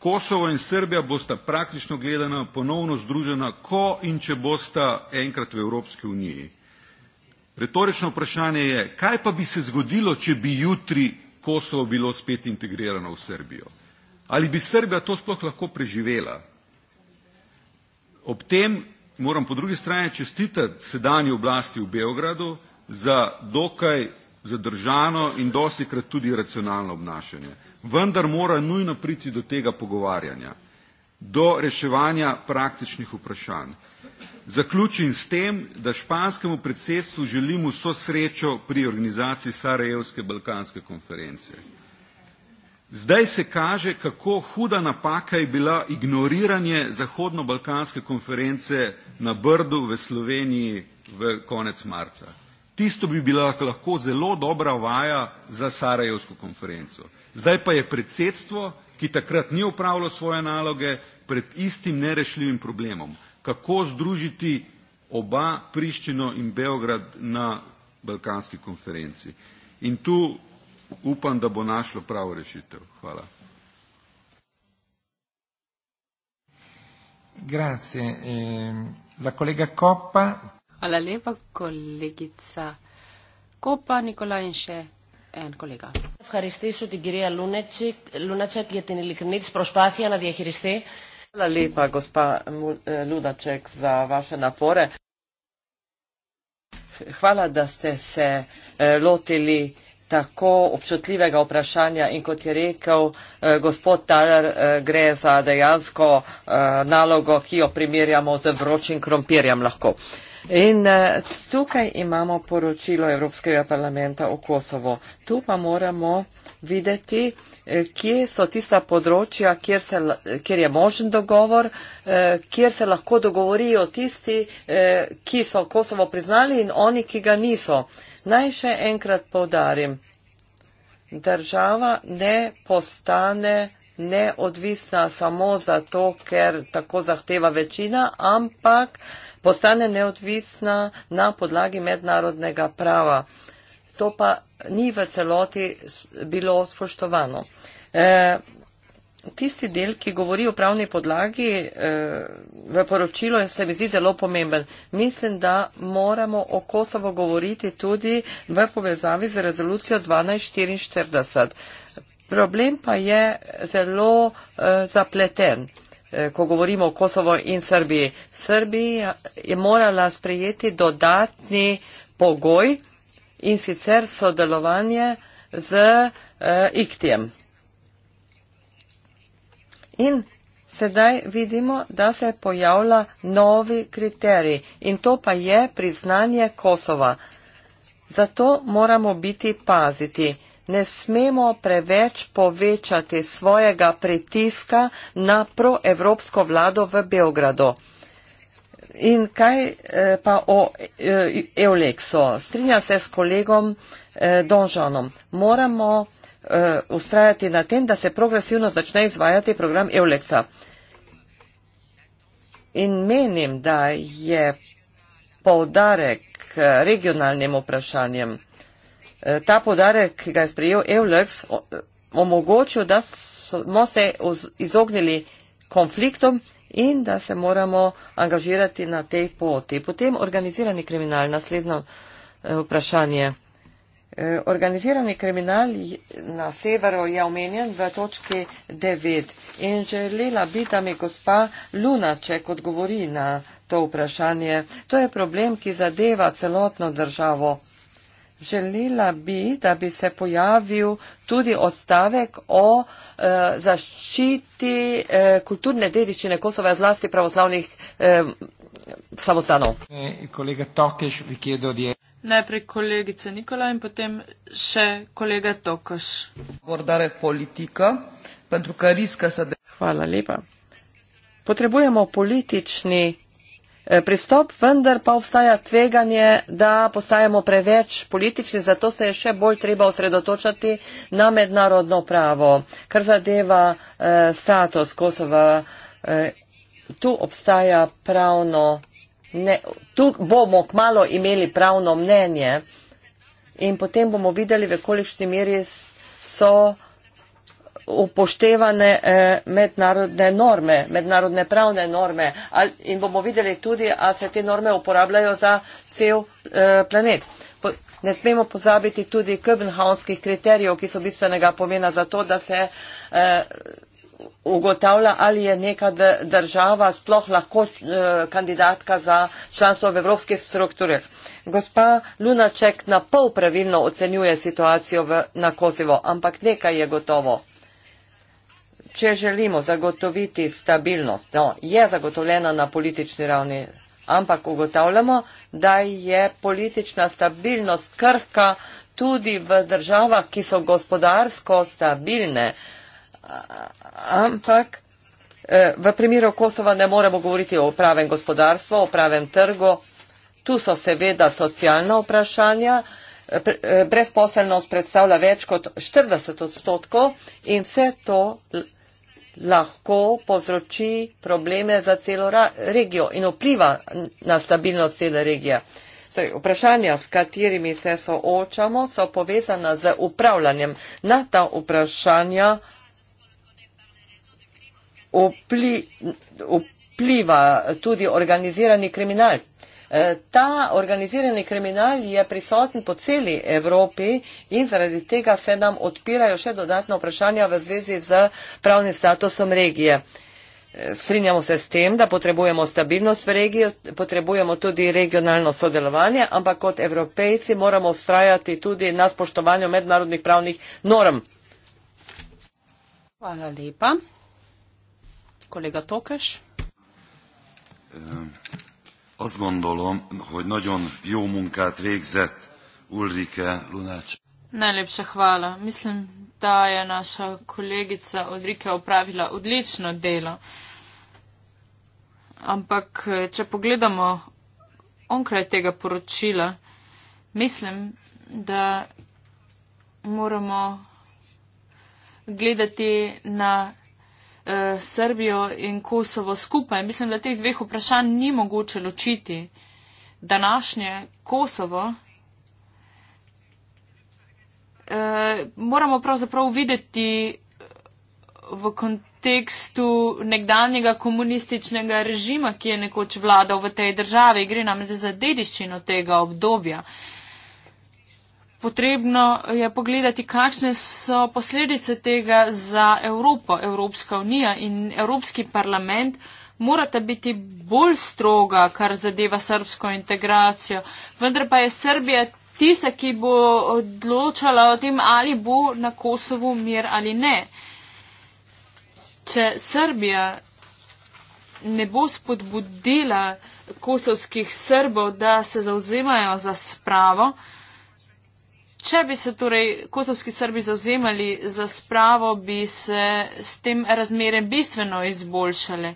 Kosovo in Srbija bosta praktično gledana ponovno združena, ko in če bosta enkrat v Evropski uniji. Retorično vprašanje je, kaj pa bi se zgodilo, če bi jutri Kosovo bilo spet integrirano v Srbijo? Ali bi Srbija to sploh lahko preživela? Ob tem moram po drugi strani čestitati sedanji oblasti v Beogradu za dokaj zadržano in dosikrat tudi racionalno obnašanje. Vendar mora nujno priti do tega pogovarjanja, do reševanja praktičnih vprašanj. Zaključim s tem, da španskemu predsedstvu želim vso srečo pri organizaciji Sarajevske balkanske konference. Zdaj se kaže, kako huda napaka je bila ignoriranje Zahodno-Balkanske konference na Brdu v Sloveniji v konec marca. Tisto bi bila lahko zelo dobra vaja za Sarajevsko konferenco. Zdaj pa je predsedstvo, ki takrat ni upravilo svoje naloge, pred istim nerešljivim problemom. Kako združiti oba, Prištino in Beograd, na Balkanski konferenci. In tu upam, da bo našlo pravo rešitev. Hvala. Grazie. Eh... La kolega Koppa. Hvala lepa, kolegica Koppa, Nikola in še en kolega. Ευχαριστήσω την κυρία Λούνατσεκ για την ειλικρινή της προσπάθεια να διαχειριστεί. Hvala lepa, gospa Lunaček, za vaše napore. Hvala, da ste se lotili tako občutljivega vprašanja in kot je rekel eh, gospod Taler, eh, gre za dejansko eh, nalogo, ki jo primerjamo z vročim krompirjem lahko. In eh, tukaj imamo poročilo Evropskega parlamenta o Kosovo. Tu pa moramo videti, eh, kje so tista področja, kjer, se, kjer je možen dogovor, eh, kjer se lahko dogovorijo tisti, eh, ki so Kosovo priznali in oni, ki ga niso. Eh, Naj še enkrat povdarim, država ne postane neodvisna samo zato, ker tako zahteva večina, ampak postane neodvisna na podlagi mednarodnega prava. To pa ni v celoti bilo spoštovano. Eh, tisti del, ki govori o pravni podlagi eh, v poročilu, se mi zdi zelo pomemben. Mislim, da moramo o Kosovo govoriti tudi v povezavi z rezolucijo 1244. Problem pa je zelo eh, zapleten eh, ko govorimo o Kosovo in Srbiji. Srbija je morala sprejeti dodatni pogoj in sicer sodelovanje z eh, Iktijem. In sedaj vidimo, da se pojavlja novi kriterij in to pa je priznanje Kosova. Zato moramo biti paziti. Ne smemo preveč povečati svojega pritiska na proevropsko vlado v Beogradu. In kaj eh, pa o eh, Euleksu? Strinja se s kolegom eh, Donžanom. Moramo uh, ustrajati na tem, da se progresivno začne izvajati program Euleksa. In menim, da je poudarek eh, regionalnim vprašanjem. Eh, ta poudarek, ki ga je sprejel Eulex, omogočil, da smo se izognili konfliktom in da se moramo angažirati na tej poti. Potem organizirani kriminal, naslednjo vprašanje. Eh, organizirani kriminal na severu je omenjen v točki 9 in želela bi, da mi gospa Lunaček odgovori na to vprašanje. To je problem, ki zadeva celotno državo. Želela bi, da bi se pojavil tudi ostavek o e, zaščiti e, kulturne dediščine Kosova, zlasti pravoslavnih e, samostanov. E, kolega Tokeš, vi kje dodajete? Najprej kolegica Nikola in potem še kolega Tokoš. Hvala lepa. Potrebujemo politični eh, pristop, vendar pa obstaja tveganje, da postajamo preveč politični, zato se je še bolj treba osredotočati na mednarodno pravo, kar zadeva eh, status Kosova. Eh, tu obstaja pravno ne, tu bomo kmalo imeli pravno mnenje in potem bomo videli, v kolikšni meri so upoštevane eh, mednarodne norme, mednarodne pravne norme in bomo videli tudi, a se te norme uporabljajo za cel eh, planet. Ne smemo pozabiti tudi Köbenhavnskih kriterijev, ki so bistvenega pomena za to, da se eh, ugotavlja, ali je neka država sploh lahko eh, kandidatka za članstvo v evropskih strukturah. Gospa Lunaček na pol pravilno ocenjuje situacijo v, na Kosovo, ampak nekaj je gotovo. Če želimo zagotoviti stabilnost, no, je zagotovljena na politični ravni, ampak ugotavljamo, da je politična stabilnost krhka tudi v državah, ki so gospodarsko stabilne ampak eh, v primeru Kosova ne moremo govoriti o pravem gospodarstvu, o pravem trgu. Tu so seveda socialna vprašanja. Eh, eh, brezposelnost predstavlja več kot 40 odstotkov in vse to lahko povzroči probleme za celo regijo in vpliva na stabilnost cele regije. Torej, vprašanja, s katerimi se soočamo, so povezana z upravljanjem. Na ta vprašanja vpli, vpliva tudi organizirani kriminal. E, ta organizirani kriminal je prisoten po celi Evropi in zaradi tega se nam odpirajo še dodatna vprašanja v zvezi z pravnim statusom regije. E, strinjamo se s tem, da potrebujemo stabilnost v regiji, potrebujemo tudi regionalno sodelovanje, ampak kot evropejci moramo ustrajati tudi na spoštovanju mednarodnih pravnih norm. Hvala lepa. Kolléga Tokes. Azt gondolom, hogy nagyon jó munkát végzett Ulrike Lunács. Najlepša hvala. Mislim, da je naša kolegica Ulrike opravila odlično delo. Ampak, če pogledamo onkraj tega poročila, mislim, da moramo gledati na eh, Srbijo in Kosovo skupaj. Mislim, da teh dveh vprašanj ni mogoče ločiti. Današnje Kosovo eh, moramo pravzaprav videti eh, v kontekstu nekdanjega komunističnega režima, ki je nekoč vladal v tej državi. Gre namreč za dediščino tega obdobja. Eh, potrebno je pogledati, kakšne so posledice tega za Evropo. Evropska unija in Evropski parlament morata biti bolj stroga, kar zadeva srbsko integracijo. Vendar pa je Srbija tista, ki bo odločala o tem, ali bo na Kosovu mir ali ne. Če Srbija ne bo spodbudila kosovskih Srbov, da se zauzemajo za spravo, Če bi se torej kosovski Srbi zauzemali za spravo, bi se s tem razmere bistveno izboljšale.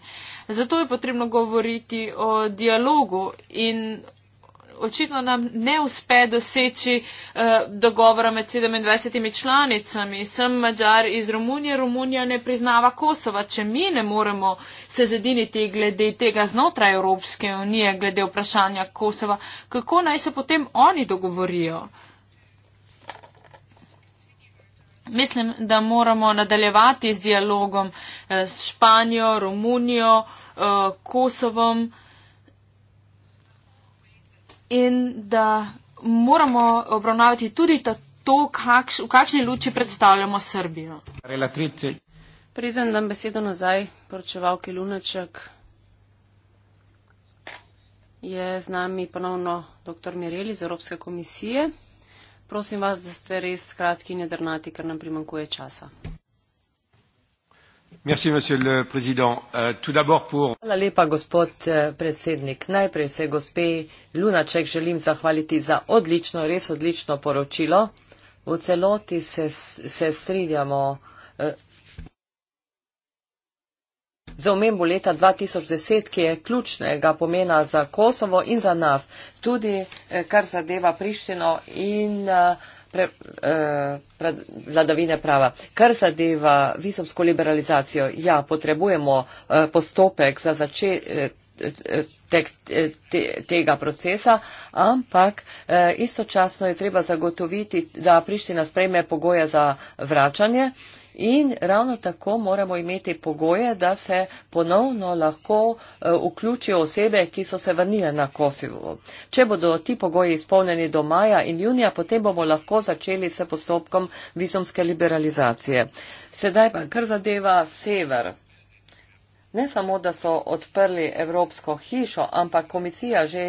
Zato je potrebno govoriti o dialogu in očitno nam ne uspe doseči eh, dogovora med 27 članicami. Sem Mačar iz Romunije, Romunija ne priznava Kosova. Če mi ne moremo se zediniti glede tega znotraj Evropske unije, glede vprašanja Kosova, kako naj se potem oni dogovorijo? Mislim, da moramo nadaljevati z dialogom eh, s Španijo, Romunijo, eh, Kosovom in da moramo obravnavati tudi to, kakš, v kakšni luči predstavljamo Srbijo. Preden dam besedo nazaj, poročevalki Lunaček, je z nami ponovno dr. Mireli iz Evropske komisije prosim vas, da ste res kratki in jedrnati, ker nam primankuje časa. Merci, euh, pour... Hvala lepa, gospod eh, predsednik. Najprej se gospe Lunaček želim zahvaliti za odlično, res odlično poročilo. V celoti se, se strinjamo. Eh, za omembo leta 2010, ki je ključnega pomena za Kosovo in za nas, tudi eh, kar zadeva Prištino in eh, pre, eh, pre, vladavine prava. Kar zadeva visomsko liberalizacijo, ja, potrebujemo postopek za začetek. Te, te, tega procesa, ampak eh, istočasno je treba zagotoviti, da Priština sprejme pogoje za vračanje eh, In ravno tako moramo imeti pogoje, da se ponovno lahko eh, vključijo osebe, ki so se vrnile na Kosovo. Če bodo ti pogoji izpolnjeni do maja in junija, potem bomo lahko začeli s postopkom visomske liberalizacije. Sedaj pa kar zadeva sever. Ne samo, da so odprli Evropsko hišo, ampak komisija že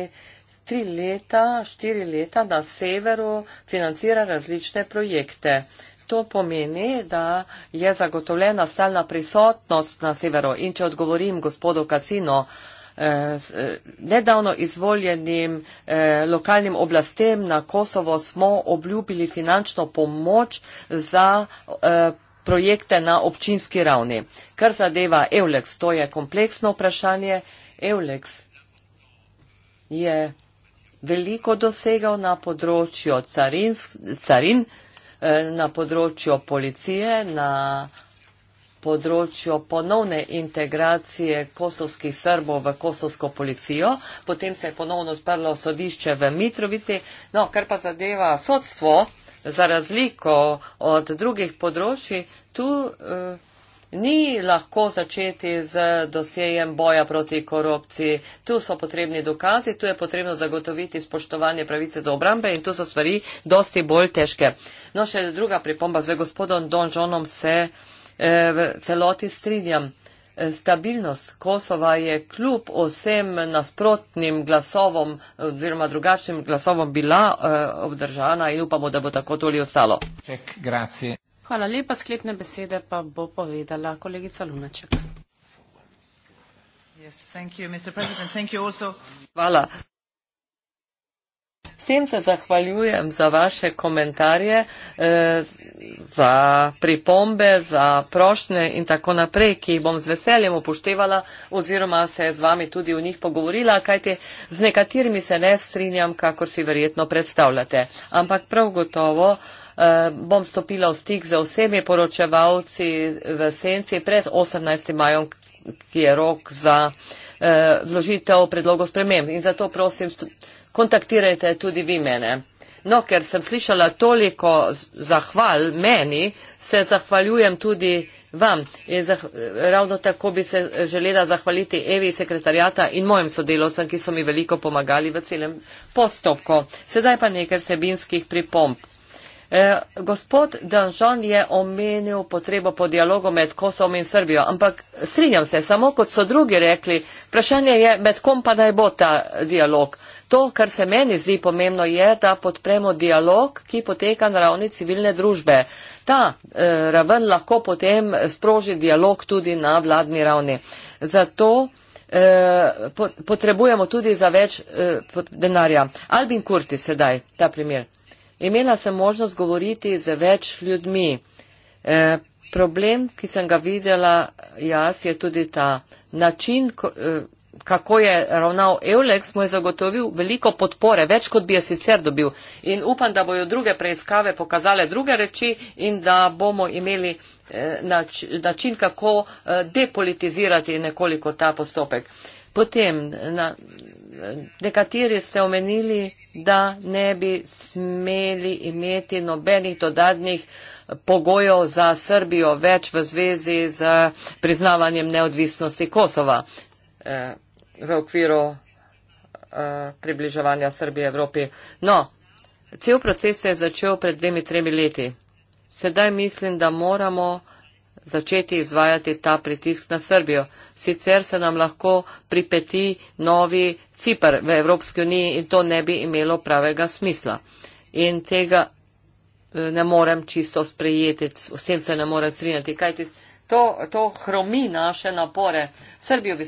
tri leta, štiri leta na severu financira različne projekte to pomeni, da je zagotovljena stalna prisotnost na severu. In če odgovorim gospodu Kacino, eh, eh, nedavno izvoljenim eh, lokalnim oblastem na Kosovo smo obljubili finančno pomoč za projekte na občinski ravni. Kar zadeva EULEX, to je kompleksno vprašanje. EULEX je veliko dosegal na področju carin, Eh, na področju policije, na področju ponovne integracije kosovskih srbov v kosovsko policijo, potem se je ponovno odprlo sodišče v Mitrovici, no, kar pa zadeva sodstvo, za razliko od drugih področji, tu. Uh, ni lahko začeti z dosejem boja proti korupciji. Tu so potrebni dokazi, tu je potrebno zagotoviti spoštovanje pravice do obrambe in tu so stvari dosti bolj težke. No, še druga pripomba za gospodom Don Johnom se eh, celoti strinjam. Eh, stabilnost Kosova je kljub vsem nasprotnim glasovom oziroma drugačnim glasovom bila eh, obdržana in upamo, da bo tako tudi ostalo. Ček, Hvala lepa. Sklepne besede pa bo povedala kolegica Lunaček. Hvala. Vsem se zahvaljujem za vaše komentarje, eh, za pripombe, za prošnje in tako naprej, ki jih bom z veseljem upoštevala oziroma se z vami tudi v njih pogovorila, kajte z nekaterimi se ne strinjam, kakor si verjetno predstavljate. Ampak prav gotovo. Eh, bom stopila v stik z vsemi poročevalci v senci pred 18. majem, ki je rok za eh, vložitev predlogov sprememb. In zato prosim, kontaktirajte tudi vi mene. No, ker sem slišala toliko zahval meni, se zahvaljujem tudi vam. Zah ravno tako bi se želela zahvaliti Evi sekretarjata in mojim sodelovcem, ki so mi veliko pomagali v celem postopku. Sedaj pa nekaj vsebinskih pripomp. Eh, gospod Danžan je omenil potrebo po dialogu med Kosovom in Srbijo, ampak strinjam se, samo kot so drugi rekli, vprašanje je, med kom pa naj bo ta dialog. To, kar se meni zdi pomembno, je, da podpremo dialog, ki poteka na ravni civilne družbe. Ta eh, raven lahko potem sproži dialog tudi na vladni ravni. Zato eh, potrebujemo tudi za več eh, denarja. Albin Kurti sedaj, ta primer. Imela sem možnost govoriti z več ljudmi. E, problem, ki sem ga videla jaz, je tudi ta način, e, kako je ravnal Eulex, mu je zagotovil veliko podpore, več kot bi je sicer dobil. In upam, da bojo druge preiskave pokazale druge reči in da bomo imeli e, način, kako e, depolitizirati nekoliko ta postopek. Potem, na, nekateri ste omenili, da ne bi smeli imeti nobenih dodatnih pogojev za Srbijo več v zvezi z priznavanjem neodvisnosti Kosova eh, v okviru eh, približevanja Srbije Evropi. No, cel proces se je začel pred dvemi, tremi leti. Sedaj mislim, da moramo začeti izvajati ta pritisk na Srbijo. Sicer se nam lahko pripeti novi Cipr v Evropski uniji in to ne bi imelo pravega smisla. In tega eh, ne morem čisto sprejeti, s tem se ne morem strinjati, kajti to, to hromi naše napore. Srbijo bi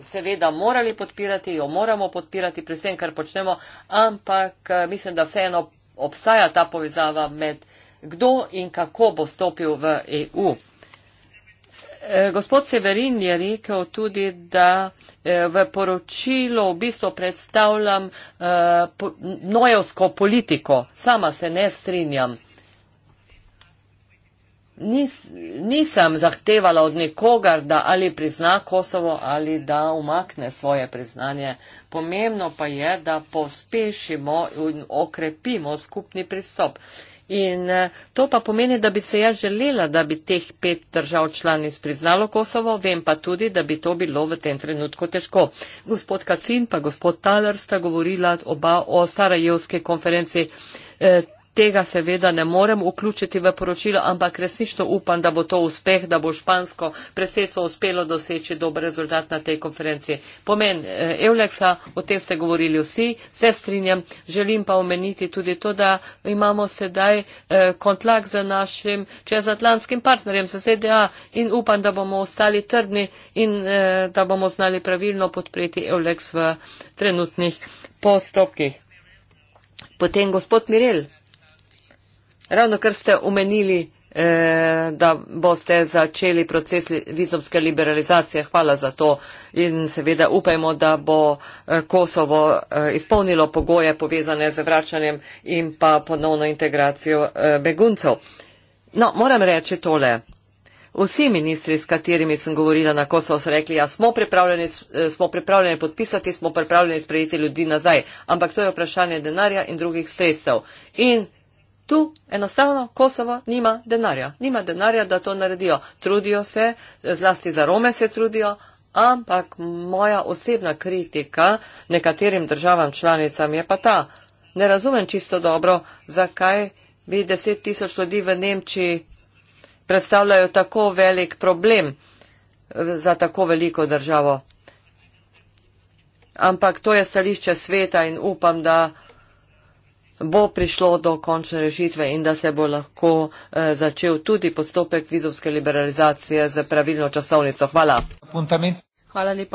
seveda morali podpirati, jo moramo podpirati pri vsem, kar počnemo, ampak eh, mislim, da vseeno obstaja ta povezava med kdo in kako bo stopil v EU. Eh, gospod Severin je rekel tudi, da eh, v poročilu v bistvu predstavljam eh, nojevsko politiko. Sama se ne strinjam. Nis, nisem zahtevala od nekogar, da ali prizna Kosovo ali da umakne svoje priznanje. Pomembno pa je, da pospešimo in okrepimo skupni pristop. Uh, In eh, to pa pomeni, da bi se jaz želela, da bi teh pet držav članic priznalo Kosovo, vem pa tudi, da bi to bilo v tem trenutku težko. Gospod Kacin pa gospod Taler sta govorila oba o Sarajevske konferenci. Eh, Tega seveda ne morem vključiti v poročilo, ampak resnično upam, da bo to uspeh, da bo špansko predsedstvo uspelo doseči dober rezultat na tej konferenci. Pomen eh, Euleksa, o tem ste govorili vsi, se strinjam, želim pa omeniti tudi to, da imamo sedaj eh, kontlak z našim čezatlantskim partnerjem, z ZDA in upam, da bomo ostali trdni in eh, da bomo znali pravilno podpreti Euleks v trenutnih postopkih. Potem gospod Mirel. Ravno kar ste omenili, eh, da boste začeli proces vizumske liberalizacije. Hvala za to in seveda upajmo, da bo eh, Kosovo eh, izpolnilo pogoje povezane z vračanjem in pa ponovno integracijo beguncev. No, moram reči tole. Vsi ministri, s katerimi sem govorila na Kosovo, so rekli, da ja, smo, smo pripravljeni podpisati, smo pripravljeni sprejeti ljudi nazaj, ampak to je vprašanje denarja in drugih sredstev. In Tu enostavno Kosovo nima denarja. Nima denarja, da to naredijo. Trudijo se, zlasti za Rome se trudijo, ampak moja osebna kritika nekaterim državam članicam je pa ta. Ne razumem čisto dobro, zakaj bi deset tisoč ljudi v Nemčiji predstavljajo tako velik problem eh, za tako veliko državo. Ampak to je stališče sveta in upam, da bo prišlo do končne rešitve in da se bo lahko eh, začel tudi postopek vizovske liberalizacije z pravilno časovnico. Hvala. Hvala lepa.